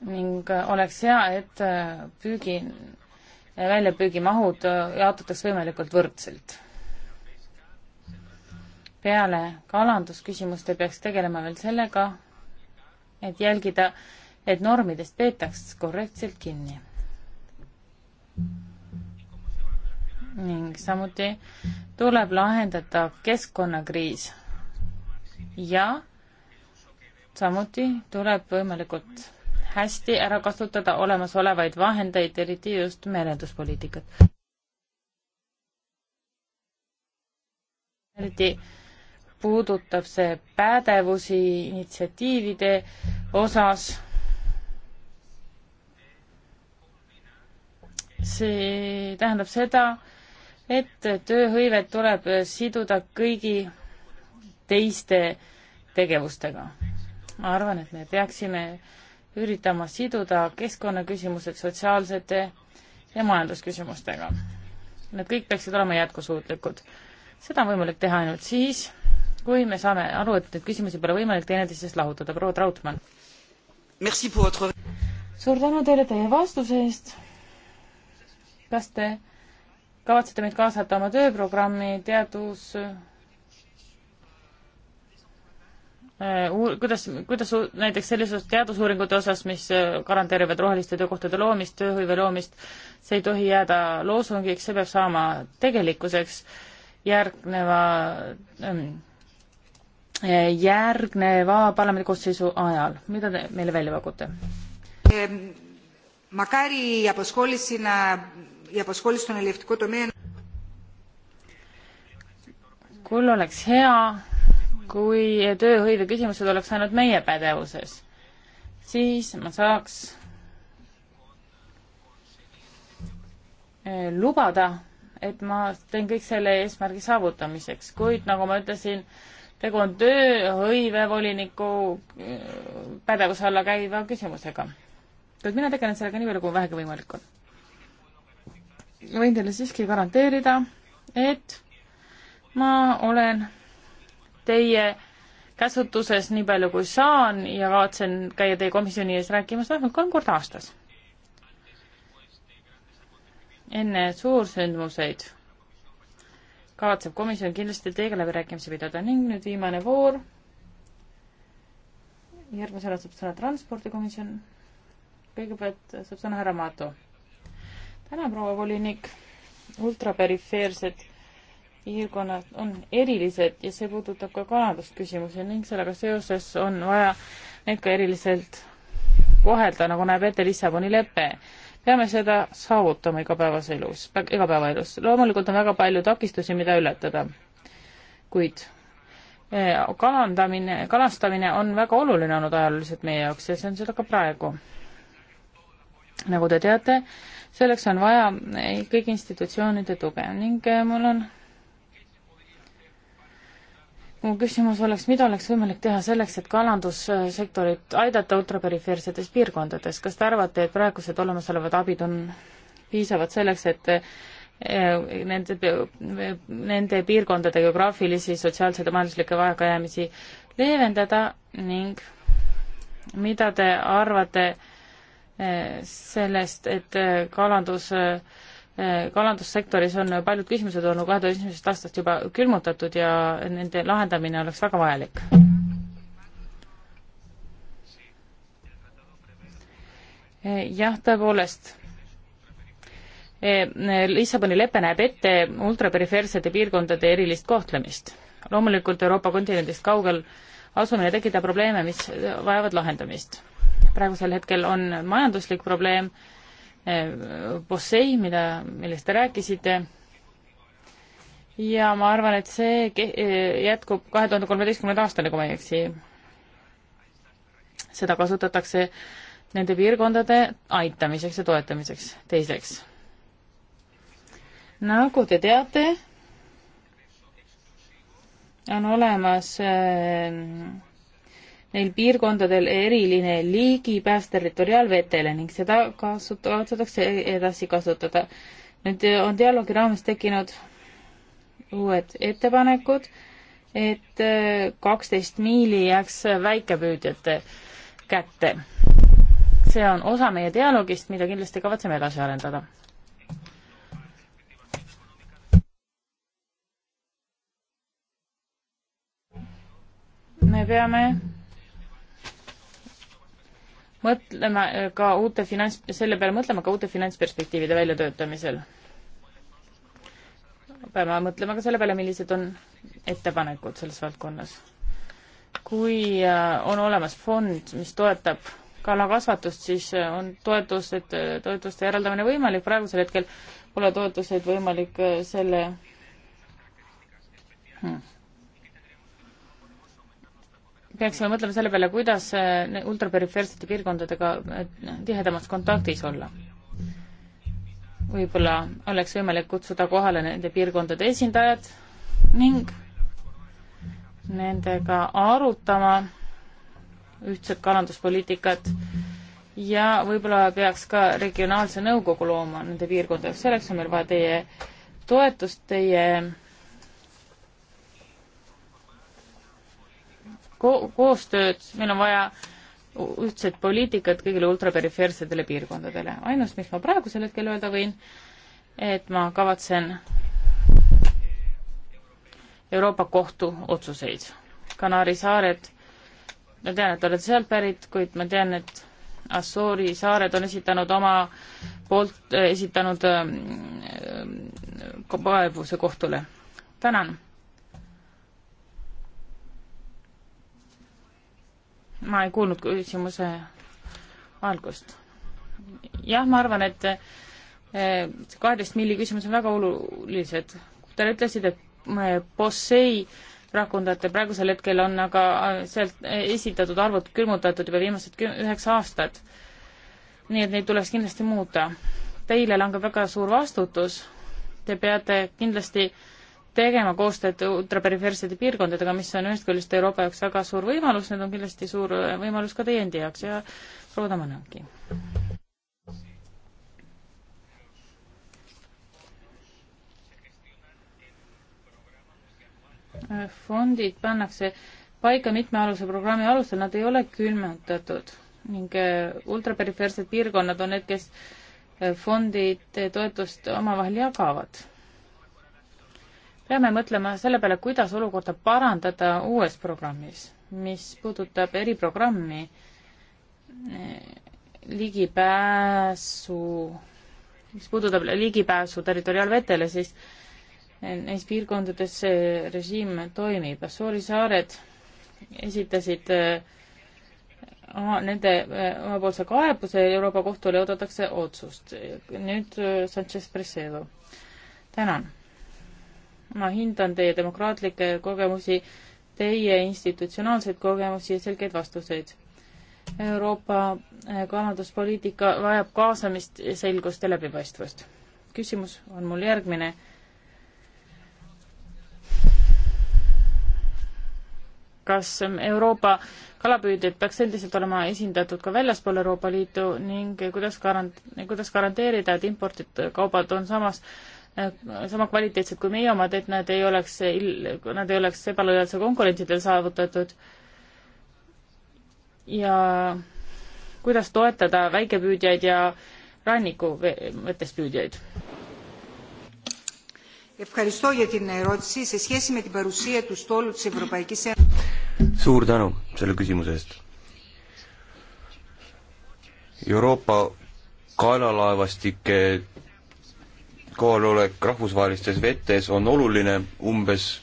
ning eh, oleks hea, et püügin väljapüügimahud äh, jaotatakse võimalikult võrdselt. peale kalandusküsimuste peaks tegelema veel sellega, et jälgida, et normidest peetaks korrektselt kinni. ning samuti tuleb lahendada keskkonnakriis ja samuti tuleb võimalikult hästi ära kasutada olemasolevaid vahendeid, eriti just merenduspoliitikat. eriti puudutab see pädevusi initsiatiivide osas. see tähendab seda, et tööhõivet tuleb siduda kõigi teiste tegevustega. ma arvan, et me peaksime äh, üritama siduda keskkonnaküsimused sotsiaalsete ja majandusküsimustega. Need kõik peaksid olema jätkusuutlikud. seda on võimalik teha ainult siis, kui me saame aru, et neid küsimusi pole võimalik teineteisest lahutada. proua Trautmann. Votre... suur tänu teile teie vastuse eest. kas te kavatsete meid kaasata oma tööprogrammi teadus Äh, kuidas, kuidas näiteks sellises teadusuuringute osas, mis äh, garanteerivad roheliste töökohtade loomist, tööhõive loomist, see ei tohi jääda loosungiks, see peab saama tegelikkuseks järgneva ähm, järgneva parlamendikoosseisu ajal, mida te meile välja pakute? Ähm, Makari ja Poskolisina ja Poskolis on elifti kodumees. kui oleks hea kui tööhõive küsimused oleks ainult meie pädevuses, siis ma saaks eh, lubada, et ma teen kõik selle eesmärgi saavutamiseks, kuid nagu ma ütlesin, tegu on tööhõive voliniku eh, pädevuse alla käiva küsimusega. kuid mina tegelen sellega nii palju, kui vähegi võimalik on. võin teile siiski garanteerida, et ma olen teie käsutuses nii palju kui saan ja kavatsen käia teie komisjoni ees rääkimas vähemalt kolm korda aastas. enne suursündmuseid kavatseb komisjon kindlasti teiega läbirääkimisi pidada ning nüüd viimane voor. järgmisena saab sõna transpordikomisjon. kõigepealt saab sõna härra Maato. täna proua volinik, ultraperifeersed piirkonnad on erilised ja see puudutab ka Kanadast küsimusi ning sellega seoses on vaja neid ka eriliselt kohelda, nagu näeb ette Lissaboni lepe. peame seda saavutama igapäevase elus, igapäevaelus. loomulikult on väga palju takistusi, mida ületada. kuid eh, kalandamine, kalastamine on väga oluline olnud ajalooliselt meie jaoks ja see on seda ka praegu. nagu te teate, selleks on vaja eh, kõigi institutsioonide tuge ning eh, mul on mu küsimus oleks, mida oleks võimalik teha selleks, et kalandussektorit aidata ultraperifeersetes piirkondades, kas te arvate, et praegused olemasolevad abid on piisavad selleks, et eh, nende, nende piirkondade geograafilisi, sotsiaalseid ja majanduslikke vajakajäämisi leevendada ning mida te arvate eh, sellest, et eh, kalandus äh, Äh, kalandussektoris on paljud küsimused olnud kahe tuhande esimesest aastast juba külmutatud ja nende lahendamine oleks väga vajalik. jah, tõepoolest. Äh, Lissaboni lepe näeb ette ultraperifeersete piirkondade erilist kohtlemist. loomulikult Euroopa kontinendist kaugel asumine tekitab probleeme, mis vajavad lahendamist. praegusel hetkel on majanduslik probleem Posei, mida, millest te rääkisite. ja ma arvan, et see jätkub kahe tuhande kolmeteistkümnenda aastani, kui ma ei eksi. seda kasutatakse nende piirkondade aitamiseks ja toetamiseks. teiseks, nagu te teate, on olemas äh, neil piirkondadel eriline ligipääs territoriaalvetele ning seda kasut-, kavatsetakse edasi kasutada. nüüd eh, on dialoogi raames tekkinud uued ettepanekud, et eh, kaksteist miili jääks väikepüüdjate kätte. see on osa meie dialoogist, mida kindlasti kavatseme edasi arendada. me peame mõtlema äh, ka uute finants, selle peale mõtlema ka uute finantsperspektiivide väljatöötamisel. peame mõtlema ka selle peale, millised on ettepanekud selles valdkonnas. kui äh, on olemas fond, mis toetab kalakasvatust, siis äh, on toetused, toetuste eraldamine võimalik, praegusel hetkel pole toetuseid võimalik selle hmm peaksime mõtlema selle peale, kuidas eh, ultraperifeersete piirkondadega eh, tihedamas kontaktis olla. võib-olla oleks võimalik kutsuda kohale nende piirkondade esindajad ning nendega arutama ühtset kalanduspoliitikat ja võib-olla peaks ka regionaalse nõukogu looma nende piirkondades, selleks on meil vaja teie toetust, teie ko koostööd, meil on vaja ühtset poliitikat kõigile ultraperifeersetele piirkondadele. ainus, mis ma praegusel hetkel öelda võin, et ma kavatsen Euroopa Kohtu otsuseid. Kanaari saared, ma tean, et olete sealt pärit, kuid ma tean, et Assuuri saared on esitanud oma poolt, esitanud ähm, ähm, kaebuse kohtule. tänan ma ei kuulnud küsimuse algust. jah, ma arvan, et eh, see kaheteist milli küsimus on väga olulised. Te ütlesite, et eh, Posei rakundajate praegusel hetkel on aga eh, sealt esitatud arvud külmutatud juba viimased üheksa aastat. nii et neid tuleks kindlasti muuta. Teile langeb väga suur vastutus. Te peate kindlasti äh, tegema koostööd ultraperifeersete piirkondadega, mis on ühest küljest Euroopa jaoks väga suur võimalus, need on kindlasti suur võimalus ka teie endi jaoks ja proua Tamanagi. fondid pannakse paika mitmealuse programmi alusel, nad ei ole külmutatud ning äh, ultraperifeersed piirkonnad on need, kes äh, fondid toetust omavahel jagavad peame mõtlema selle peale, kuidas olukorda parandada uues programmis, mis puudutab eriprogrammi eh, ligipääsu, mis puudutab ligipääsu territoriaalvetele, siis eh, neis piirkondades see režiim toimib. Assuuri saared esitasid eh, oma, nende omapoolse kaebuse Euroopa Kohtule ja oodatakse otsust. nüüd Sanchez Presedo. tänan ma hindan teie demokraatlikke kogemusi, teie institutsionaalseid kogemusi ja selgeid vastuseid. Euroopa eh, kalanduspoliitika vajab kaasamist, selgust ja läbipaistvust. küsimus on mul järgmine. kas Euroopa kalapüüdjad peaks endiselt olema esindatud ka väljaspool Euroopa Liitu ning kuidas garant-, kuidas garanteerida, et imporditud kaubad on samas äh, Äh, sama kvaliteetsed kui meie omad, et nad ei oleks, nad ei oleks ebalojaalse konkurentsidel saavutatud. ja kuidas toetada väikepüüdjaid ja ranniku mõttes püüdjaid? suur tänu selle küsimuse eest. Euroopa kaelalaevastike kohalolek rahvusvahelistes vetes on oluline, umbes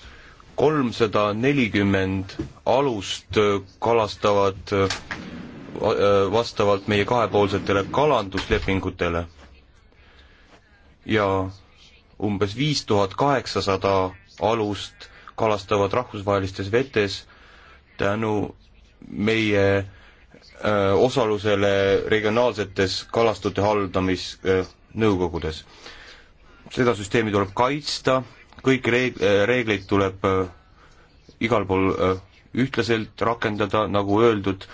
kolmsada nelikümmend alust äh, kalastavad äh, äh, vastavalt meie kahepoolsetele kalanduslepingutele ja umbes viis tuhat kaheksasada alust kalastavad rahvusvahelistes vetes tänu meie osalusele regionaalsetes kalastute haldamisnõukogudes seda süsteemi tuleb kaitsta, kõiki reeg-, äh, reegleid tuleb äh, igal pool äh, ühtlaselt rakendada, nagu öeldud,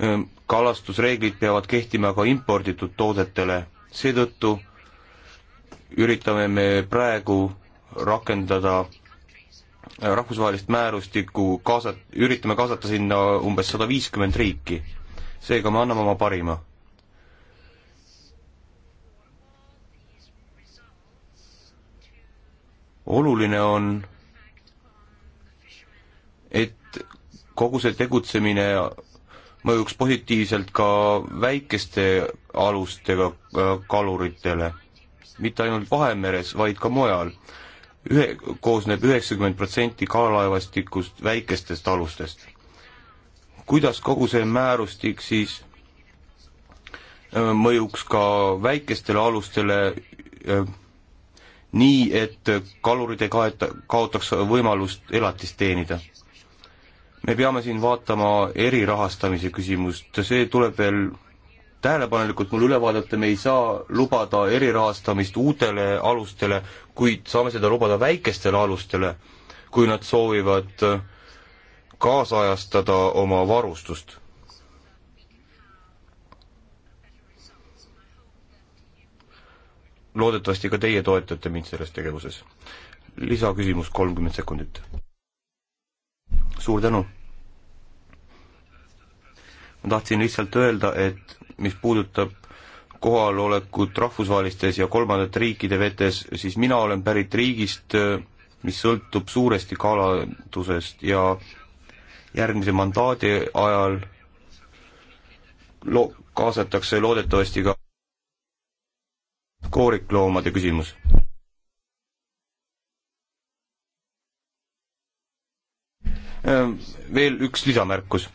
ähm, kalastusreeglid peavad kehtima ka imporditud toodetele, seetõttu üritame me praegu rakendada rahvusvahelist määrustikku, kaasa, üritame kaasata sinna umbes sada viiskümmend riiki. seega me anname oma parima oluline on, et kogu see tegutsemine mõjuks positiivselt ka väikeste alustega kaluritele, mitte ainult Vahemeres, vaid ka mujal ühe, koosneb üheksakümmend protsenti kalalaevastikust väikestest alustest. kuidas kogu see määrustik siis äh, mõjuks ka väikestele alustele äh, nii, et kalurid ei kaeta, kaotaks võimalust elatist teenida. me peame siin vaatama erirahastamise küsimust, see tuleb veel tähelepanelikult mul üle vaadata, me ei saa lubada erirahastamist uutele alustele, kuid saame seda lubada väikestele alustele, kui nad soovivad kaasajastada oma varustust loodetavasti ka teie toetate mind selles tegevuses. lisaküsimus kolmkümmend sekundit. suur tänu! ma tahtsin lihtsalt öelda, et mis puudutab kohalolekut rahvusvahelistes ja kolmandate riikide vetes, siis mina olen pärit riigist, mis sõltub suuresti kalandusest ja järgmise mandaadi ajal lo-, kaasatakse loodetavasti ka koorikloomade küsimus. Äh, veel üks lisamärkus.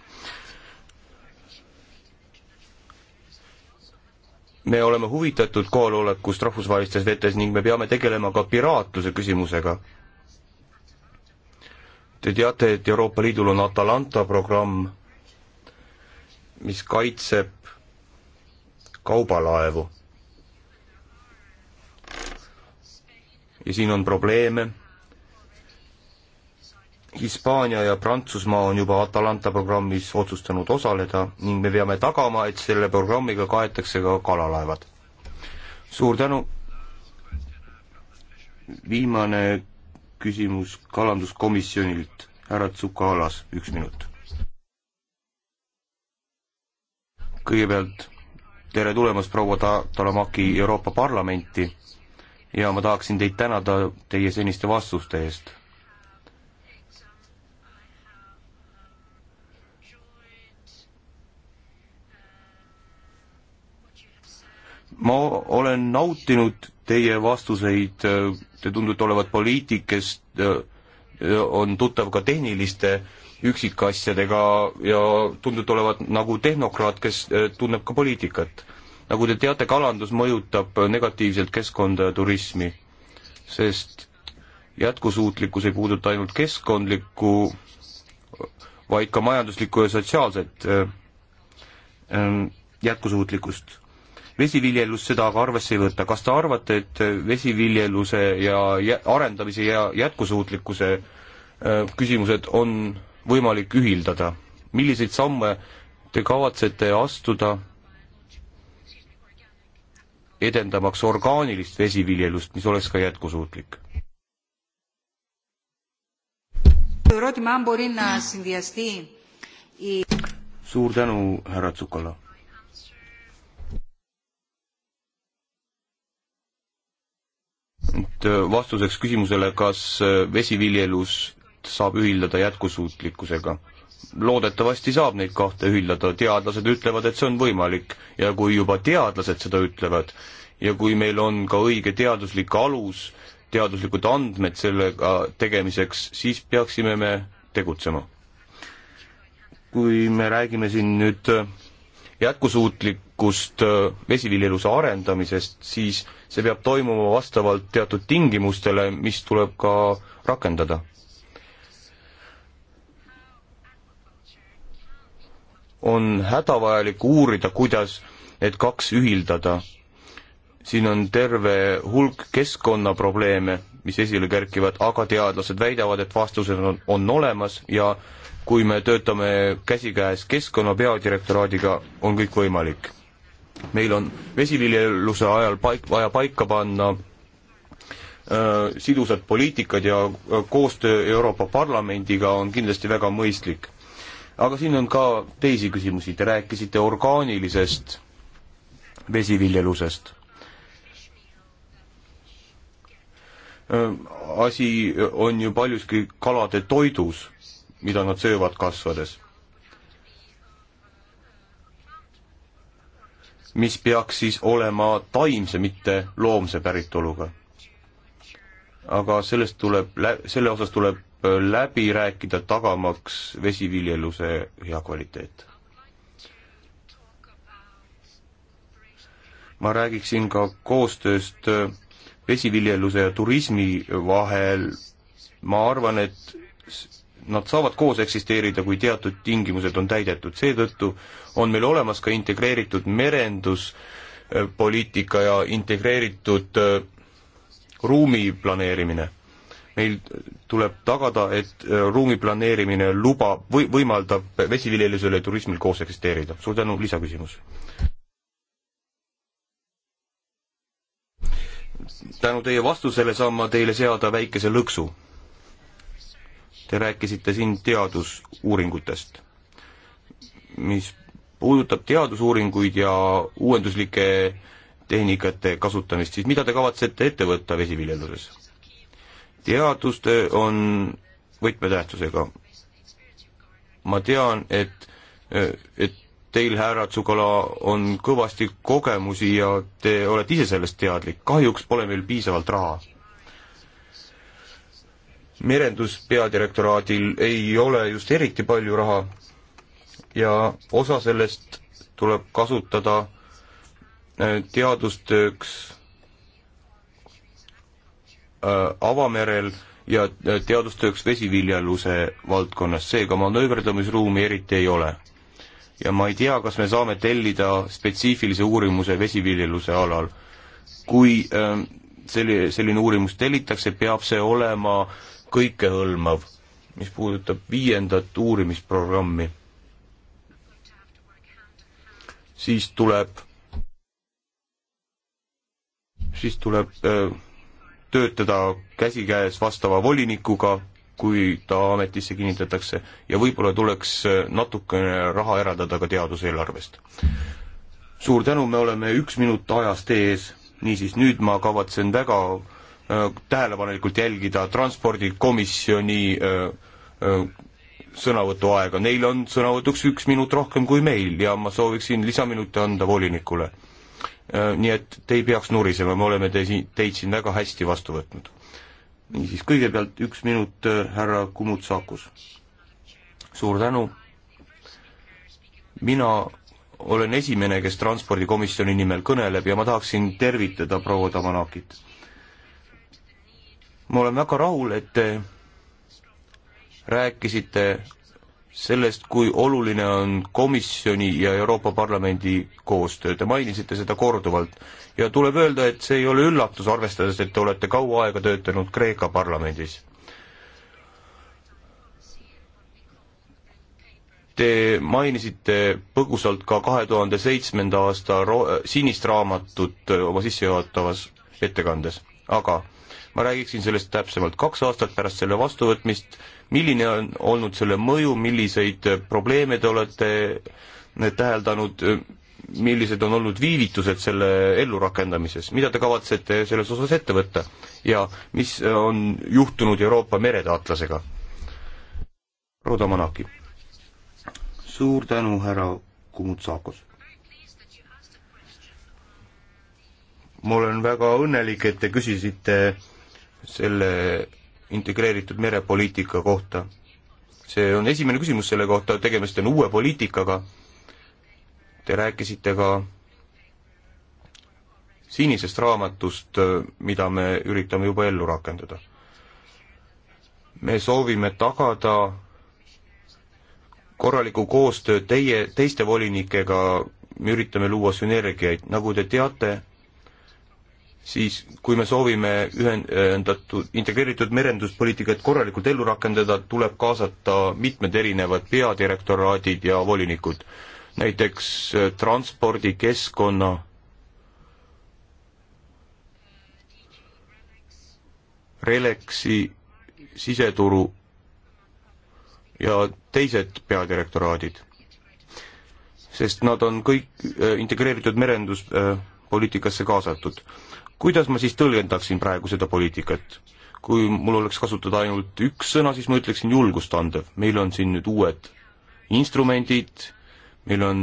me oleme huvitatud kohalolekust rahvusvahelistes vetes ning me peame tegelema ka piraatluse küsimusega. Te teate, et Euroopa Liidul on Atalanta programm, mis kaitseb kaubalaevu ja siin on probleeme. Hispaania ja Prantsusmaa on juba Atalanta programmis otsustanud osaleda ning me peame tagama, et selle programmiga kaetakse ka kalalaevad. suur tänu. viimane küsimus kalanduskomisjonilt, härra Tsukalas, üks minut. kõigepealt tere tulemast, proua Ta-, Talamaki Euroopa Parlamenti ja ma tahaksin teid tänada teie seniste vastuste eest. ma olen nautinud teie vastuseid, te tundute olevat poliitik, kes on tuttav ka tehniliste üksikasjadega ja tundute olevat nagu tehnokraat, kes tunneb ka poliitikat nagu te teate, kalandus mõjutab negatiivselt keskkonda ja turismi, sest jätkusuutlikkus ei puuduta ainult keskkondlikku, vaid ka majanduslikku ja sotsiaalset ähm, jätkusuutlikkust. vesiviljelus seda aga arvesse ei võta, kas te arvate, et vesiviljeluse ja jä-, arendamise ja jätkusuutlikkuse äh, küsimused on võimalik ühildada? milliseid samme te kavatsete astuda edendamaks orgaanilist vesiviljelust, mis oleks ka jätkusuutlik. suur tänu, härra Tsukala. et äh, vastuseks küsimusele, kas äh, vesiviljelust saab ühildada jätkusuutlikkusega loodetavasti saab neid kahte ühildada, teadlased ütlevad, et see on võimalik ja kui juba teadlased seda ütlevad ja kui meil on ka õige teaduslik alus, teaduslikud andmed sellega tegemiseks, siis peaksime me tegutsema. kui me räägime siin nüüd jätkusuutlikust äh, vesiviljeluse arendamisest, siis see peab toimuma vastavalt teatud tingimustele, mis tuleb ka rakendada on hädavajalik uurida, kuidas need kaks ühildada. siin on terve hulk keskkonnaprobleeme, mis esile kerkivad, aga teadlased väidavad, et vastused on, on olemas ja kui me töötame käsikäes keskkonna peadirektoraadiga, on kõik võimalik. meil on vesililjeluse ajal paik, vaja paika panna äh, sidusad poliitikad ja äh, koostöö Euroopa Parlamendiga on kindlasti väga mõistlik aga siin on ka teisi küsimusi, te rääkisite orgaanilisest vesiviljelusest. asi on ju paljuski kalade toidus, mida nad söövad kasvades. mis peaks siis olema taimse, mitte loomse päritoluga. aga sellest tuleb, selle osas tuleb läbi rääkida, tagamaks vesiviljeluse hea kvaliteet. ma räägiksin ka koostööst vesiviljeluse ja turismi vahel, ma arvan, et nad saavad koos eksisteerida, kui teatud tingimused on täidetud, seetõttu on meil olemas ka integreeritud merenduspoliitika ja integreeritud ruumi planeerimine meil tuleb tagada, et äh, ruumi planeerimine lubab või võimaldab vesiviljelusel ja turismil koos eksisteerida. suur tänu, lisaküsimus. tänu teie vastusele saan ma teile seada väikese lõksu. Te rääkisite siin teadusuuringutest, mis puudutab teadusuuringuid ja uuenduslike tehnikate kasutamist, siis mida te kavatsete ette võtta vesiviljeluses? teadustöö on võtmetähtsusega. ma tean, et, et teil, härra Tsukala, on kõvasti kogemusi ja te olete ise sellest teadlik, kahjuks pole meil piisavalt raha. merenduspeadirektoraadil ei ole just eriti palju raha ja osa sellest tuleb kasutada äh, teadustööks Äh, avamerel ja äh, teadustööks vesiviljeluse valdkonnas, seega manööverdamisruumi eriti ei ole. ja ma ei tea, kas me saame tellida spetsiifilise uurimuse vesiviljeluse alal. kui äh, selli-, selline uurimus tellitakse, peab see olema kõikehõlmav, mis puudutab viiendat uurimisprogrammi. siis tuleb, siis tuleb äh, töötada käsikäes vastava volinikuga, kui ta ametisse kinnitatakse ja võib-olla tuleks natukene raha eraldada ka teaduseelarvest. suur tänu, me oleme üks minut ajast ees, niisiis nüüd ma kavatsen väga äh, tähelepanelikult jälgida transpordikomisjoni äh, äh, sõnavõtuaega, neil on sõnavõtuks üks minut rohkem kui meil ja ma sooviksin lisaminute anda volinikule Äh, nii et te ei peaks nurisema, me oleme te siin, teid siin väga hästi vastu võtnud. niisiis, kõigepealt üks minut, äh, härra Kumutsakus. suur tänu. mina olen esimene, kes Transpordikomisjoni nimel kõneleb ja ma tahaksin tervitada proua Tamanakit. ma olen väga rahul, et te rääkisite sellest, kui oluline on komisjoni ja Euroopa Parlamendi koostöö, te mainisite seda korduvalt. ja tuleb öelda, et see ei ole üllatus, arvestades, et te olete kaua aega töötanud Kreeka parlamendis. Te mainisite põgusalt ka kahe tuhande seitsmenda aasta ro-, sinist raamatut oma sissejuhatavas ettekandes, aga ma räägiksin sellest täpsemalt kaks aastat pärast selle vastuvõtmist, milline on olnud selle mõju, milliseid probleeme te olete täheldanud, millised on olnud viivitused selle ellurakendamises, mida te kavatsete selles osas ette võtta ja mis on juhtunud Euroopa meretaatlasega? Rodo Manaki. suur tänu, härra Kumutsakos. ma olen väga õnnelik, et te küsisite selle integreeritud merepoliitika kohta. see on esimene küsimus selle kohta, tegemist on uue poliitikaga. Te rääkisite ka sinisest raamatust, mida me üritame juba ellu rakendada. me soovime tagada korralikku koostööd teie, teiste volinikega, me üritame luua sünergiaid, nagu te teate, siis kui me soovime ühendatud, integreeritud merenduspoliitikat korralikult ellu rakendada, tuleb kaasata mitmed erinevad peadirektoraadid ja volinikud. näiteks äh, transpordi, keskkonna, Relexi, siseturu ja teised peadirektoraadid. sest nad on kõik äh, integreeritud merenduspoliitikasse kaasatud kuidas ma siis tõlgendaksin praegu seda poliitikat? kui mul oleks kasutada ainult üks sõna, siis ma ütleksin julgustandev. meil on siin nüüd uued instrumendid, meil on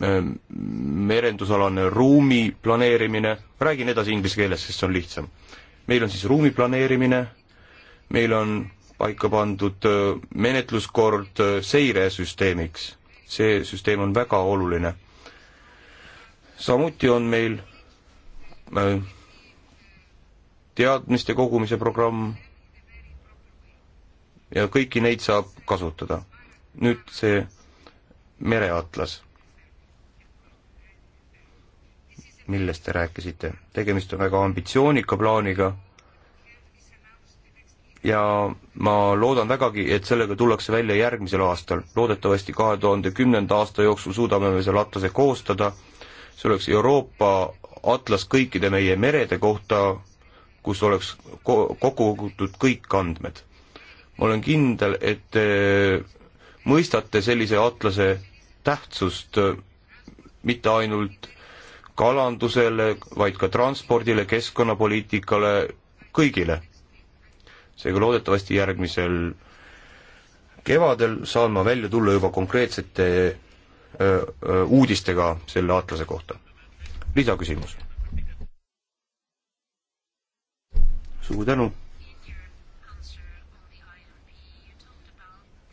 äh, merendusalane ruumi planeerimine, räägin edasi inglise keeles, sest see on lihtsam. meil on siis ruumi planeerimine, meil on paika pandud äh, menetluskord äh, seiresüsteemiks. see süsteem on väga oluline. samuti on meil äh, teadmiste kogumise programm ja kõiki neid saab kasutada. nüüd see mereatlas, millest te rääkisite, tegemist on väga ambitsioonika plaaniga ja ma loodan vägagi, et sellega tullakse välja järgmisel aastal. loodetavasti kahe tuhande kümnenda aasta jooksul suudame me selle atlase koostada, see oleks Euroopa atlas kõikide meie merede kohta, kus oleks ko kogutud kõik andmed. ma olen kindel, et te mõistate sellise atlase tähtsust äh, mitte ainult kalandusele, vaid ka transpordile, keskkonnapoliitikale, kõigile. seega loodetavasti järgmisel kevadel saan ma välja tulla juba konkreetsete öö, äh, öö, äh, uudistega selle atlase kohta. lisaküsimus suur tänu.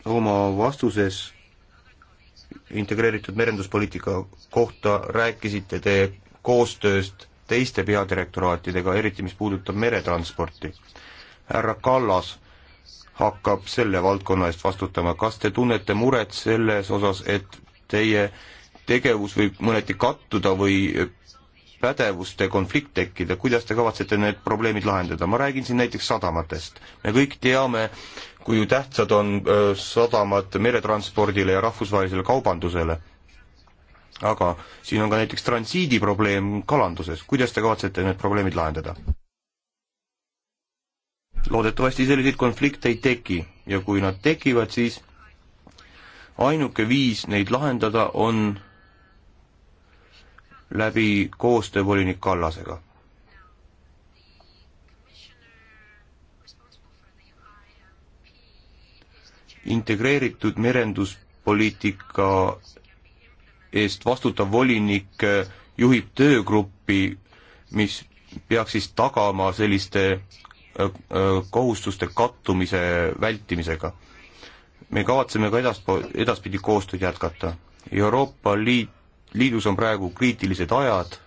oma vastuses integreeritud merenduspoliitika kohta rääkisite te koostööst teiste peadirektoraatidega, eriti mis puudutab meretransporti. härra Kallas hakkab selle valdkonna eest vastutama, kas te tunnete muret selles osas, et teie tegevus võib mõneti kattuda või pädevuste konflikt tekkida, kuidas te kavatsete need probleemid lahendada, ma räägin siin näiteks sadamatest. me kõik teame, kui tähtsad on sadamad meretranspordile ja rahvusvahelisele kaubandusele. aga siin on ka näiteks transiidi probleem kalanduses, kuidas te kavatsete need probleemid lahendada? loodetavasti selliseid konflikte ei teki ja kui nad tekivad, siis ainuke viis neid lahendada on läbi koostöö volinik Kallasega. integreeritud merenduspoliitika eest vastutav volinik juhib töögruppi, mis peaks siis tagama selliste äh, äh, kohustuste kattumise vältimisega. me kavatseme ka edaspidi, edaspidi koostööd jätkata. Euroopa Liit liidus on praegu kriitilised ajad.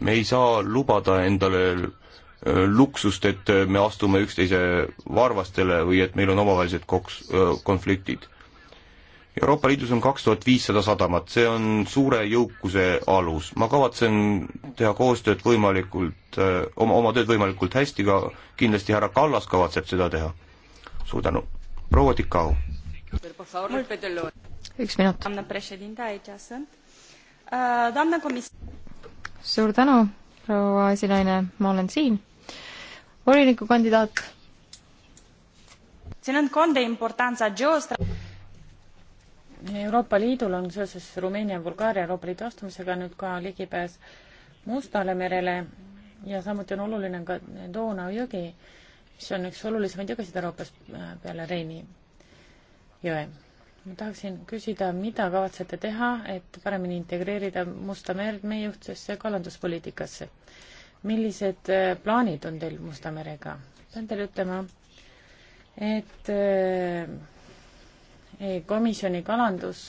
me ei saa lubada endale äh, luksust, et äh, me astume üksteise varvastele või et meil on omavahelised koks-, äh, konfliktid. Euroopa Liidus on kaks tuhat viissada sadamat, see on suure jõukuse alus. ma kavatsen teha koostööd võimalikult, oma, oma tööd võimalikult hästi, ka kindlasti härra Kallas kavatseb seda teha. suur tänu! proua Tikau. üks minut. Uh, suur tänu, proua esinaine, ma olen siin. volinikukandidaat. Euroopa Liidul on seoses Rumeenia ja Bulgaaria Euroopa Liidu astumisega nüüd ka ligipääs Mustale merele ja samuti on oluline ka Doona jõgi mis on üks olulisemaid jõgesid Euroopas äh, peale Reini jõe. ma tahaksin küsida, mida kavatsete teha, et paremini integreerida Musta merd meie ühtsesse kalanduspoliitikasse? millised äh, plaanid on teil Musta merega? pean teile ütlema, et äh, komisjoni kalandus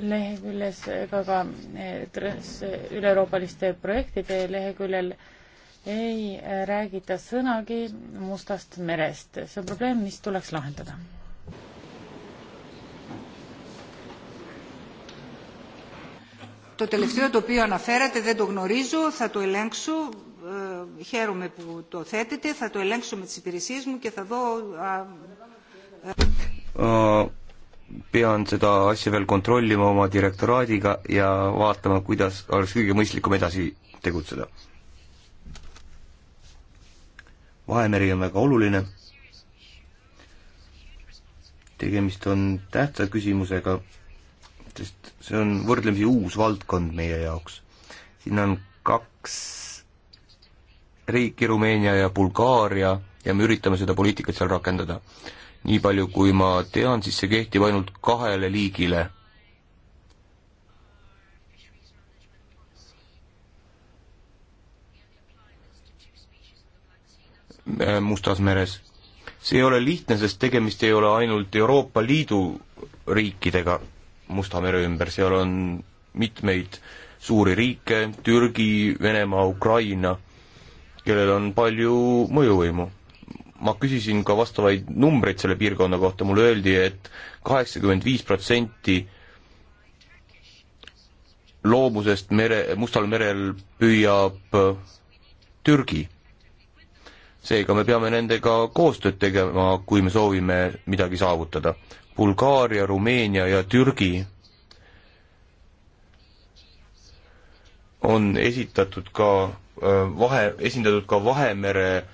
leheküljes ega ka üle-euroopaliste projektide leheküljel ei räägita sõnagi Mustast merest. see on probleem, mis tuleks lahendada. Το τελευταίο το οποίο αναφέρατε δεν το γνωρίζω, θα το ελέγξω. Ε, χαίρομαι που το θέτετε, θα το ελέγξω με τις υπηρεσίες μου και θα δω... Α, α... pean seda asja veel kontrollima oma direktoraadiga ja vaatama, kuidas oleks kõige mõistlikum edasi tegutseda Vahemeri on väga oluline. tegemist on tähtsa küsimusega, sest see on võrdlemisi uus valdkond meie jaoks. siin on kaks riiki, Rumeenia ja Bulgaaria, ja me üritame seda poliitikat seal rakendada. nii palju, kui ma tean, siis see kehtib ainult kahele liigile Äh, Mustas meres. see ei ole lihtne, sest tegemist ei ole ainult Euroopa Liidu riikidega Musta mere ümber, seal on mitmeid suuri riike, Türgi, Venemaa, Ukraina, kellel on palju mõjuvõimu. ma küsisin ka vastavaid numbreid selle piirkonna kohta, mulle öeldi et, et kaheksakümmend viis protsenti loomusest mere, Mustal merel püüab äh, Türgi seega me peame nendega koostööd tegema, kui me soovime midagi saavutada. Bulgaaria, Rumeenia ja Türgi on esitatud ka äh, vahe, esindatud ka Vahemere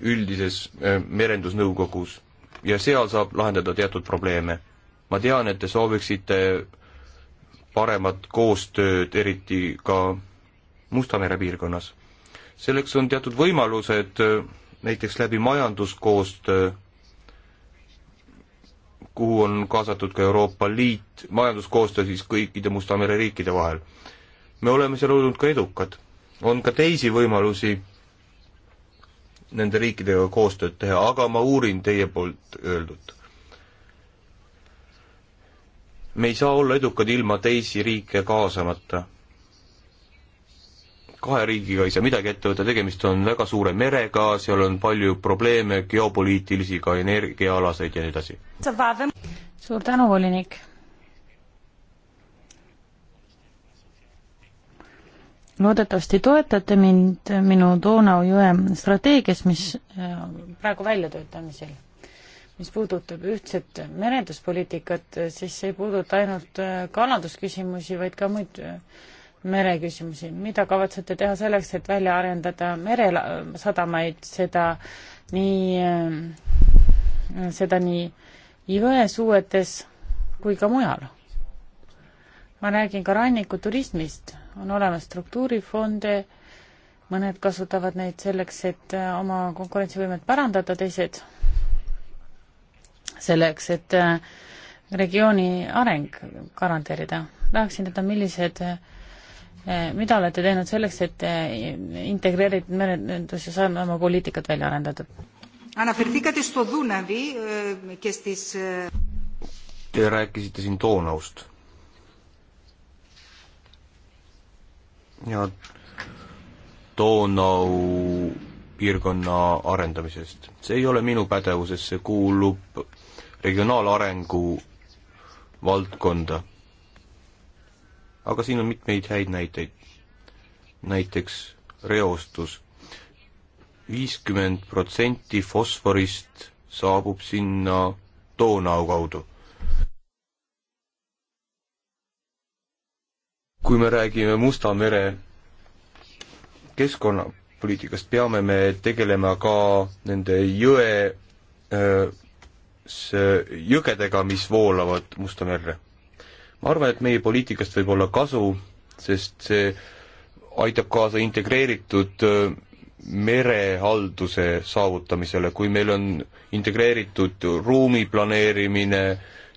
üldises äh, merendusnõukogus ja seal saab lahendada teatud probleeme. ma tean, et te sooviksite paremat koostööd, eriti ka Musta mere piirkonnas selleks on teatud võimalused, äh, näiteks läbi majanduskoostöö, kuhu on kaasatud ka Euroopa Liit, majanduskoostöö siis kõikide Musta mere riikide vahel. me oleme seal olnud ka edukad. on ka teisi võimalusi nende riikidega koostööd teha, aga ma uurin teie poolt öeldut. me ei saa olla edukad ilma teisi riike kaasamata kahe riigiga ei saa midagi ette võtta, tegemist on väga suure merega, seal on palju probleeme, geopoliitilisi, ka energiaalaseid ja nii edasi. suur tänu, volinik. loodetavasti toetate mind minu Donau jõe strateegias, mis äh, praegu väljatöötamisel. mis puudutab ühtset merenduspoliitikat, siis see ei puuduta ainult äh, kalandusküsimusi, vaid ka muid äh, mereküsimusi. mida kavatsete teha selleks, et välja arendada meresadamaid, seda nii, äh, seda nii Jõesuuetes kui ka mujal? ma räägin ka rannikuturismist, on olemas struktuurifonde, mõned kasutavad neid selleks, et äh, oma konkurentsivõimet parandada, teised selleks, et äh, regiooni areng garanteerida. tahaksin teada, millised äh, Eh, mida olete teinud selleks, et eh, integreeritud merendus ja Saaremaa poliitikat välja arendada? Eh, Te rääkisite siin Donaust. ja Donau piirkonna arendamisest. see ei ole minu pädevuses, see kuulub regionaalarengu valdkonda aga siin on mitmeid häid näiteid. näiteks reostus. viiskümmend protsenti fosforist saabub sinna Donau kaudu. kui me räägime Musta mere keskkonnapoliitikast, peame me tegelema ka nende jõe, äh, jõgedega, mis voolavad Musta merre ma arvan, et meie poliitikast võib olla kasu, sest see aitab kaasa integreeritud merehalduse saavutamisele, kui meil on integreeritud ruumiplaneerimine,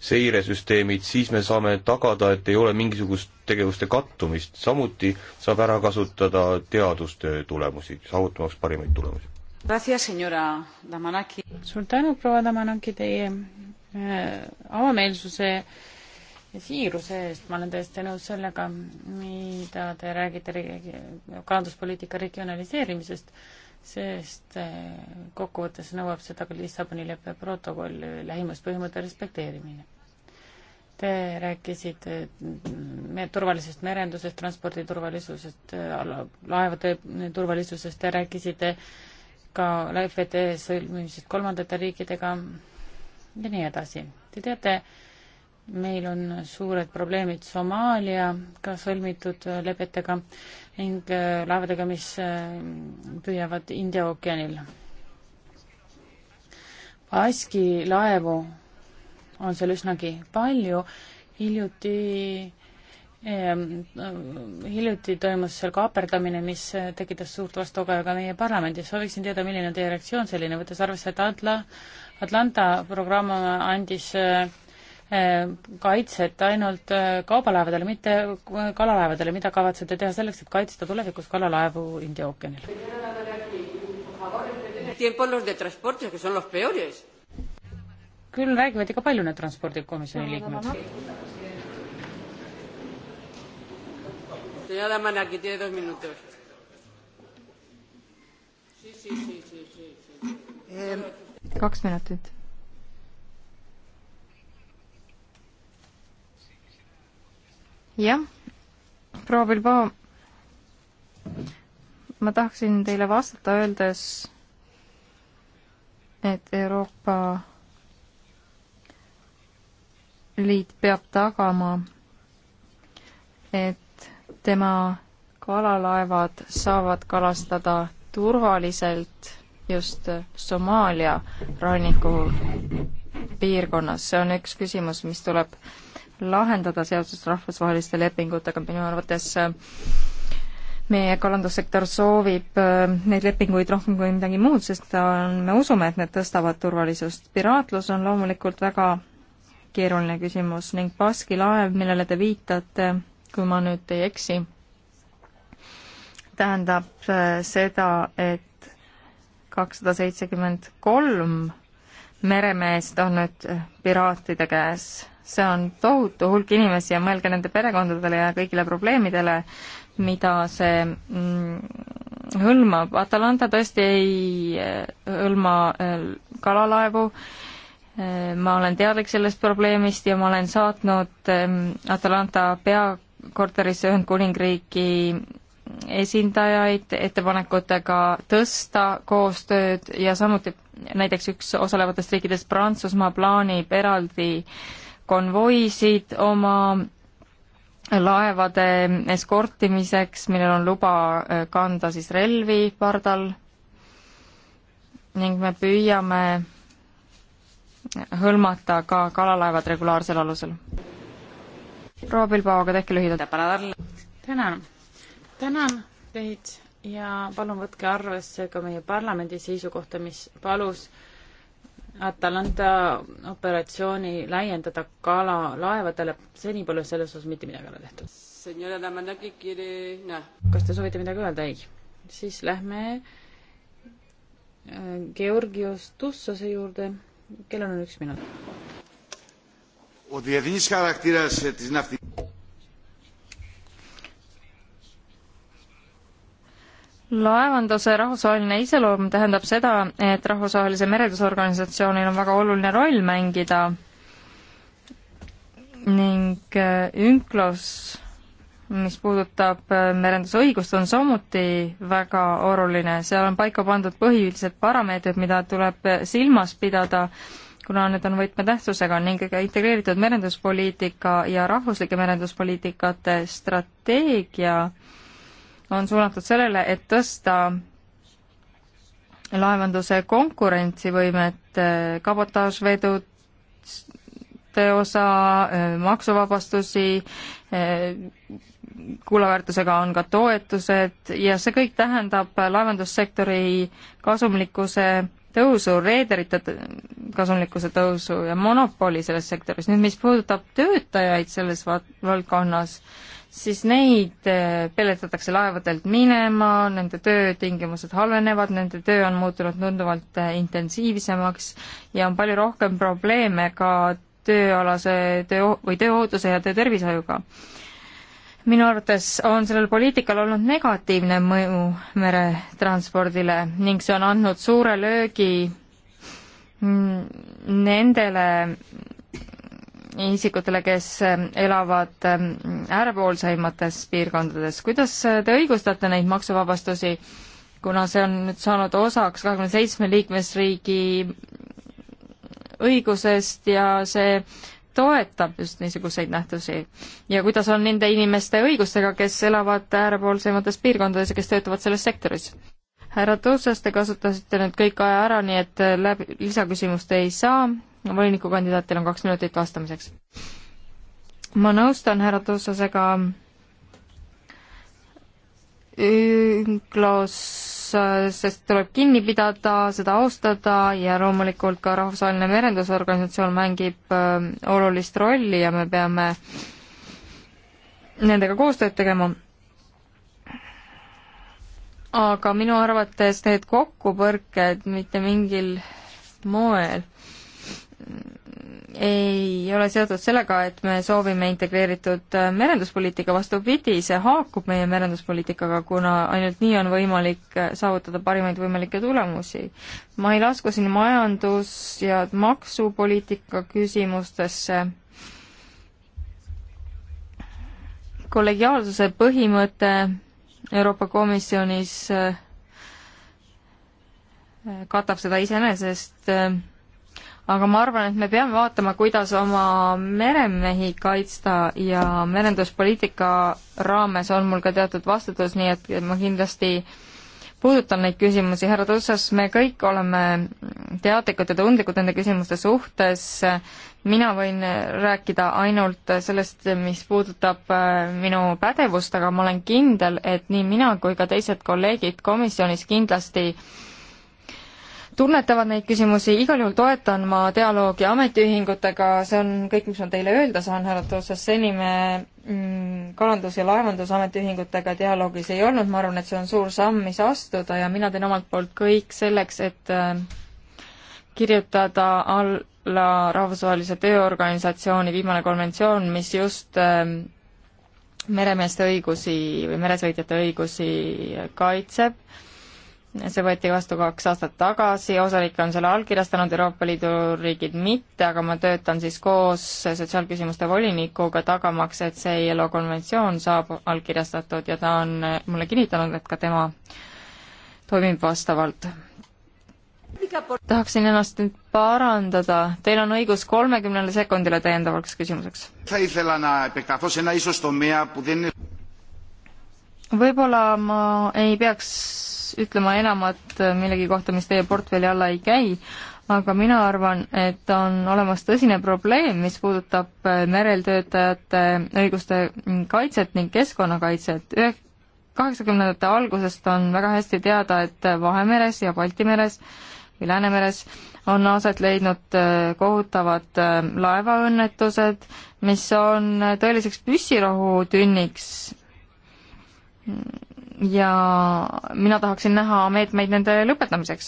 seiresüsteemid, siis me saame tagada, et ei ole mingisugust tegevuste kattumist, samuti saab ära kasutada teadustöö tulemusi, saavutamaks parimaid tulemusi. suur tänu, proua Damanaki, teie äh, avameelsuse siiruse eest, ma olen täiesti nõus sellega, mida te räägite kalanduspoliitika regionaliseerimisest, sest eh, kokkuvõttes nõuab seda ka Lissaboni leppe protokoll, lähimuspõhimõtte respekteerimine. Te rääkisite me turvalisest merendusest, transpordi turvalisusest, laevade turvalisusest, te rääkisite ka LFD sõlmimisest kolmandate riikidega ja nii edasi. Te teate, meil on suured probleemid Somaaliaga sõlmitud lepetega ning äh, laevadega, mis äh, püüavad India ookeanil. Baski laevu on seal üsnagi palju, hiljuti eh, hiljuti toimus seal kaaperdamine, mis tekitas suurt vastukaja ka meie parlamendis. sooviksin teada, milline on teie reaktsioon selline, võttes arvesse, et Atla, Atlanta programm andis äh, Äh, kaitset ainult äh, kaubalaevadele, mitte äh, kalalaevadele, mida kavatsete teha selleks, et kaitsta tulevikus kalalaevu India ookeanil? küll räägivad ikka palju need transpordikomisjoni liikmed. Señora Manaki, tiene dos minutos. Sí, sí, sí, sí, sí, sí. Eh, kaks minutit jah, proua Bilbao, ma tahaksin teile vastata, öeldes, et Euroopa Liit peab tagama, et tema kalalaevad saavad kalastada turvaliselt just Somaalia ranniku piirkonnas, see on üks küsimus, mis tuleb lahendada seoses rahvusvaheliste lepingutega, minu arvates äh, meie kalandussektor soovib äh, neid lepinguid rohkem kui midagi muud, sest ta on, me usume, et need tõstavad turvalisust. piraatlus on loomulikult väga keeruline küsimus ning Baski laev, millele te viitate, kui ma nüüd ei eksi, tähendab äh, seda, et kakssada seitsekümmend kolm meremeest on nüüd piraatide käes see on tohutu hulk inimesi ja mõelge nende perekondadele ja kõigile probleemidele, mida see mm, hõlmab. Atalanta tõesti ei eh, hõlma eh, kalalaevu, eh, ma olen teadlik sellest probleemist ja ma olen saatnud Atalanta peakorterisse Ühendkuningriigi esindajaid ettepanekutega tõsta koostööd ja samuti näiteks üks osalevatest riikidest, Prantsusmaa, plaanib eraldi äh, konvoisid oma laevade eskortimiseks, millel on luba äh, kanda siis relvi pardal ning me püüame hõlmata ka kalalaevad regulaarsel alusel. proua Bilbao, aga tehke lühidalt. tänan, tänan teid ja palun võtke arvesse ka meie parlamendi seisukohta, mis palus Atalanta operatsiooni laiendada kalalaevadele, seni pole selles osas mitte midagi ära tehtud. kas te soovite midagi öelda? ei. siis lähme äh, Georgios Tussase juurde, kellel on üks minut. laevanduse rahvusvaheline iseloom tähendab seda, et rahvusvahelise merendusorganisatsioonil on väga oluline roll mängida ning äh, ünklos, mis puudutab äh, merendusõigust, on samuti väga oluline, seal on paika pandud põhilised parameetrid, mida tuleb äh, silmas pidada, kuna need on võtmetähtsusega ning ka integreeritud merenduspoliitika ja rahvuslike merenduspoliitikate strateegia äh, on suunatud sellele, et tõsta laevanduse konkurentsivõimet, äh, kabotaažvedude osa, äh, maksuvabastusi, äh, kullaväärtusega on ka toetused ja see kõik tähendab laevandussektori kasumlikkuse tõusu, reederite kasumlikkuse tõusu ja monopoli selles sektoris. nüüd mis puudutab töötajaid selles valdkonnas, siis neid eh, peletatakse laevadelt minema, nende töötingimused halvenevad, nende töö on muutunud tunduvalt eh, intensiivsemaks ja on palju rohkem probleeme ka tööalase töö või tööohutuse ja töötervishoiuga. minu arvates on sellel poliitikal olnud negatiivne mõju meretranspordile ning see on andnud suure löögi nendele isikutele, kes ähm, elavad ähm, äärepoolseimates piirkondades. kuidas äh, te õigustate neid maksuvabastusi, kuna see on nüüd saanud osaks kahekümne seitsme liikmesriigi õigusest ja see toetab just niisuguseid nähtusi. ja kuidas on nende inimeste õigustega, kes elavad äärepoolsemates piirkondades ja kes töötavad selles sektoris? härra Tuusas, te kasutasite nüüd kõik aja ära, nii et äh, läbi, lisaküsimust ei saa. volinikukandidaatidel on kaks minutit vastamiseks. ma nõustan härra Tuusasega äh, ünglos, äh, sest tuleb kinni pidada, seda austada ja loomulikult ka Rahvusvaheline Merendusorganisatsioon mängib olulist rolli ja me peame nendega koostööd tegema aga minu arvates need kokkupõrked mitte mingil moel ei ole seotud sellega, et me soovime integreeritud merenduspoliitika, vastupidi, see haakub meie merenduspoliitikaga, kuna ainult nii on võimalik saavutada parimaid võimalikke tulemusi. ma ei lasku siin majandus- ja maksupoliitika küsimustesse. kollegiaalsuse põhimõte Euroopa Komisjonis äh, äh, katab seda iseenesest, äh, aga ma arvan, et me peame vaatama, kuidas oma meremehi kaitsta ja merenduspoliitika raames on mul ka teatud vastutus, nii et ma kindlasti äh, puudutab neid küsimusi, härra Tussas, me kõik oleme teadlikud ja tundlikud nende küsimuste suhtes, mina võin rääkida ainult sellest, mis puudutab äh, minu pädevust, aga ma olen kindel, et nii mina kui ka teised kolleegid komisjonis kindlasti äh, tunnetavad neid küsimusi, igal juhul toetan ma dialoogi ametiühingutega, see on kõik, mis ma teile öelda saan hääletuses, seni me mm, kalandus- ja laevandusametiühingutega dialoogis ei olnud, ma arvan, et see on suur samm, mis astuda ja mina teen omalt poolt kõik selleks, et äh, kirjutada alla Rahvusvahelise Tööorganisatsiooni viimane konventsioon, mis just äh, meremeeste õigusi või meresõitjate õigusi kaitseb see võeti vastu kaks aastat tagasi, osariik on selle allkirjastanud, Euroopa Liidu riigid mitte, aga ma töötan siis koos sotsiaalküsimuste volinikuga, tagamaks, et see ILO konventsioon saab allkirjastatud ja ta on mulle kinnitanud, et ka tema toimib vastavalt. tahaksin ennast nüüd parandada, teil on õigus kolmekümnele sekundile täiendavaks küsimuseks. võib-olla ma ei peaks peaks ütlema enamat äh, millegi kohta, mis teie portfelli alla ei käi, aga mina arvan, et on olemas tõsine probleem, mis puudutab äh, merel töötajate õiguste mm, kaitset ning keskkonnakaitset. ühe, kaheksakümnendate algusest on väga hästi teada, et äh, Vahemeres ja Balti meres või Läänemeres on aset leidnud kohutavad laevaõnnetused, mis on tõeliseks püssirohutünniks ja mina tahaksin näha meetmeid nende lõpetamiseks.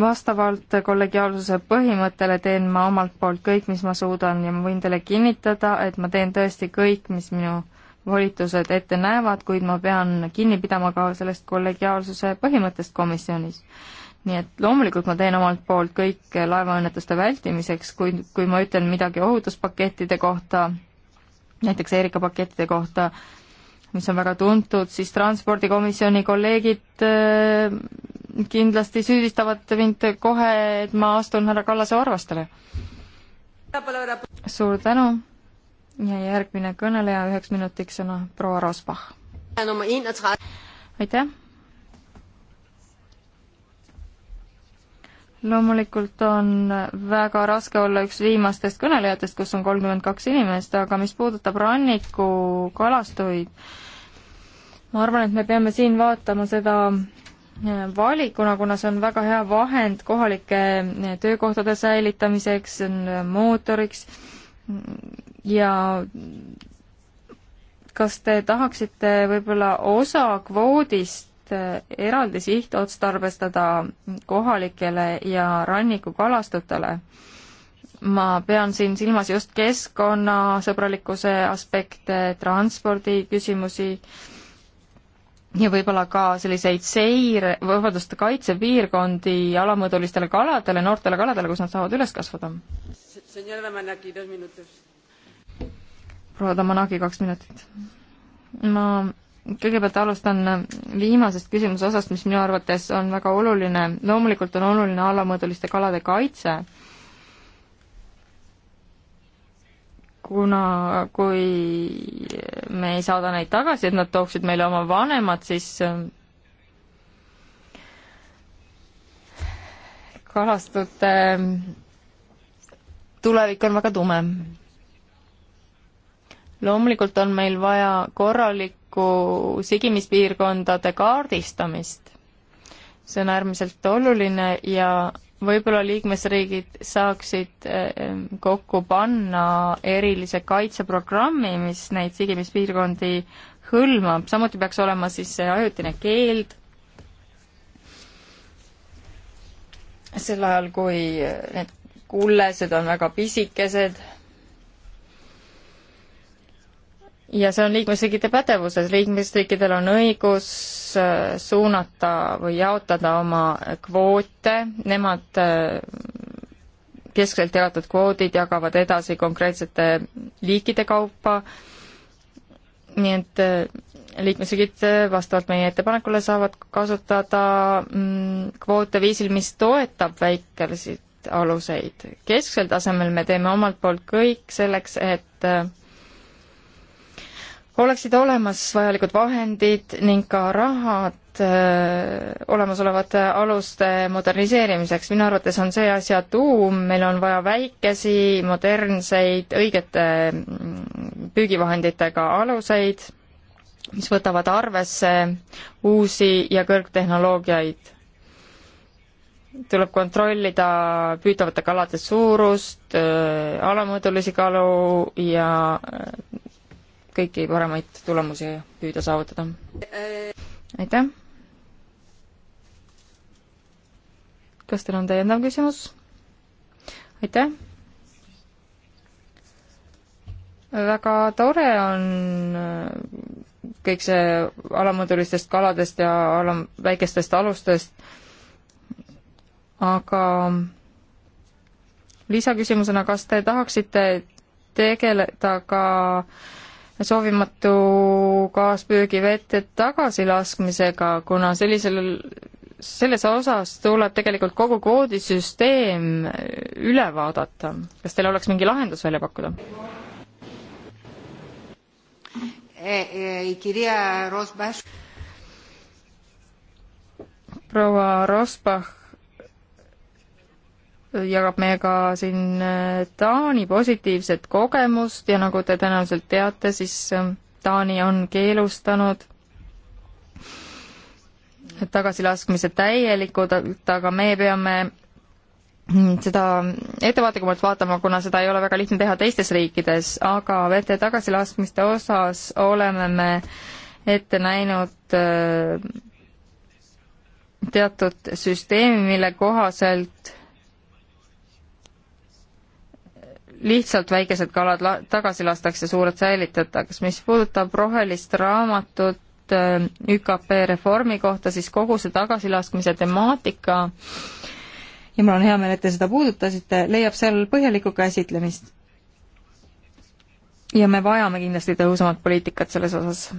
vastavalt kollegiaalsuse põhimõttele teen ma omalt poolt kõik, mis ma suudan ja ma võin teile kinnitada, et ma teen tõesti kõik, mis minu volitused ette näevad, kuid ma pean kinni pidama ka sellest kollegiaalsuse põhimõttest komisjonis. nii et loomulikult ma teen omalt poolt kõik laevaõnnetuste vältimiseks, kuid kui ma ütlen midagi ohutuspakettide kohta, näiteks Erika-pakettide kohta, mis on väga tuntud, siis transpordikomisjoni kolleegid äh, kindlasti süüdistavad mind kohe, et ma astun härra Kallase varvastele. suur tänu ja järgmine kõneleja üheks minutiks on proua Rosbach. aitäh loomulikult on väga raske olla üks viimastest kõnelejatest, kus on kolmkümmend kaks inimest, aga mis puudutab rannikukalastuid, ma arvan, et me peame siin vaatama seda äh, valikuna, kuna see on väga hea vahend kohalike äh, töökohtade säilitamiseks, see on äh, mootoriks ja kas te tahaksite võib-olla osa kvoodist et eh, eraldi sihtotstarbestada kohalikele ja rannikukalastutele. ma pean siin silmas just keskkonnasõbralikkuse aspekte, transpordiküsimusi ja võib-olla ka selliseid seire, vabandust, kaitsepiirkondi alamõõdulistele kaladele, noortele kaladele, kus nad saavad üles kasvada. proua Damanaki, kaks minutit. ma kõigepealt alustan äh, viimasest küsimuse osast, mis minu arvates on väga oluline. loomulikult on oluline alamõõduliste kalade kaitse, kuna kui me ei saada neid tagasi, et nad tooksid meile oma vanemad, siis äh, kalastute äh, tulevik on väga tume loomulikult on meil vaja korralikku sigimispiirkondade kaardistamist. see on äärmiselt oluline ja võib-olla liikmesriigid saaksid eh, kokku panna erilise kaitseprogrammi, mis neid sigimispiirkondi hõlmab, samuti peaks olema siis see ajutine keeld sel ajal, kui need kullesed on väga pisikesed ja see on liikmesriikide pädevuses, liikmesriikidel on õigus äh, suunata või jaotada oma kvoote, nemad äh, keskselt jagatud kvoodid jagavad edasi konkreetsete liikide kaupa, nii et äh, liikmesriigid vastavalt meie ettepanekule saavad kasutada mm, kvoote viisil, mis toetab väikesid aluseid. kesksel tasemel me teeme omalt poolt kõik selleks, et oleksid olemas vajalikud vahendid ning ka rahad äh, olemasolevate aluste moderniseerimiseks. minu arvates on see asja tuum, meil on vaja väikesi, modernseid, õigete mm, püügivahenditega aluseid, mis võtavad arvesse uusi ja kõrgtehnoloogiaid. tuleb kontrollida püütavate kalade suurust, äh, alamõõdulisi kalu ja äh, kõiki paremaid tulemusi püüda saavutada. aitäh! kas teil on täiendav küsimus? aitäh! väga tore on äh, kõik see alamõõdulistest kaladest ja alam, väikestest alustest, aga lisaküsimusena, kas te tahaksite tegeleda ka äh, soovimatu kaaspüügivete tagasilaskmisega, kuna sellisel, selles osas tuleb tegelikult kogu kvoodisüsteem üle vaadata. kas teil oleks mingi lahendus välja pakkuda? Eh, eh, proua Rosbach jagab meiega siin äh, Taani positiivset kogemust ja nagu te tõenäoliselt teate, siis äh, Taani on keelustanud tagasilaskmise täielikud, aga me peame mm, seda ettevaatlikumalt vaatama, kuna seda ei ole väga lihtne teha teistes riikides, aga vete tagasilaskmiste osas oleme me ette näinud äh, teatud süsteemi, mille kohaselt lihtsalt väikesed kalad la-, tagasi lastakse, suured säilitatakse. mis puudutab rohelist raamatut äh, ÜKP reformi kohta, siis kogu see tagasilaskmise temaatika ja mul on hea meel, et te seda puudutasite, leiab seal põhjalikku käsitlemist. ja me vajame kindlasti tõhusamat poliitikat selles osas.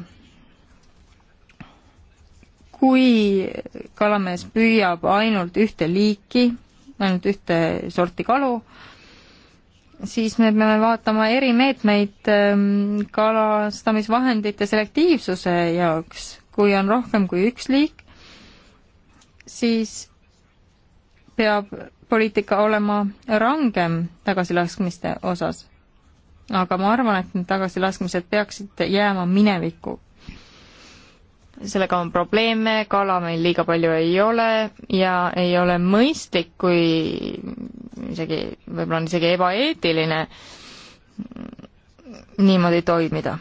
kui kalamees püüab ainult ühte liiki, ainult ühte sorti kalu, siis me peame vaatama erimeetmeid ähm, kalastamisvahendite selektiivsuse jaoks. kui on rohkem kui üks liik, siis peab poliitika olema rangem tagasilaskmiste osas. aga ma arvan, et need tagasilaskmised peaksid jääma minevikku sellega on probleeme, kala meil liiga palju ei ole ja ei ole mõistlik, kui isegi, võib-olla on isegi ebaeetiline niimoodi toimida.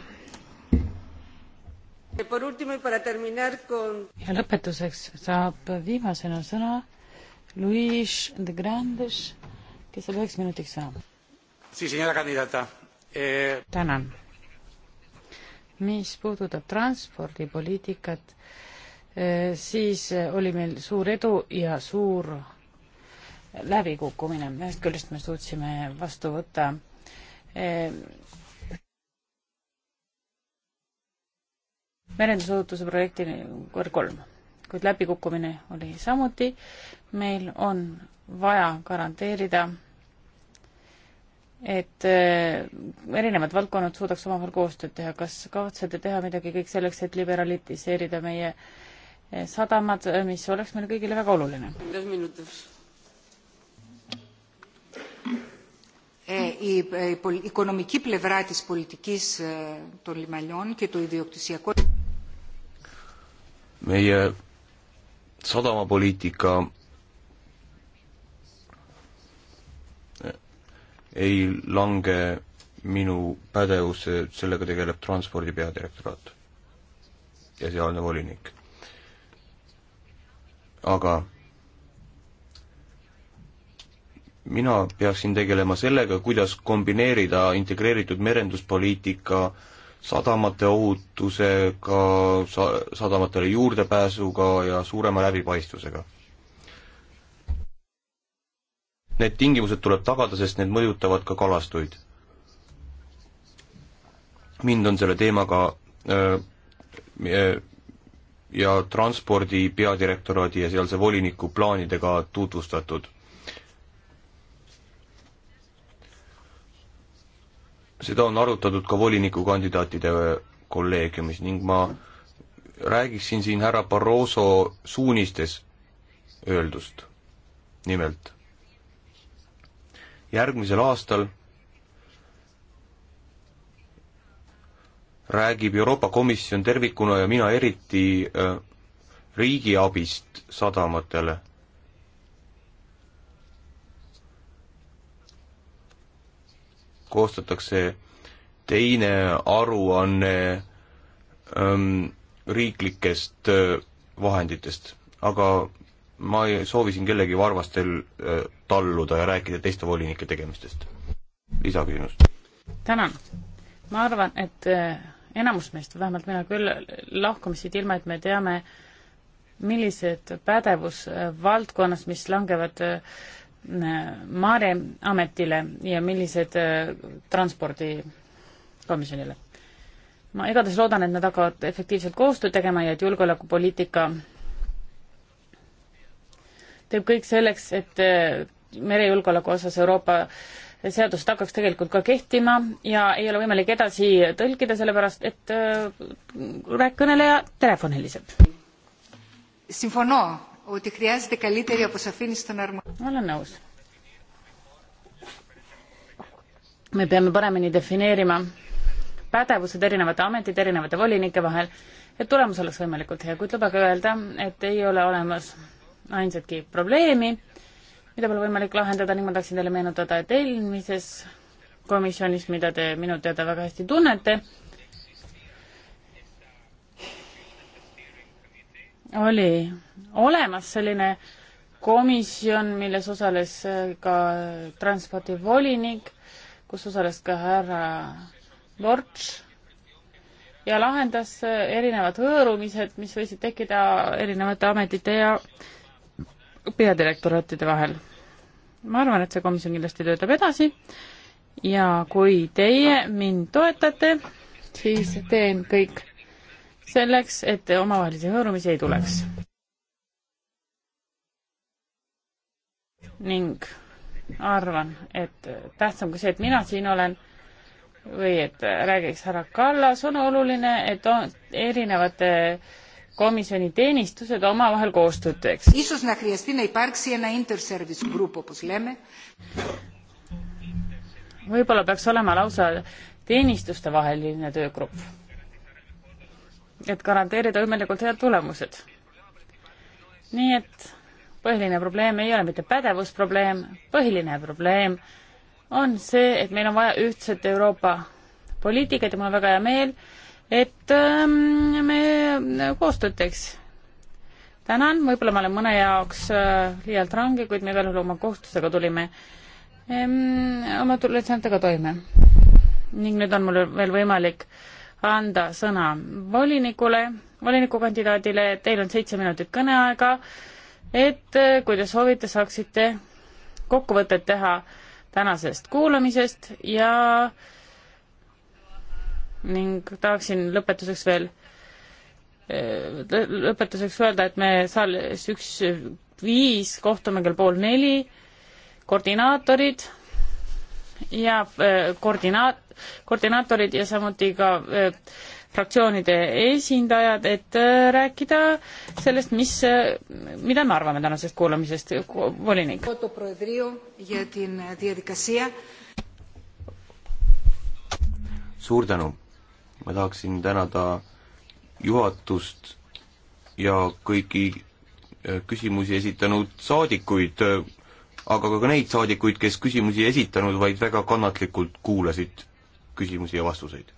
ja lõpetuseks saab viimasena sõna Luis de Grandes, kes saab üheks minutiks sõna. Eh, tänan mis puudutab transpordipoliitikat, eh, siis eh, oli meil suur edu ja suur läbikukkumine. ühest küljest me suutsime vastu võtta eh, merendusohutuse projekti number kolm, kuid läbikukkumine oli samuti. meil on vaja garanteerida et äh, erinevad valdkonnad suudaks omavahel koostööd teha. kas kavatsete teha midagi kõik selleks, et liberaliseerida meie äh, sadamad, äh, mis oleks meile kõigile väga oluline? η οικονομική πλευρά της πολιτικής των λιμανιών και το ιδιοκτησιακό. Meie sadamapoliitika ei lange minu pädevusse, sellega tegeleb Transpordi peadirektoraat ja sealne volinik. aga mina peaksin tegelema sellega, kuidas kombineerida integreeritud merenduspoliitika sadamate ohutusega, sa-, sadamatele juurdepääsuga ja suurema läbipaistvusega Need tingimused tuleb tagada, sest need mõjutavad ka kalastuid. mind on selle teemaga öö, ja transpordi peadirektoraadi ja sealse voliniku plaanidega tutvustatud. seda on arutatud ka volinikukandidaatide kolleegiumis ning ma räägiksin siin härra Barroso suunistes öeldust nimelt järgmisel aastal räägib Euroopa Komisjon tervikuna ja mina eriti äh, riigiabist sadamatele. koostatakse teine aruanne ähm, riiklikest äh, vahenditest, aga ma ei, soovisin kellegi varvastel äh, talluda ja rääkida teiste volinike tegemistest. lisaküsimus. tänan. ma arvan, et eh, enamus meist, vähemalt mina küll, lahkume siit ilma, et me teame, millised pädevusvaldkonnas, eh, mis langevad eh, Maare ametile ja millised transpordikomisjonile. ma igatahes loodan, et nad hakkavad efektiivselt koostööd tegema ja et julgeolekupoliitika teeb kõik selleks, et merejulgeoleku osas Euroopa seadust hakkaks tegelikult ka kehtima ja ei ole võimalik edasi tõlkida, sellepärast et äh, kõneleja telefon heliseb. olen nõus. me peame paremini defineerima pädevused erinevate ametite, erinevate volinike vahel, et tulemus oleks võimalikult hea, kuid lubage öelda, et ei ole olemas ainsatki probleemi mida pole võimalik lahendada ning ma tahtsin teile meenutada, et eelmises komisjonis, mida te minu teada väga hästi tunnete, oli olemas selline komisjon, milles osales ka transpordivolinik, kus osales ka härra Bortš ja lahendas erinevad hõõrumised, mis võisid tekkida erinevate ametite ja peadirektoraatide vahel. ma arvan, et see komisjon kindlasti töötab edasi ja kui teie mind toetate, siis teen kõik selleks, et omavahelisi hõõrumisi ei tuleks. ning arvan, et tähtsam kui see, et mina siin olen või et räägiks härra Kallas, on oluline, et on erinevate äh, komisjoni teenistused omavahel koostööd teeks. võib-olla peaks olema lausa teenistuste vaheline töögrupp, et garanteerida võimalikult head tulemused. nii et põhiline probleem ei ole mitte pädevusprobleem, põhiline probleem on see, et meil on vaja ühtset Euroopa poliitikat ja mul on väga hea meel, et ähm, me koostööd teeks. tänan, võib-olla ma olen mõne jaoks äh, liialt range, kuid me igal juhul oma kohustusega tulime, oma ülesannetega toime. ning nüüd on mul veel võimalik anda sõna volinikule, volinikukandidaadile, teil on seitse minutit kõneaega, et äh, kui te soovite, saaksite kokkuvõtet teha tänasest kuulamisest ja äh, ning tahaksin lõpetuseks veel eh, lõpetuseks öelda, et me saalis üks viis kohtume kell pool neli, koordinaatorid ja eh, koordinaat-, koordinaatorid ja samuti ka eh, fraktsioonide esindajad, et rääkida sellest, mis, mida me arvame tänasest kuulamisest, volinik. suur tänu ma tahaksin tänada juhatust ja kõiki äh, küsimusi esitanud saadikuid, äh, aga ka neid saadikuid, kes küsimusi ei esitanud, vaid väga kannatlikult kuulasid küsimusi ja vastuseid.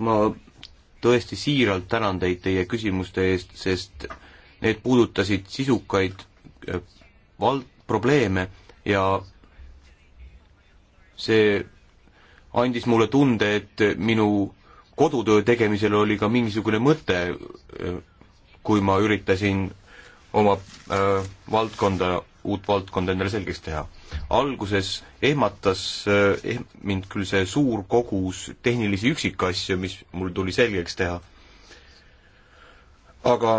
ma tõesti siiralt tänan teid teie küsimuste eest, sest need puudutasid sisukaid äh, vald-, probleeme ja see andis mulle tunde, et minu kodutöö tegemisel oli ka mingisugune mõte, kui ma üritasin oma äh, valdkonda, uut valdkonda endale selgeks teha. alguses ehmatas eh, mind küll see suur kogus tehnilisi üksikasju, mis mul tuli selgeks teha, aga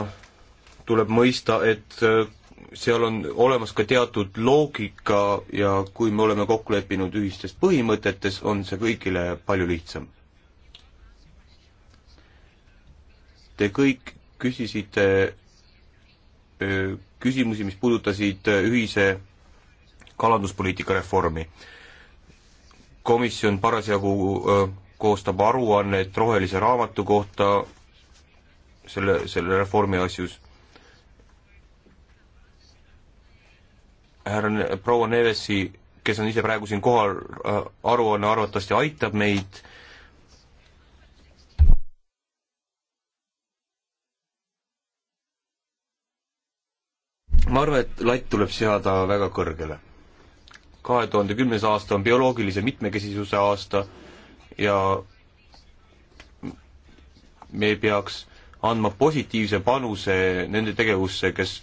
tuleb mõista, et äh, seal on olemas ka teatud loogika ja kui me oleme kokku leppinud ühistes põhimõtetes, on see kõigile palju lihtsam. Te kõik küsisite küsimusi, mis puudutasid ühise kalanduspoliitika reformi. komisjon parasjagu koostab aruannet rohelise raamatu kohta selle, selle reformi asjus härra proua Nevesi, kes on ise praegu siin kohal, äh, aruanne arvatavasti aitab meid ma arvan, et latt tuleb seada väga kõrgele. kahe tuhande kümnes aasta on bioloogilise mitmekesisuse aasta ja me peaks andma positiivse panuse nende tegevusse, kes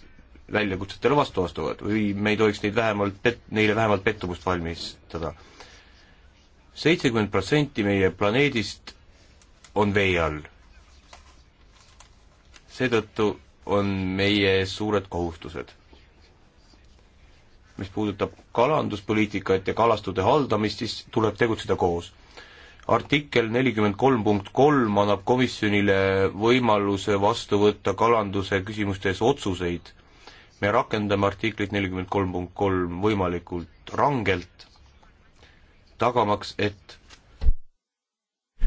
väljakutsetele vastu astuvad või me ei tohiks neid vähemalt pet-, neile vähemalt pettumust valmistada. seitsekümmend protsenti meie planeedist on vee all. seetõttu on meie ees suured kohustused. mis puudutab kalanduspoliitikat ja kalastude haldamist, siis tuleb tegutseda koos artikkel nelikümmend kolm punkt kolm annab komisjonile võimaluse vastu võtta kalanduse küsimustes otsuseid me rakendame artiklit nelikümmend kolm punkt kolm võimalikult rangelt, tagamaks, et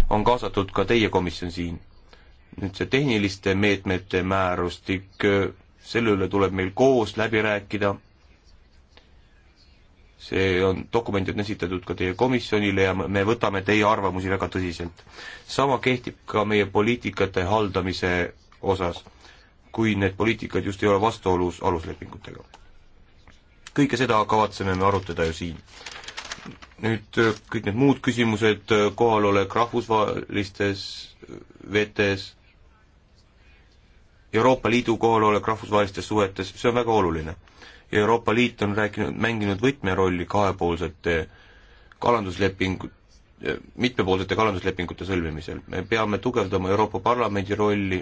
on kaasatud ka teie komisjon siin. nüüd see tehniliste meetmete määrustik, selle üle tuleb meil koos läbi rääkida, see on, dokumendid on esitatud ka teie komisjonile ja me võtame teie arvamusi väga tõsiselt. sama kehtib ka meie poliitikate haldamise osas kui need poliitikad just ei ole vastuolus aluslepingutega. kõike seda kavatseme me arutada ju siin. nüüd äh, kõik need muud küsimused, äh, kohalolek rahvusvahelistes äh, vetes, Euroopa Liidu kohalolek rahvusvahelistes suhetes, see on väga oluline. Euroopa Liit on rääkinud, mänginud võtmerolli kahepoolsete kalanduslepingut, mitmepoolsete kalanduslepingute sõlmimisel. me peame tugevdama Euroopa Parlamendi rolli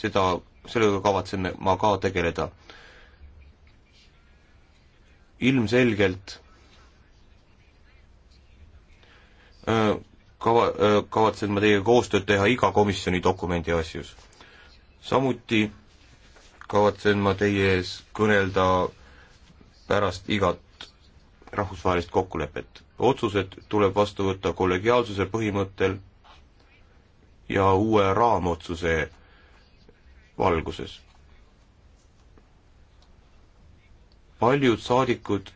seda, sellega kavatsen ma ka tegeleda. ilmselgelt äh, kava, äh, kavatsen ma teiega koostööd teha iga komisjoni dokumendi asjus. samuti kavatsen ma teie ees kõnelda pärast igat rahvusvahelist kokkulepet. otsused tuleb vastu võtta kollegiaalsuse põhimõttel ja uue raamotsuse valguses. paljud saadikud,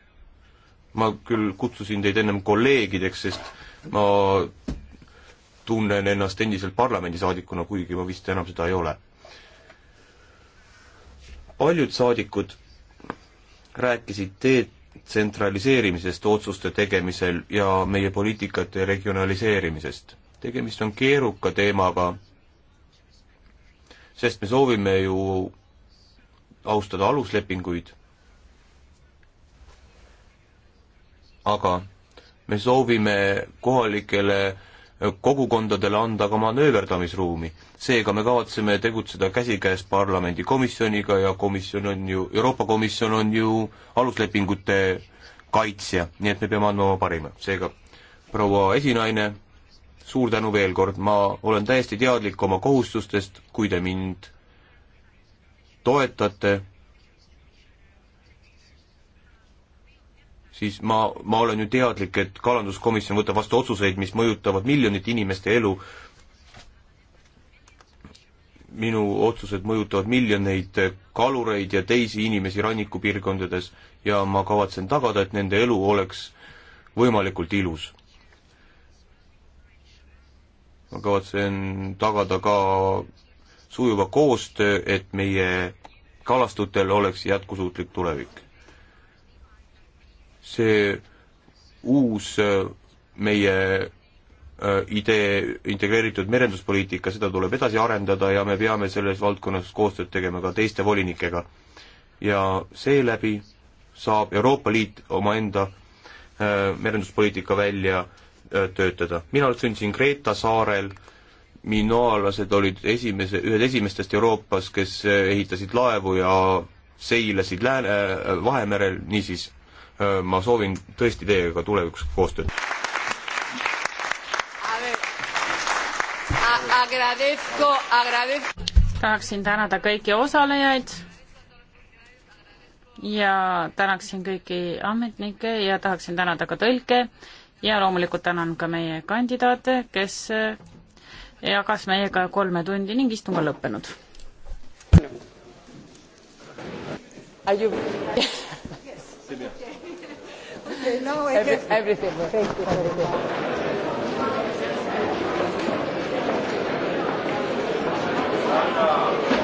ma küll kutsusin teid ennem kolleegideks, sest ma tunnen ennast endiselt parlamendisaadikuna, kuigi ma vist enam seda ei ole. paljud saadikud rääkisid detsentraliseerimisest otsuste tegemisel ja meie poliitikate regionaliseerimisest. tegemist on keeruka teemaga sest me soovime ju austada aluslepinguid. aga me soovime kohalikele kogukondadele anda ka manööverdamisruumi. seega me kavatseme tegutseda käsikäes parlamendi komisjoniga ja komisjon on ju, Euroopa Komisjon on ju aluslepingute kaitsja, nii et me peame andma oma parima. seega proua esinaine, suur tänu veel kord, ma olen täiesti teadlik oma kohustustest, kui te mind toetate, siis ma, ma olen ju teadlik, et kalanduskomisjon võtab vastu otsuseid, mis mõjutavad miljonite inimeste elu. minu otsused mõjutavad miljoneid kalureid ja teisi inimesi rannikupiirkondades ja ma kavatsen tagada, et nende elu oleks võimalikult ilus ma kavatsen tagada ka sujuva koostöö, et meie kalastutel oleks jätkusuutlik tulevik. see uus äh, meie äh, idee integreeritud merenduspoliitika, seda tuleb edasi arendada ja me peame selles valdkonnas koostööd tegema ka teiste volinikega. ja seeläbi saab Euroopa Liit omaenda äh, merenduspoliitika välja äh, Äh, töötada. mina sündisin Kreeta saarel, minoaalased olid esimese, ühed esimestest Euroopas, kes äh, ehitasid laevu ja seilasid Lääne, äh, Vahemerel, niisiis ma soovin tõesti teiega tulevikus koostööd. tahaksin tänada kõiki osalejaid ja tänaksin kõiki ametnikke ja tahaksin tänada ka tõlke ja loomulikult tänan ka meie kandidaate, kes eh, jagas meiega kolme tundi ning istung on lõppenud. Are you? yes. okay, now I Every, have everything. Thank you very much. Thank you.